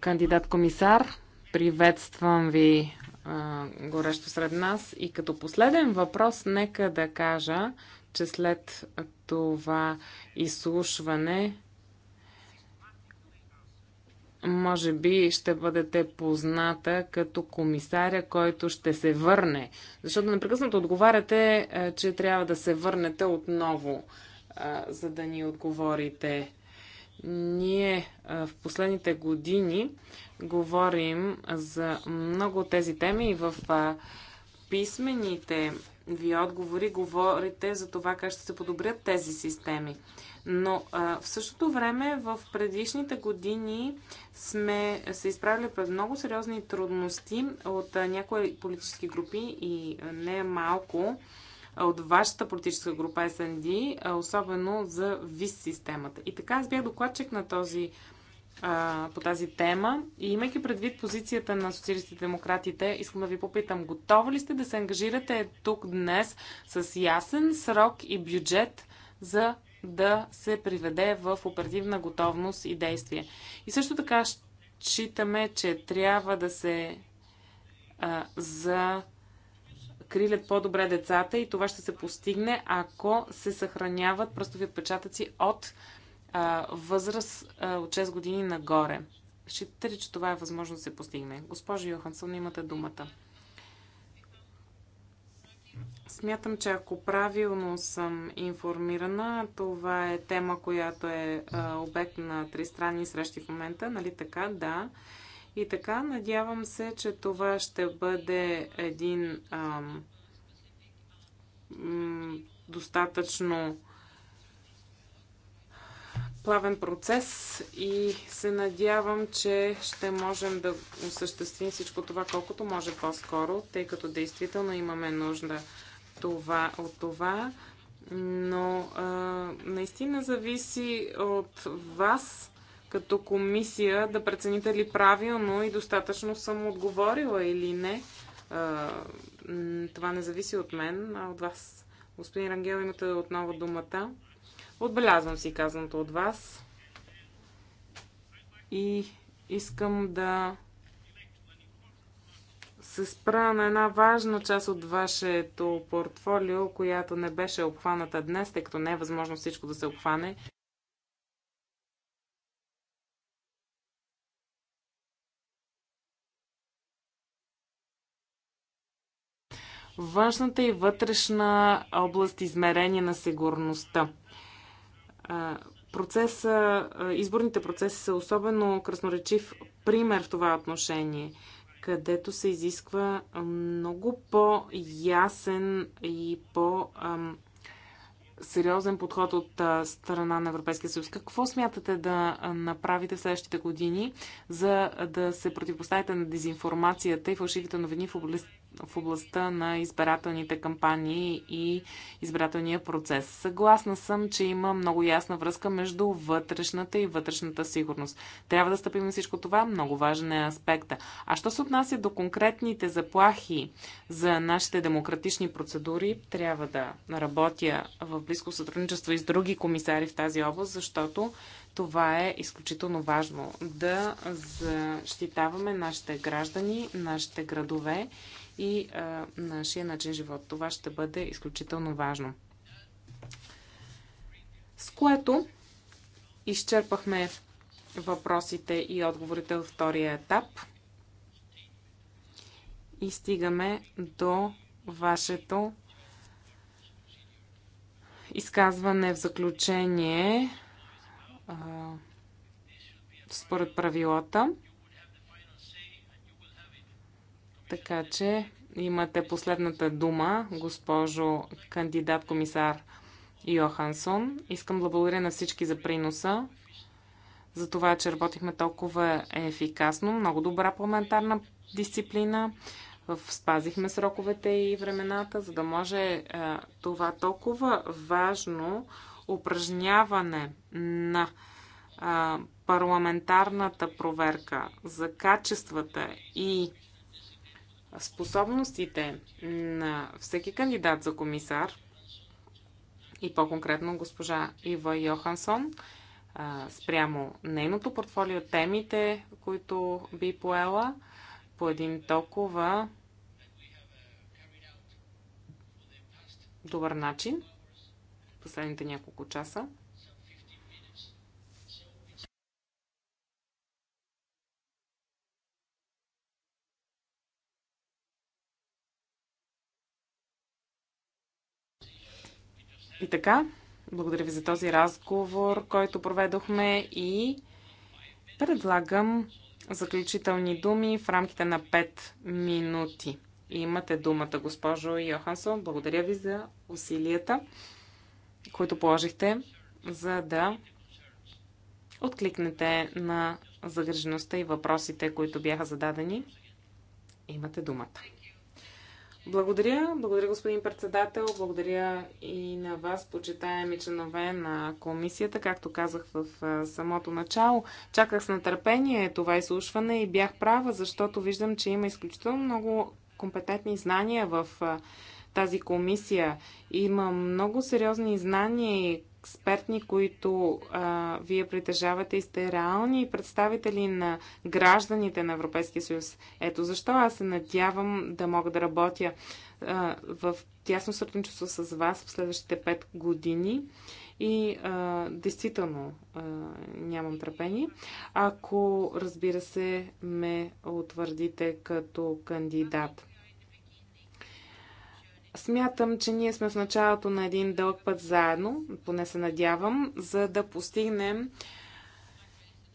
кандидат-комисар. Приветствам ви а, горещо сред нас. И като последен въпрос, нека да кажа, че след това изслушване може би ще бъдете позната като комисаря, който ще се върне. Защото непрекъснато отговаряте, че трябва да се върнете отново, за да ни отговорите. Ние в последните години говорим за много от тези теми и в писмените ви отговори говорите за това как ще се подобрят тези системи. Но в същото време в предишните години сме се изправили пред много сериозни трудности от някои политически групи и не малко от вашата политическа група СНД, особено за ВИС системата. И така аз бях докладчик на този по тази тема. И имайки предвид позицията на социалистите демократите, искам да ви попитам, готови ли сте да се ангажирате тук днес с ясен срок и бюджет за да се приведе в оперативна готовност и действие? И също така считаме, че трябва да се а, за крилят по-добре децата и това ще се постигне, ако се съхраняват пръстови отпечатъци от а, възраст а, от 6 години нагоре. Считате ли, че това е възможно да се постигне? Госпожо Йохансон, имате думата. Смятам, че ако правилно съм информирана, това е тема, която е а, обект на тристранни срещи в момента, нали така? Да. А, и така, надявам се, че това ще бъде един ам, достатъчно плавен процес и се надявам, че ще можем да осъществим всичко това колкото може по-скоро, тъй като действително имаме нужда това, от това, но а, наистина зависи от вас като комисия да прецените ли правилно и достатъчно съм отговорила или не. Това не зависи от мен, а от вас. Господин Рангел, имате отново думата. Отбелязвам си казаното от вас. И искам да се спра на една важна част от вашето портфолио, която не беше обхваната днес, тъй като не е възможно всичко да се обхване. външната и вътрешна област измерение на сигурността. Процеса, изборните процеси са особено красноречив пример в това отношение, където се изисква много по-ясен и по- сериозен подход от страна на Европейския съюз. Какво смятате да направите в следващите години, за да се противопоставите на дезинформацията и фалшивите новини в областта? в областта на избирателните кампании и избирателния процес. Съгласна съм, че има много ясна връзка между вътрешната и вътрешната сигурност. Трябва да стъпим на всичко това, много важен е аспекта. А що се отнася до конкретните заплахи за нашите демократични процедури, трябва да работя в близко сътрудничество и с други комисари в тази област, защото това е изключително важно. Да защитаваме нашите граждани, нашите градове и а, нашия начин живот. Това ще бъде изключително важно. С което изчерпахме въпросите и отговорите във втория етап и стигаме до вашето изказване в заключение а, според правилата. Така че имате последната дума, госпожо кандидат-комисар Йохансон. Искам да благодаря на всички за приноса, за това, че работихме толкова ефикасно. Много добра парламентарна дисциплина. Спазихме сроковете и времената, за да може е, това толкова важно упражняване на е, парламентарната проверка за качествата и способностите на всеки кандидат за комисар и по-конкретно госпожа Ива Йохансон спрямо нейното портфолио, темите, които би поела по един толкова добър начин последните няколко часа. И така, благодаря ви за този разговор, който проведохме и предлагам заключителни думи в рамките на 5 минути. И имате думата, госпожо Йохансон. Благодаря ви за усилията, които положихте, за да откликнете на загрижеността и въпросите, които бяха зададени. Имате думата. Благодаря. Благодаря, господин председател. Благодаря и на вас, почитаеми членове на комисията. Както казах в самото начало, чаках с нетърпение това изслушване и бях права, защото виждам, че има изключително много компетентни знания в тази комисия. Има много сериозни знания и експертни, които а, вие притежавате и сте реални представители на гражданите на Европейския съюз. Ето защо аз се надявам да мога да работя а, в тясно сътрудничество с вас в следващите 5 години и а, действително а, нямам търпение. Ако, разбира се, ме утвърдите като кандидат. Смятам, че ние сме в началото на един дълъг път заедно, поне се надявам, за да постигнем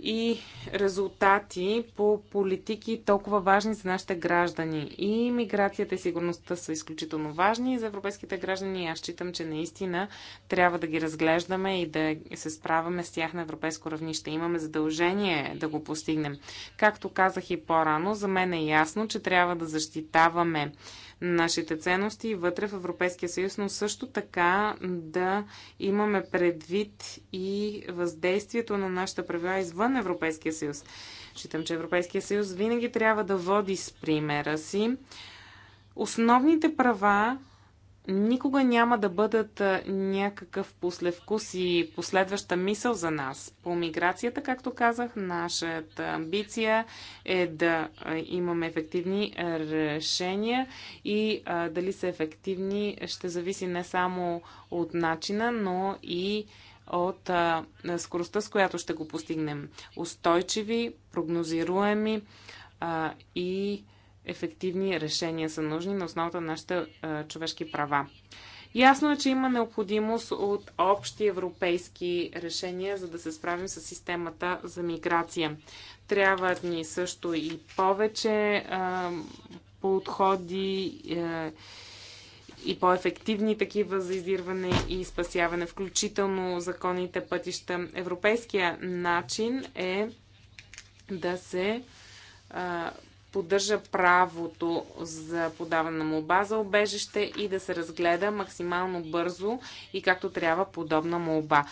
и резултати по политики толкова важни за нашите граждани. И миграцията и сигурността са изключително важни за европейските граждани. Аз считам, че наистина трябва да ги разглеждаме и да се справяме с тях на европейско равнище. Имаме задължение да го постигнем. Както казах и по-рано, за мен е ясно, че трябва да защитаваме нашите ценности вътре в Европейския съюз, но също така да имаме предвид и въздействието на нашите правила извън Европейския съюз. Считам, че Европейския съюз винаги трябва да води с примера си. Основните права никога няма да бъдат някакъв послевкус и последваща мисъл за нас. По миграцията, както казах, нашата амбиция е да имаме ефективни решения и дали са ефективни ще зависи не само от начина, но и от скоростта, с която ще го постигнем. Устойчиви, прогнозируеми и ефективни решения са нужни на основата на нашите а, човешки права. Ясно е, че има необходимост от общи европейски решения, за да се справим с системата за миграция. Трябват ни също и повече а, подходи а, е, и по-ефективни такива за издирване и спасяване, включително законните пътища. Европейския начин е да се а, поддържа правото за подаване на молба за обежище и да се разгледа максимално бързо и както трябва подобна молба.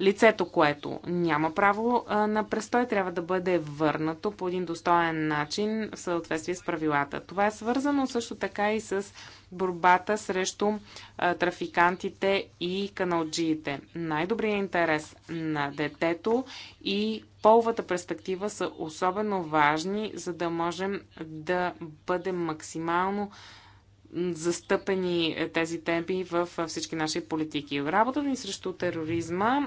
Лицето, което няма право на престой, трябва да бъде върнато по един достоен начин в съответствие с правилата. Това е свързано също така и с борбата срещу трафикантите и каналджиите. Най-добрият интерес на детето и половата перспектива са особено важни, за да можем да бъдем максимално застъпени тези темпи в всички наши политики. Работата ни срещу тероризма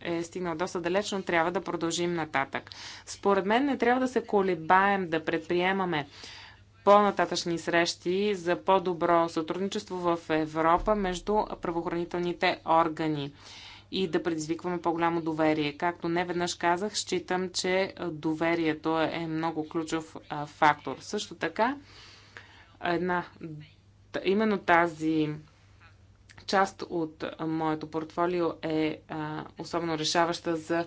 е стигнала доста далеч, но трябва да продължим нататък. Според мен не трябва да се колебаем да предприемаме по-нататъчни срещи за по-добро сътрудничество в Европа между правоохранителните органи и да предизвикваме по-голямо доверие. Както не веднъж казах, считам, че доверието е много ключов фактор. Също така, една, именно тази част от моето портфолио е особено решаваща за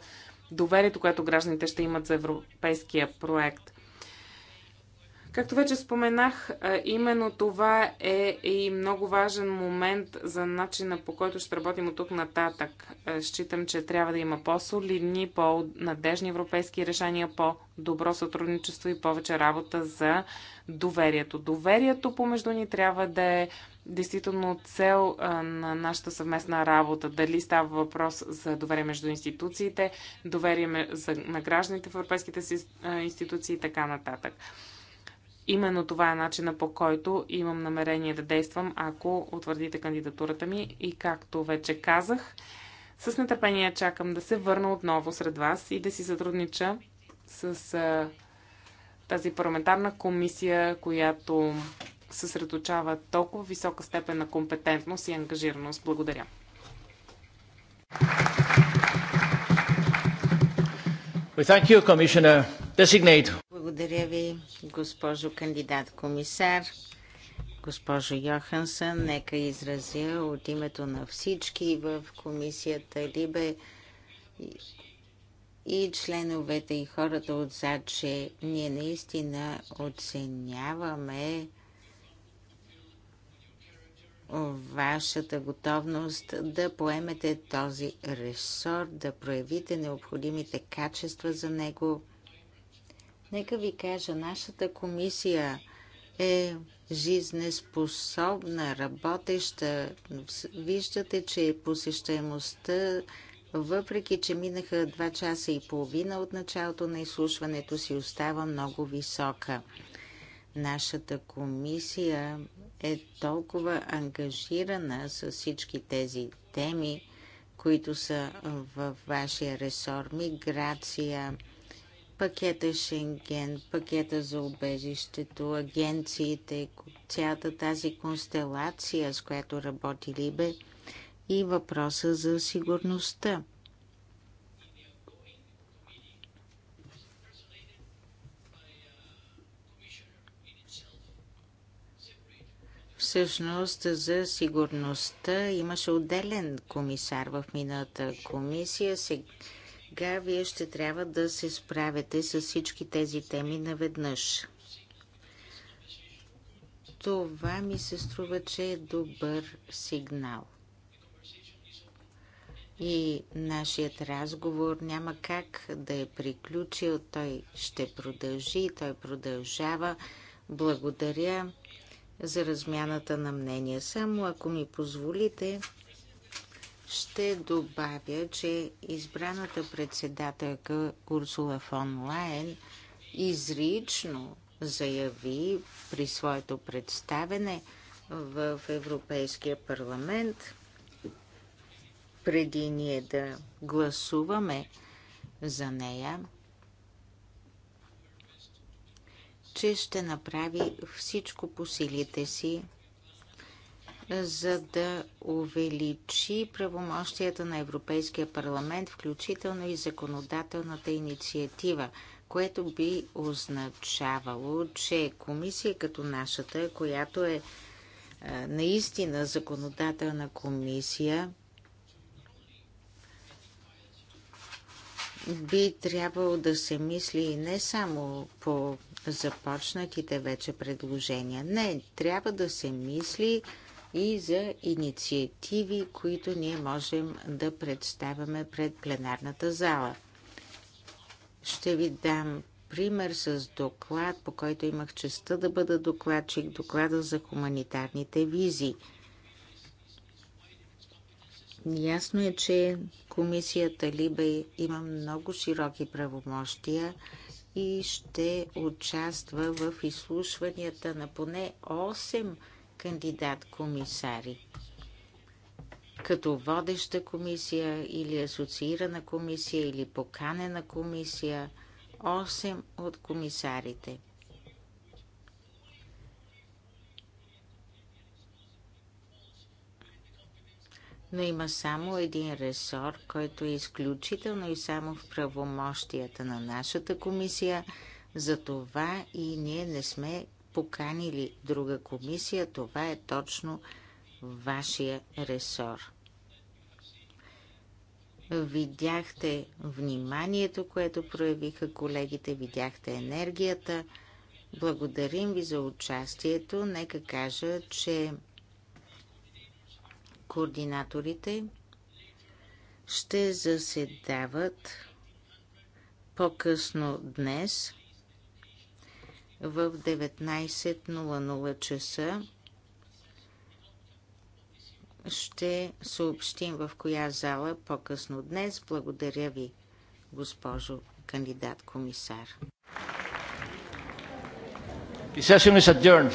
доверието, което гражданите ще имат за европейския проект. Както вече споменах, именно това е и много важен момент за начина по който ще работим от тук нататък. Считам, че трябва да има по-солидни, по-надежни европейски решения, по-добро сътрудничество и повече работа за доверието. Доверието помежду ни трябва да е действително цел на нашата съвместна работа. Дали става въпрос за доверие между институциите, доверие на гражданите в европейските институции и така нататък. Именно това е начина по който имам намерение да действам, ако утвърдите кандидатурата ми и както вече казах, с нетърпение чакам да се върна отново сред вас и да си сътруднича с а, тази парламентарна комисия, която съсредоточава толкова висока степен на компетентност и ангажираност. Благодаря. We thank you, Commissioner Designate.
Благодаря ви, госпожо кандидат комисар, госпожо Йохансън. Нека изразя от името на всички в комисията Либе и членовете и хората отзад, че ние наистина оценяваме вашата готовност да поемете този ресор, да проявите необходимите качества за него. Нека ви кажа, нашата комисия е жизнеспособна, работеща. Виждате, че посещаемостта, въпреки че минаха 2 часа и половина от началото на изслушването си, остава много висока. Нашата комисия е толкова ангажирана с всички тези теми, които са във вашия ресор. Миграция, пакета Шенген, пакета за убежището, агенциите, цялата тази констелация, с която работи Либе и въпроса за сигурността. Всъщност за сигурността имаше отделен комисар в миналата комисия. Сега сега вие ще трябва да се справяте с всички тези теми наведнъж. Това ми се струва, че е добър сигнал. И нашият разговор няма как да е приключил. Той ще продължи, той продължава. Благодаря за размяната на мнения. Само ако ми позволите, ще добавя, че избраната председателка Урсула фон Лайен изрично заяви при своето представене в Европейския парламент, преди ние да гласуваме за нея, че ще направи всичко по силите си за да увеличи правомощията на Европейския парламент, включително и законодателната инициатива, което би означавало, че комисия като нашата, която е, е наистина законодателна комисия, би трябвало да се мисли не само по започнатите вече предложения. Не, трябва да се мисли и за инициативи, които ние можем да представяме пред пленарната зала. Ще ви дам пример с доклад, по който имах честа да бъда докладчик, доклада за хуманитарните визи. Ясно е, че комисията Либе има много широки правомощия и ще участва в изслушванията на поне 8 кандидат-комисари. Като водеща комисия или асоциирана комисия или поканена комисия, 8 от комисарите. Но има само един ресор, който е изключително и само в правомощията на нашата комисия – затова и ние не сме поканили друга комисия, това е точно вашия ресор. Видяхте вниманието, което проявиха колегите, видяхте енергията. Благодарим ви за участието. Нека кажа, че координаторите ще заседават по-късно днес в 19.00 часа. Ще съобщим в коя зала по-късно днес. Благодаря ви, госпожо кандидат комисар. The session is adjourned.